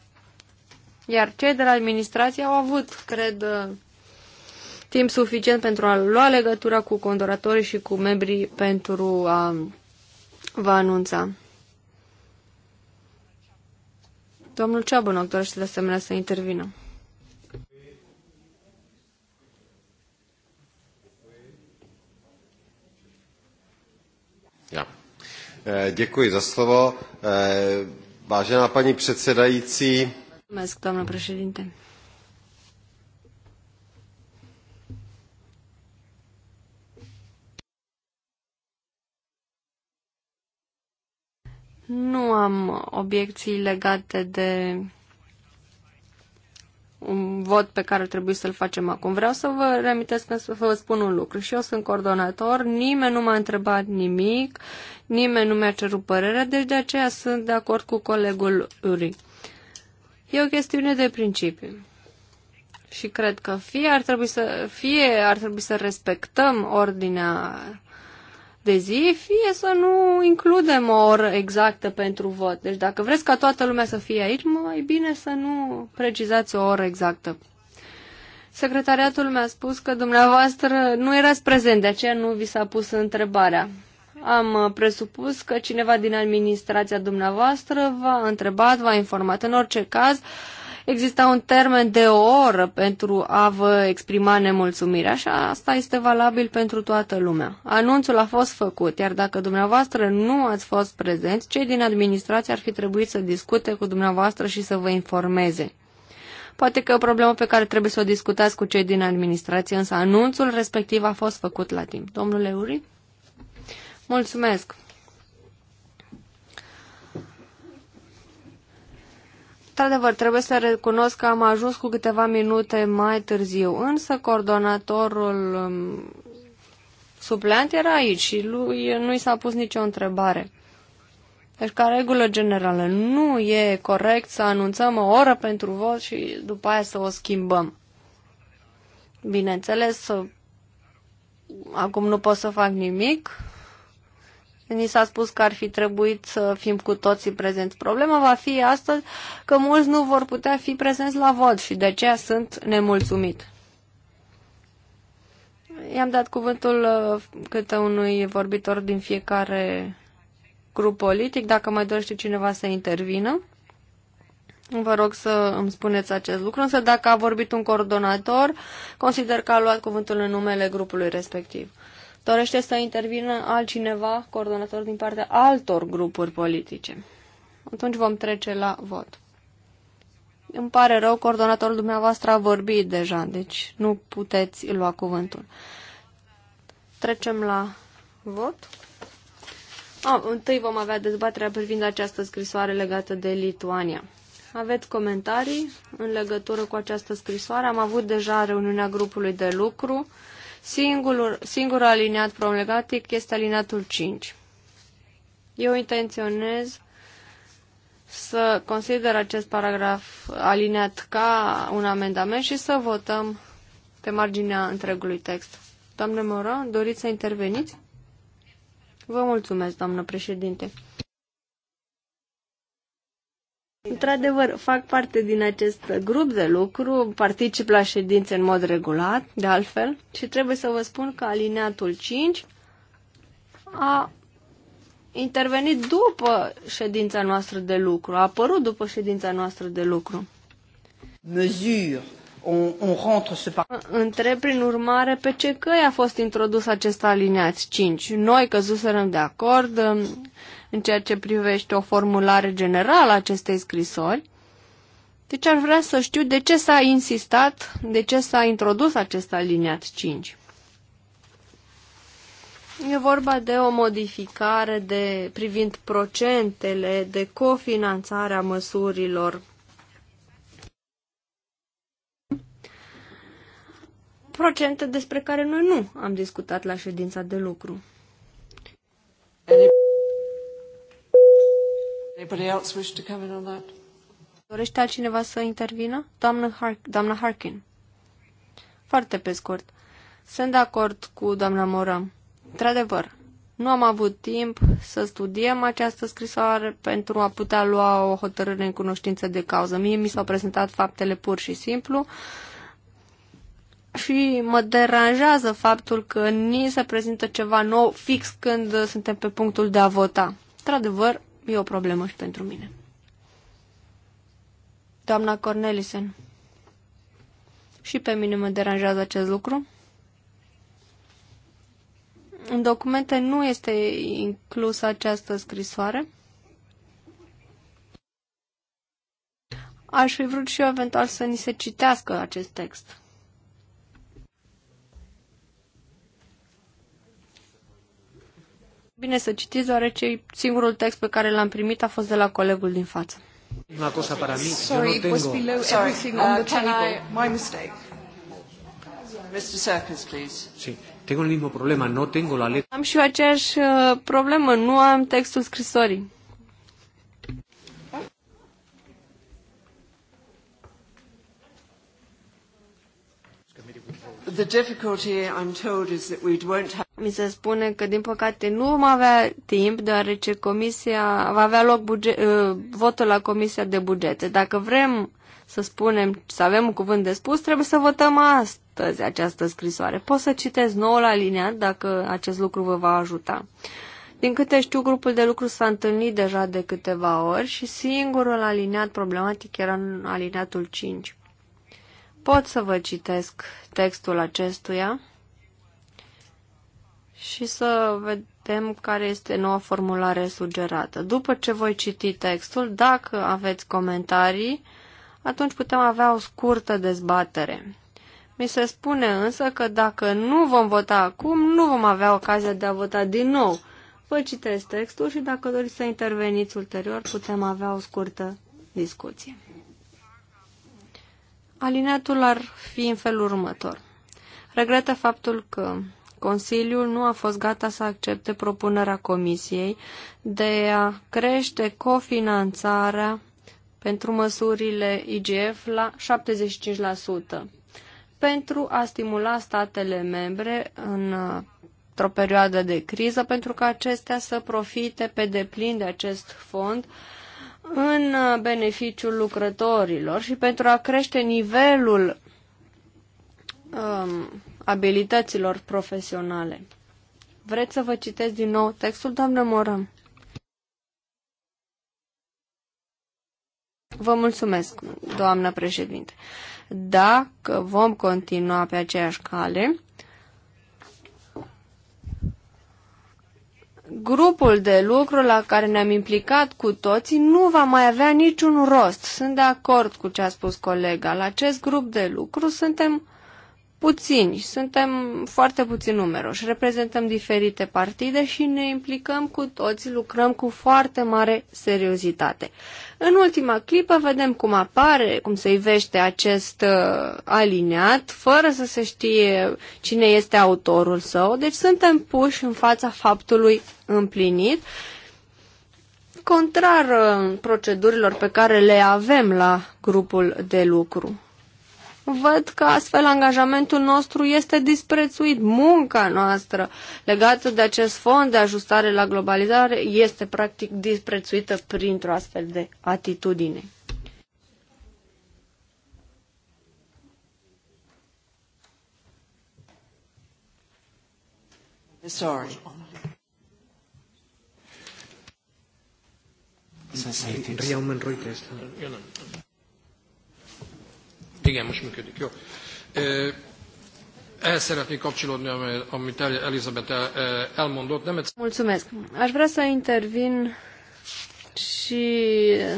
Iar cei de la administrație au avut, cred, uh, timp suficient pentru a lua legătura cu condoratorii și cu membrii pentru a vă anunța. Domnul Ceabănoc dorește de asemenea să intervină. Eh, děkuji za slovo. Eh, vážená paní předsedající. Mulțumesc, doamnă președinte. Nu am obiecții legate de un vot pe care trebuie să-l facem acum. Vreau să vă reamintesc să vă spun un lucru și eu sunt coordonator, nimeni nu m-a întrebat nimic, nimeni nu mi-a cerut părerea, deci de aceea sunt de acord cu colegul Uri. E o chestiune de principiu. Și cred că fie ar trebui să, fie ar trebui să respectăm ordinea de zi, fie să nu includem o oră exactă pentru vot. Deci dacă vreți ca toată lumea să fie aici, mai bine să nu precizați o oră exactă. Secretariatul mi-a spus că dumneavoastră nu erați prezent, de aceea nu vi s-a pus întrebarea. Am uh, presupus că cineva din administrația dumneavoastră v-a întrebat, v-a informat. În orice caz, uh, exista un termen de o oră pentru a vă exprima nemulțumirea și asta este valabil pentru toată lumea. Anunțul a fost făcut, iar dacă dumneavoastră nu ați fost prezenți, cei din administrație ar fi trebuit să discute cu dumneavoastră și să vă informeze. Poate că e o problemă pe care trebuie să o discutați cu cei din administrație, însă anunțul respectiv a fost făcut la timp. Domnule Uri? Mulțumesc! Într-adevăr, trebuie să recunosc că am ajuns cu câteva minute mai târziu, însă coordonatorul um, supleant era aici și lui nu i s-a pus nicio întrebare. Deci, ca regulă generală, nu e corect să anunțăm o oră pentru vot și după aia să o schimbăm. Bineînțeles, acum nu pot să fac nimic, Ni s-a spus că ar fi trebuit să fim cu toții prezenți. Problema va fi astăzi că mulți nu vor putea fi prezenți la vot și de aceea sunt nemulțumit. I-am dat cuvântul uh, câte unui vorbitor din fiecare grup politic. Dacă mai dorește cineva să intervină, vă rog să îmi spuneți acest lucru. Însă dacă a vorbit un coordonator, consider că a luat cuvântul în numele grupului respectiv. Dorește să intervină altcineva, coordonator din partea altor grupuri politice. Atunci vom trece la vot. Îmi pare rău, coordonatorul dumneavoastră a vorbit deja, deci nu puteți lua cuvântul. Trecem la vot. A, întâi vom avea dezbaterea privind această scrisoare legată de Lituania. Aveți comentarii în legătură cu această scrisoare? Am avut deja reuniunea grupului de lucru. Singurul, singurul aliniat problematic este aliniatul 5. Eu intenționez să consider acest paragraf aliniat ca un amendament și să votăm pe marginea întregului text. Doamne Moran, doriți să interveniți? Vă mulțumesc, doamnă președinte. Într-adevăr, fac parte din acest grup de lucru, particip la ședințe în mod regulat, de altfel, și trebuie să vă spun că alineatul 5 a intervenit după ședința noastră de lucru, a apărut după ședința noastră de lucru. Măsuri. On, on rentre ce par... Întreb prin urmare pe ce căi a fost introdus acest aliniat 5. Noi căzuserăm de acord, în ceea ce privește o formulare generală a acestei scrisori. Deci ar vrea să știu de ce s-a insistat, de ce s-a introdus acest aliniat 5. E vorba de o modificare de, privind procentele de cofinanțare a măsurilor. Procente despre care noi nu am discutat la ședința de lucru. anybody else wish to come in on that? Dorește altcineva să intervină? Doamna, Har- doamna Harkin. Foarte pe scurt. Sunt de acord cu doamna Moram. Într-adevăr, nu am avut timp să studiem această scrisoare pentru a putea lua o hotărâre în cunoștință de cauză. Mie mi s-au prezentat faptele pur și simplu și mă deranjează faptul că ni se prezintă ceva nou fix când suntem pe punctul de a vota. Într-adevăr, E o problemă și pentru mine. Doamna Cornelisen. Și pe mine mă deranjează acest lucru. În documente nu este inclusă această scrisoare. Aș fi vrut și eu eventual să ni se citească acest text. bine să citiți, deoarece singurul text pe care l-am primit a fost de la colegul din față. Una cosa para mí, Sorry, yo no tengo... below Sorry. everything on the uh, table. My mistake. Mr. Serkis, please. Sí. Tengo el mismo problema, no tengo la letra. Am și eu aceeași uh, problemă, nu am textul scrisorii. The difficulty, I'm told, is that we won't have mi se spune că, din păcate, nu vom avea timp, deoarece comisia va avea loc buget, uh, votul la Comisia de Bugete. Dacă vrem să spunem, să avem un cuvânt de spus, trebuie să votăm astăzi această scrisoare. Pot să citez nouă la linia dacă acest lucru vă va ajuta. Din câte știu, grupul de lucru s-a întâlnit deja de câteva ori și singurul aliniat problematic era în aliniatul 5. Pot să vă citesc textul acestuia și să vedem care este noua formulare sugerată. După ce voi citi textul, dacă aveți comentarii, atunci putem avea o scurtă dezbatere. Mi se spune însă că dacă nu vom vota acum, nu vom avea ocazia de a vota din nou. Vă citesc textul și dacă doriți să interveniți ulterior, putem avea o scurtă discuție. Alineatul ar fi în felul următor. Regretă faptul că Consiliul nu a fost gata să accepte propunerea Comisiei de a crește cofinanțarea pentru măsurile IGF la 75% pentru a stimula statele membre în într-o perioadă de criză pentru ca acestea să profite pe deplin de acest fond în beneficiul lucrătorilor și pentru a crește nivelul um, abilităților profesionale. Vreți să vă citesc din nou textul, doamnă Morăm? Vă mulțumesc, doamnă președinte. Dacă vom continua pe aceeași cale, grupul de lucru la care ne-am implicat cu toții nu va mai avea niciun rost. Sunt de acord cu ce a spus colega. La acest grup de lucru suntem puțini, suntem foarte puțin numeroși, reprezentăm diferite partide și ne implicăm cu toți, lucrăm cu foarte mare seriozitate. În ultima clipă vedem cum apare, cum se ivește acest uh, aliniat, fără să se știe cine este autorul său, deci suntem puși în fața faptului împlinit, contrar uh, procedurilor pe care le avem la grupul de lucru văd că astfel angajamentul nostru este disprețuit. Munca noastră legată de acest fond de ajustare la globalizare este practic disprețuită printr-o astfel de atitudine. Sorry. Reuters. Igen, most működik, jó. Ehhez szeretnék kapcsolódni, amit Elizabeth elmondott. Nem egyszer... Mulțumesc. Aș vrea să intervin și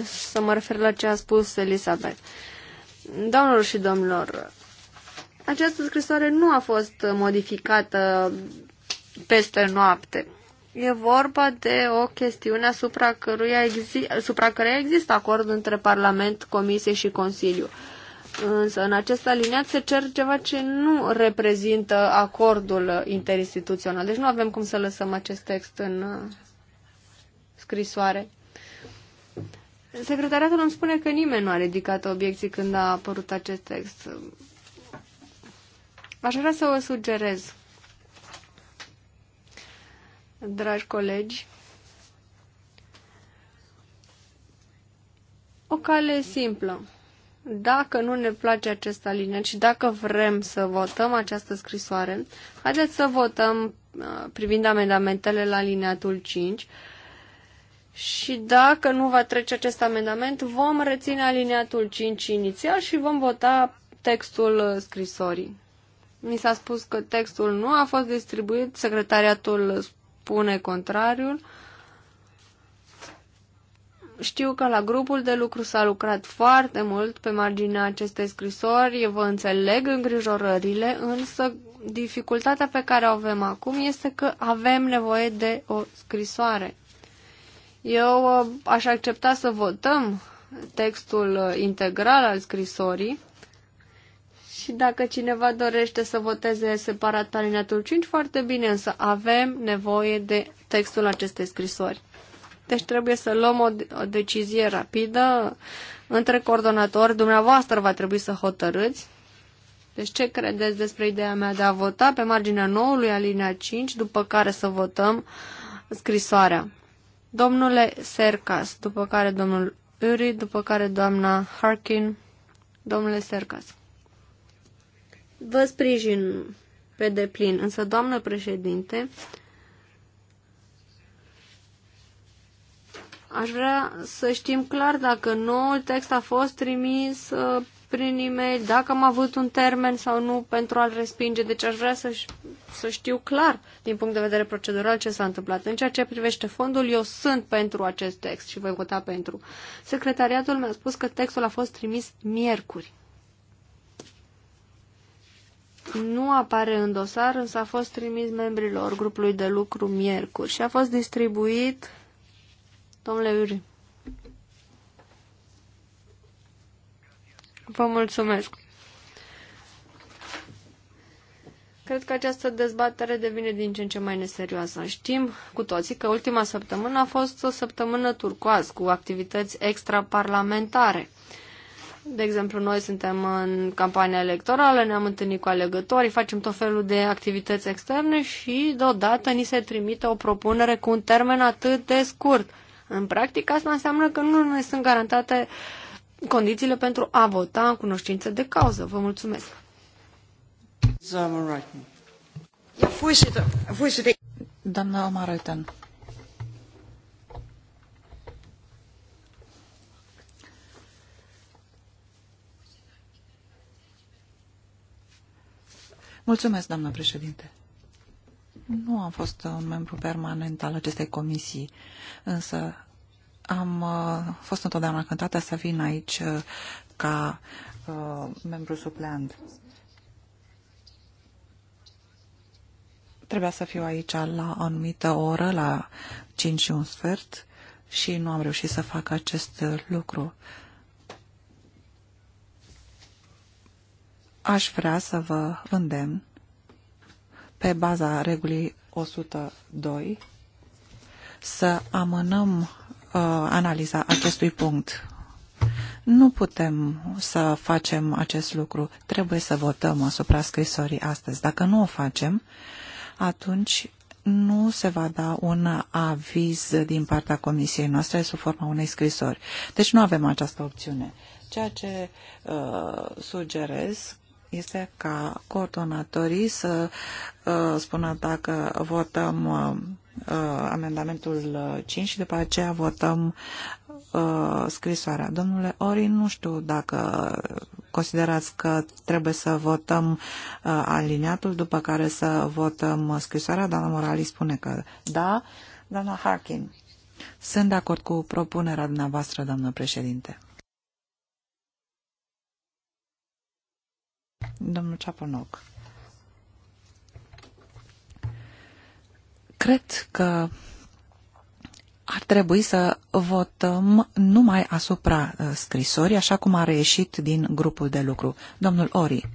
să mă refer la ce a spus Elizabeth. Doamnelor și domnilor, această scrisoare nu a fost modificată peste noapte. E vorba de o chestiune asupra, căruia exi- asupra căreia există acord între Parlament, Comisie și Consiliu. Uh, Însă, în acest aliniat se cer ceva ce nu reprezintă acordul interinstituțional. Deci nu avem cum să lăsăm acest text în uh, scrisoare. Secretariatul îmi spune că nimeni nu a ridicat obiecții când a apărut acest text. Aș vrea să o sugerez, dragi colegi, o cale simplă dacă nu ne place acest aliniat și dacă vrem să votăm această scrisoare, haideți să votăm uh, privind amendamentele la alineatul 5 și dacă nu va trece acest amendament, vom reține alineatul 5 inițial și vom vota textul uh, scrisorii. Mi s-a spus că textul nu a fost distribuit, secretariatul spune contrariul. Știu că la grupul de lucru s-a lucrat foarte mult pe marginea acestei scrisori, eu vă înțeleg îngrijorările, însă dificultatea pe care o avem acum este că avem nevoie de o scrisoare. Eu uh, aș accepta să votăm textul uh, integral al scrisorii și dacă cineva dorește să voteze separat alineatul 5, foarte bine, însă avem nevoie de textul acestei scrisori. Deci trebuie să luăm o, o decizie rapidă între coordonatori. Dumneavoastră va trebui să hotărâți. Deci ce credeți despre ideea mea de a vota pe marginea noului alinea 5, după care să votăm scrisoarea? Domnule Sercas, după care domnul Uri, după care doamna Harkin, domnule Sercas. Vă sprijin pe deplin, însă, doamnă președinte, Aș vrea să știm clar dacă noul text a fost trimis uh, prin e-mail, dacă am avut un termen sau nu pentru a-l respinge. Deci aș vrea să, să știu clar, din punct de vedere procedural, ce s-a întâmplat. În ceea ce privește fondul, eu sunt pentru acest text și voi vota pentru. Secretariatul mi-a spus că textul a fost trimis miercuri. Nu apare în dosar, însă a fost trimis membrilor grupului de lucru miercuri și a fost distribuit Domnule Iuri. Vă mulțumesc. Cred că această dezbatere devine din ce în ce mai neserioasă. Știm cu toții că ultima săptămână a fost o săptămână turcoază cu activități extraparlamentare. De exemplu, noi suntem în campania electorală, ne-am întâlnit cu alegătorii, facem tot felul de activități externe și deodată ni se trimite o propunere cu un termen atât de scurt – în practic, asta înseamnă că nu ne sunt garantate condițiile pentru a vota în cunoștință de cauză. Vă mulțumesc. Doamna Omarăten. Mulțumesc, doamnă președinte. Nu am fost un uh, membru permanent al acestei comisii, însă am uh, fost întotdeauna cântată să vin aici uh, ca uh, membru supleant. Trebuia să fiu aici la o anumită oră, la 5 și un sfert, și nu am reușit să fac acest lucru. Aș vrea să vă îndemn pe baza regulii 102 să amânăm uh, analiza acestui punct. Nu putem să facem acest lucru. Trebuie să votăm asupra scrisorii astăzi. Dacă nu o facem, atunci nu se va da un aviz din partea comisiei noastre sub forma unei scrisori. Deci nu avem această opțiune. Ceea ce uh, sugerez este ca coordonatorii să uh, spună dacă votăm uh, uh, amendamentul 5 și după aceea votăm scrisoarea. Domnule Ori, nu știu dacă considerați că trebuie să votăm aliniatul, după care să votăm scrisoarea. Doamna Morali spune că da. Doamna Harkin, sunt de acord cu propunerea dumneavoastră, doamnă președinte. Domnul Ceaponoc. Cred că ar trebui să votăm numai asupra uh, scrisorii, așa cum a reieșit din grupul de lucru. Domnul Ori.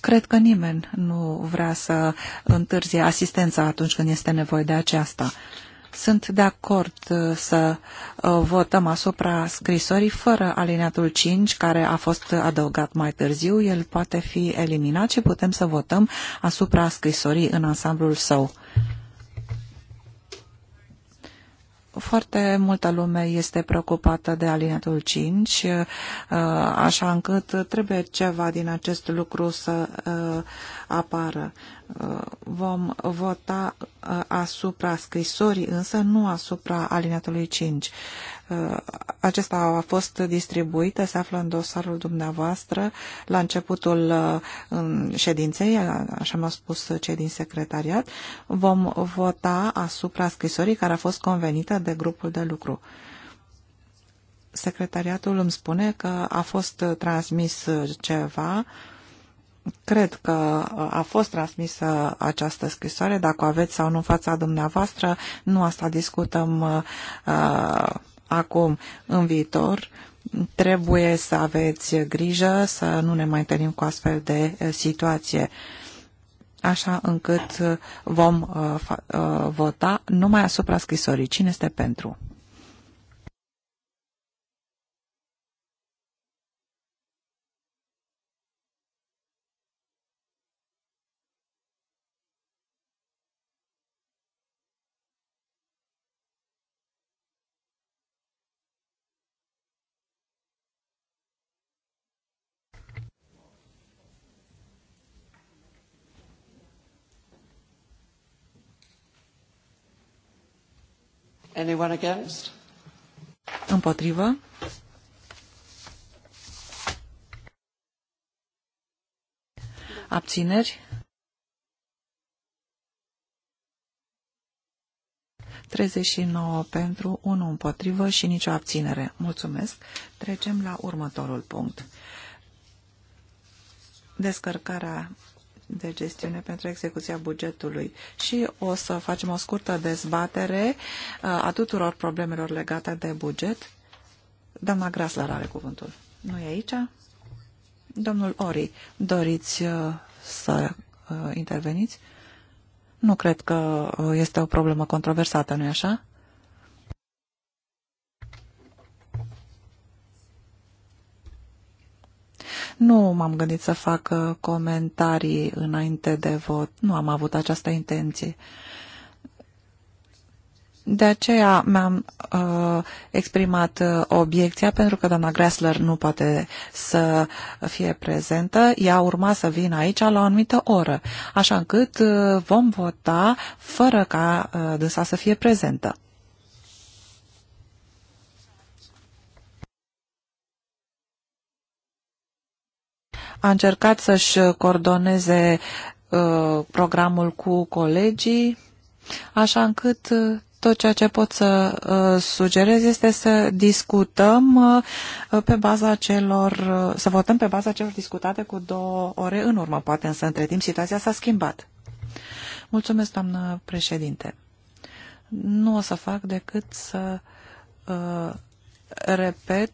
Cred că nimeni nu vrea să întârzie asistența atunci când este nevoie de aceasta. Uh, sunt de acord uh, să uh, votăm asupra scrisorii fără alineatul 5 care a fost adăugat mai târziu. El poate fi eliminat și putem să votăm asupra scrisorii în ansamblul său. Foarte multă lume este preocupată de alineatul 5, uh, așa încât trebuie ceva din acest lucru să uh, apară. Uh, vom vota asupra scrisorii, însă nu asupra alineatului 5. Uh, acesta a fost distribuită, se află în dosarul dumneavoastră la începutul uh, ședinței, așa mi-au spus cei din secretariat. Vom vota asupra scrisorii care a fost convenită de grupul de lucru. Secretariatul îmi spune că a fost transmis ceva Cred că a fost transmisă această scrisoare, dacă o aveți sau nu în fața dumneavoastră, nu asta discutăm uh, acum în viitor, trebuie să aveți grijă să nu ne mai întâlnim cu astfel de eh, situație așa încât eh, vom uh, uh, vota numai asupra scrisorii. Cine este pentru? Anyone against? Împotrivă. Abțineri. Treizeci și nouă pentru, unu împotrivă și nicio abținere. Mulțumesc. Trecem la următorul punct. Descărcarea de gestiune pentru execuția bugetului și o să facem o scurtă dezbatere uh, a tuturor problemelor legate de buget. Doamna Grasler are cuvântul. Nu e aici? Domnul Ori, doriți uh, să uh, interveniți? Nu cred că este o problemă controversată, nu-i așa? Nu m-am gândit să fac comentarii înainte de vot. Nu am avut această intenție. De aceea mi-am uh, exprimat uh, obiecția, pentru că doamna Gressler nu poate să fie prezentă. Ea urma să vină aici la o anumită oră, așa încât uh, vom vota fără ca uh, dânsa să fie prezentă. a încercat să-și coordoneze uh, programul cu colegii, așa încât uh, tot ceea ce pot să uh, sugerez este să discutăm uh, pe baza celor, uh, să votăm pe baza celor discutate cu două ore în urmă, poate însă între timp situația s-a schimbat. Mulțumesc, doamnă președinte. Nu o să fac decât să uh, repet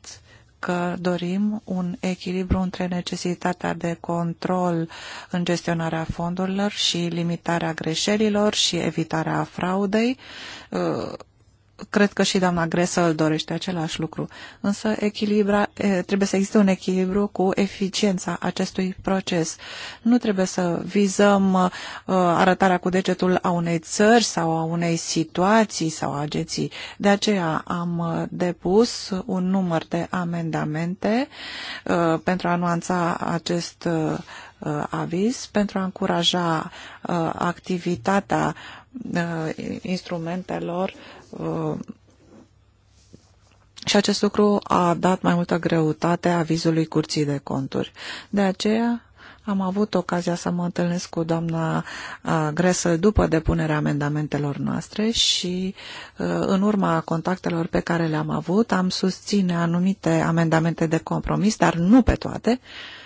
că dorim un echilibru între necesitatea de control în gestionarea fondurilor și limitarea greșelilor și evitarea fraudei uh, cred că și doamna îl dorește același lucru, însă echilibra, trebuie să existe un echilibru cu eficiența acestui proces. Nu trebuie să vizăm uh, arătarea cu degetul a unei țări sau a unei situații sau agenții. De aceea am uh, depus un număr de amendamente uh, pentru a nuanța acest aviz, pentru a încuraja activitatea instrumentelor și acest lucru a dat mai multă greutate avizului curții de conturi. De aceea am avut ocazia să mă întâlnesc cu doamna Gresă după depunerea amendamentelor noastre și în urma contactelor pe care le-am avut am susține anumite amendamente de compromis, dar nu pe toate, uh,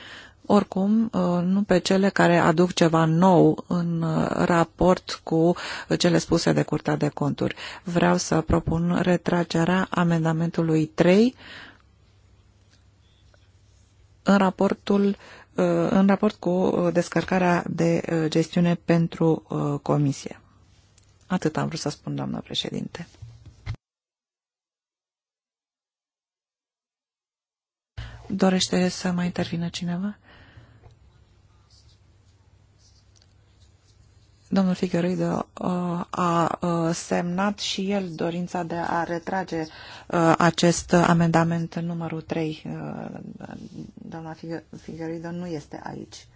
oricum, uh, nu pe cele care aduc ceva nou în uh, raport cu cele spuse de Curtea de Conturi. Vreau să propun retragerea amendamentului 3 în raportul uh, în raport cu descărcarea de gestiune pentru comisie. Atât am vrut să spun, doamnă președinte. Dorește să mai intervină cineva? Domnul Figueredo uh, a uh, semnat și el dorința de a retrage uh, acest amendament numărul 3. Doamna Figueredo nu este aici.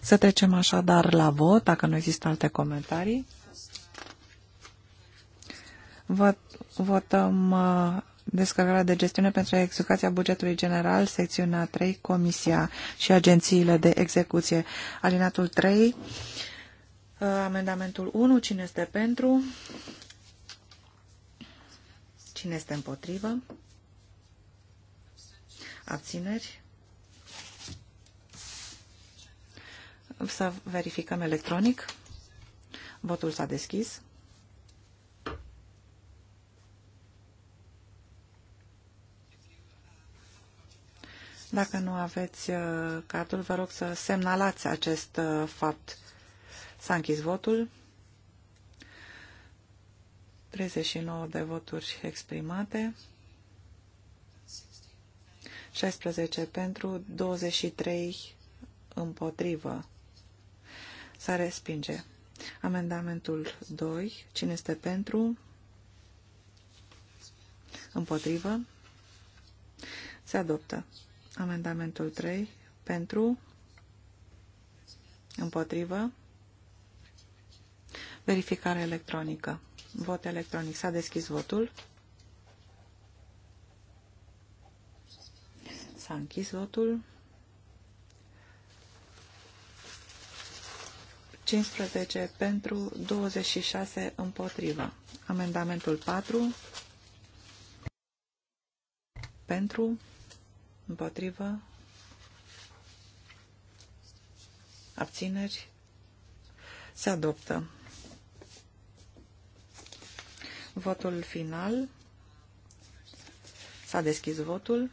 Să trecem așadar la vot, dacă nu există alte comentarii. Vot, votăm descărcarea de gestiune pentru execuția bugetului general, secțiunea 3, Comisia și agențiile de execuție. Alinatul 3, uh, amendamentul 1, cine este pentru? Cine este împotrivă? Abțineri? Să verificăm electronic. Votul s-a deschis. Dacă nu aveți uh, cardul, vă rog să semnalați acest uh, fapt. S-a închis votul. 39 de voturi exprimate. 16 pentru, 23 împotrivă. S-a respinge. Amendamentul 2. Cine este pentru? Împotrivă. Se adoptă. Amendamentul 3 pentru, împotrivă, verificare electronică. Vot electronic. S-a deschis votul. S-a închis votul. 15 pentru, 26 împotrivă. Amendamentul 4 pentru, Împotrivă. Abțineri. Se adoptă. Votul final. S-a deschis votul.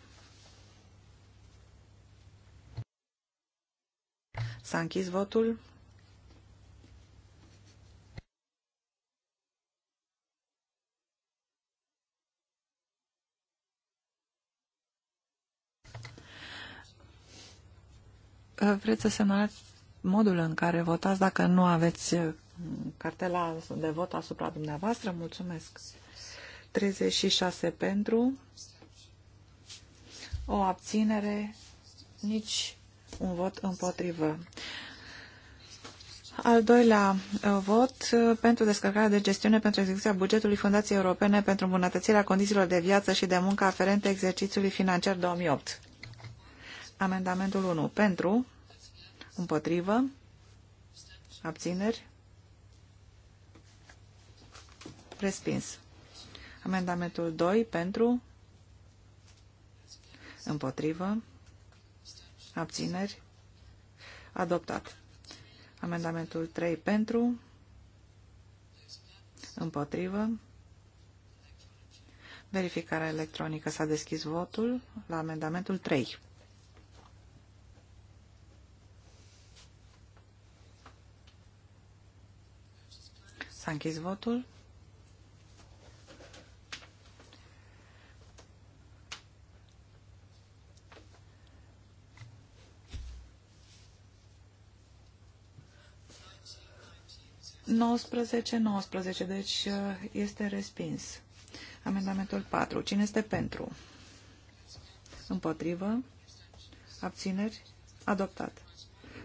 S-a închis votul. vreți să semnalați modul în care votați dacă nu aveți uh, cartela de vot asupra dumneavoastră. Mulțumesc. 36 pentru, o abținere, nici un vot împotrivă. Al doilea uh, vot uh, pentru descărcarea de gestiune pentru execuția bugetului Fundației Europene pentru îmbunătățirea condițiilor de viață și de muncă aferente exercițiului financiar 2008. Amendamentul 1 pentru Împotrivă. Abțineri. Respins. Amendamentul 2 pentru. Împotrivă. Abțineri. Adoptat. Amendamentul 3 pentru. Împotrivă. Verificarea electronică. S-a deschis votul la amendamentul 3. închis votul. Nouăsprezece, nouăsprezece, deci uh, este respins. Amendamentul 4. Cine este pentru? Împotrivă? Abțineri? Adoptat.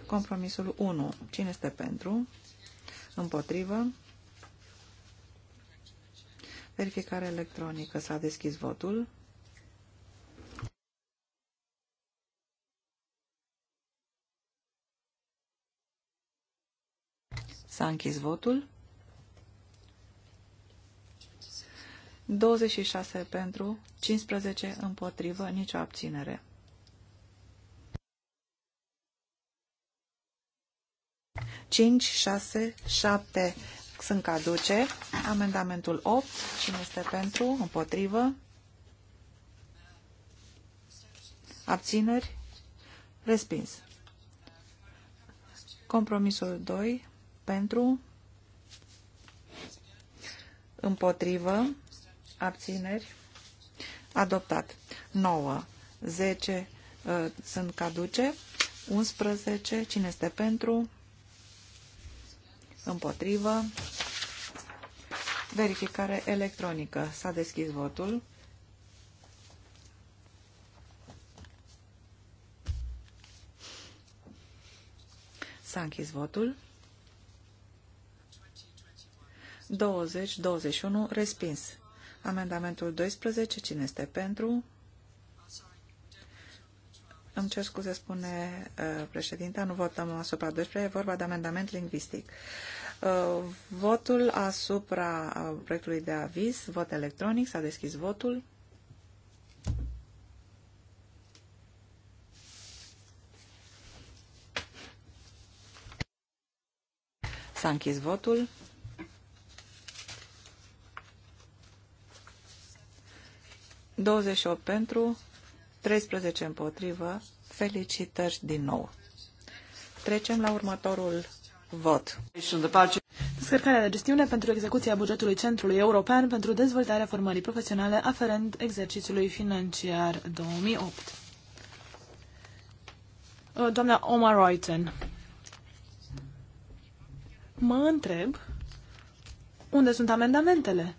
Compromisul 1. Cine este pentru? Împotrivă? Verificare electronică. S-a deschis votul. S-a închis votul. 26 pentru, 15 împotrivă, nicio abținere. Cinci, șase, șapte sunt caduce. Amendamentul 8. Cine este pentru? Împotrivă? Abțineri? Respins. Compromisul 2. Pentru? Împotrivă? Abțineri? Adoptat. 9. 10 uh, sunt caduce. 11. Cine este pentru? împotrivă, verificare electronică. S-a deschis votul. S-a închis votul. 20-21 respins. Amendamentul 12. Cine este pentru? Îmi cer scuze, spune uh, președinta, nu votăm asupra 12, e vorba de amendament lingvistic. Uh, votul asupra uh, proiectului de aviz, vot electronic, s-a deschis votul. S-a închis votul. Douăzeci și opt pentru, 13 împotrivă. Felicitări din nou. Trecem la următorul vot. Descărcarea de gestiune pentru execuția bugetului Centrului European pentru dezvoltarea formării profesionale aferent exercițiului financiar 2008. Uh, doamna Oma Reuten, mă întreb unde sunt amendamentele,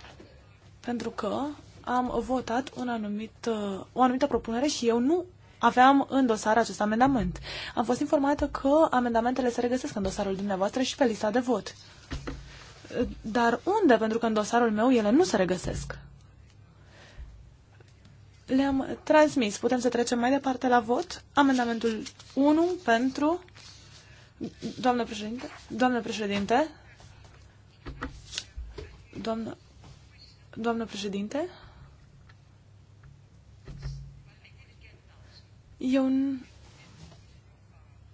pentru că am votat un anumit, uh, o anumită propunere și eu nu aveam în dosar acest amendament. Am fost informată că amendamentele se regăsesc în dosarul dumneavoastră și pe lista de vot. Dar unde? Pentru că în dosarul meu ele nu se regăsesc. Le-am transmis. Putem să trecem mai departe la vot. Amendamentul 1 pentru... Doamnă președinte? Doamnă președinte? Doamnă... Doamnă președinte? Eu...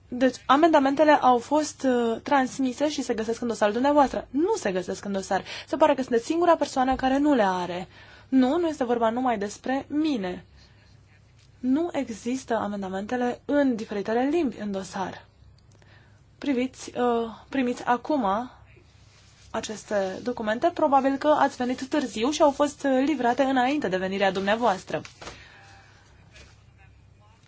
Deci, amendamentele au fost uh, transmise și se găsesc în dosarul dumneavoastră. Nu se găsesc în dosar. Se pare că sunteți singura persoană care nu le are. Nu, nu este vorba numai despre mine. Nu există amendamentele în diferitele limbi în dosar. Priviți, uh, primiți acum aceste documente. Probabil că ați venit târziu și au fost uh, livrate înainte de venirea dumneavoastră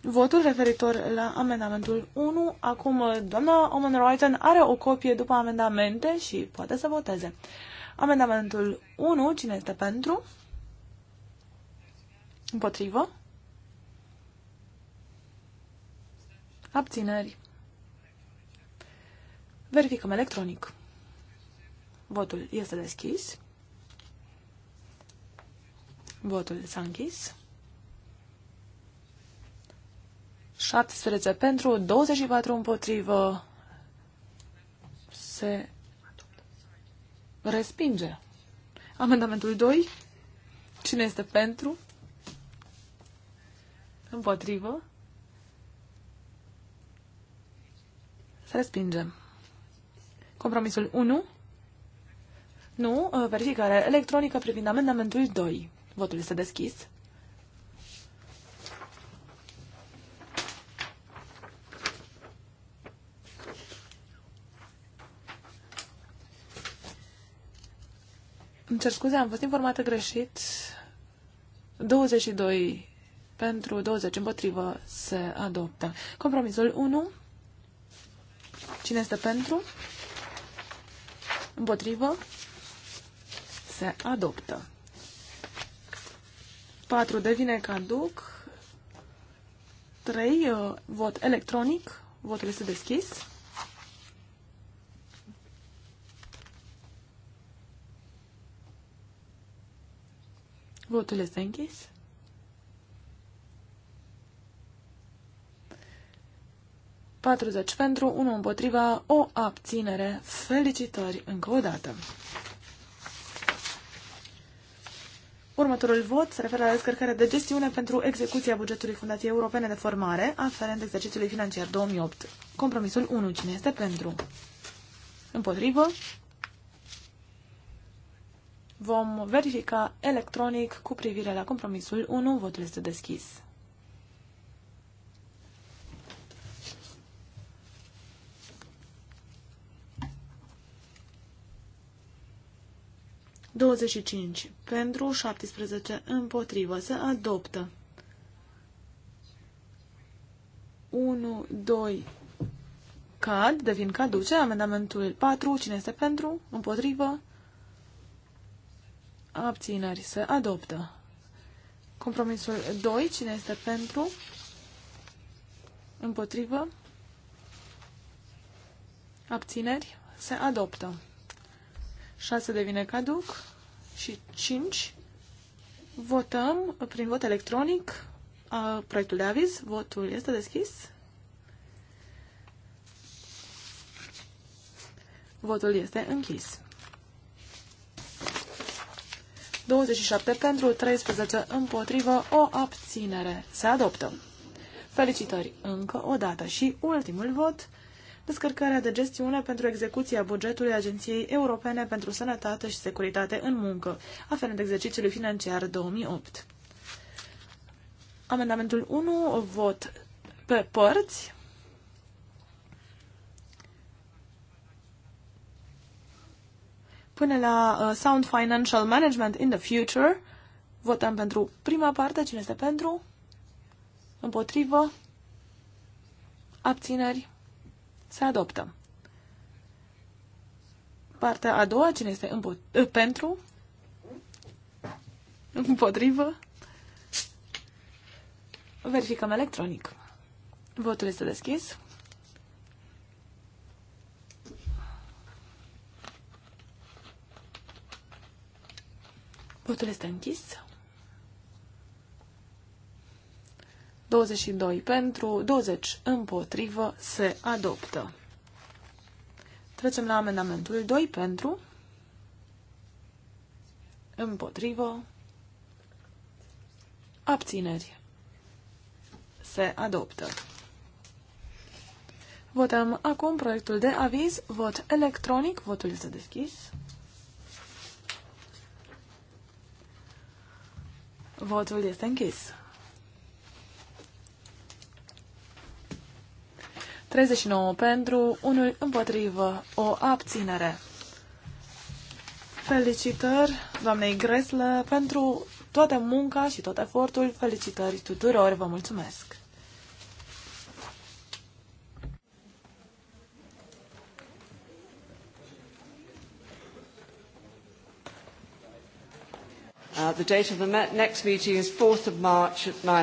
votul referitor la amendamentul 1. Acum doamna Omen Reuten are o copie după amendamente și poate să voteze. Amendamentul 1, cine este pentru? Împotrivă? Abțineri. Verificăm electronic. Votul este deschis. Votul s-a închis. 17 pentru, 24 împotrivă. Se respinge. Amendamentul 2. Cine este pentru? Împotrivă. Se respinge. Compromisul 1. Nu. Verificare electronică privind amendamentul 2. Votul este deschis. Îmi cer scuze, am fost informată greșit. 22 pentru 20 împotrivă se adoptă. Compromisul 1. Cine este pentru? Împotrivă se adoptă. 4 devine caduc. 3 uh, vot electronic. Votul este deschis. Votul este închis. Patruzeci pentru, unul împotriva, o abținere. Felicitări încă o dată. Următorul vot se referă la descărcarea de gestiune pentru execuția bugetului Fundației Europene de Formare, aferent exercițiului financiar 2008. Compromisul 1. Cine este pentru? Împotrivă? Vom verifica electronic cu privire la compromisul 1. Votul este deschis. cinci pentru, 17 împotrivă, se adoptă. 1, 2, cad, devin caduce, amendamentul 4, cine este pentru, împotrivă, abțineri se adoptă. Compromisul 2, cine este pentru? Împotrivă? Abțineri se adoptă. 6 devine caduc și 5 votăm prin vot electronic a proiectul de aviz. Votul este deschis. Votul este închis. 27 pentru, 13 împotrivă, o abținere. Se adoptă. Felicitări încă o dată. Și ultimul vot, descărcarea de gestiune pentru execuția bugetului Agenției Europene pentru Sănătate și Securitate în Muncă, aferent exercițiului financiar 2008. Amendamentul 1, vot pe părți. până la uh, Sound Financial Management in the Future. Votăm pentru prima parte. Cine este pentru? Împotrivă? Abțineri? Se adoptă. Partea a doua. Cine este împot- uh, pentru? Împotrivă? Verificăm electronic. Votul este deschis. Votul este închis. 22 pentru, 20 împotrivă, se adoptă. Trecem la amendamentul 2 pentru, împotrivă, abțineri, se adoptă. Votăm acum proiectul de aviz, vot electronic, votul este deschis. Votul este închis. 39 pentru, 1 împotrivă, o abținere. Felicitări doamnei Gresle pentru toată munca și tot efortul. Felicitări tuturor, vă mulțumesc! Uh, the date of the next meeting is 4th of March at 9.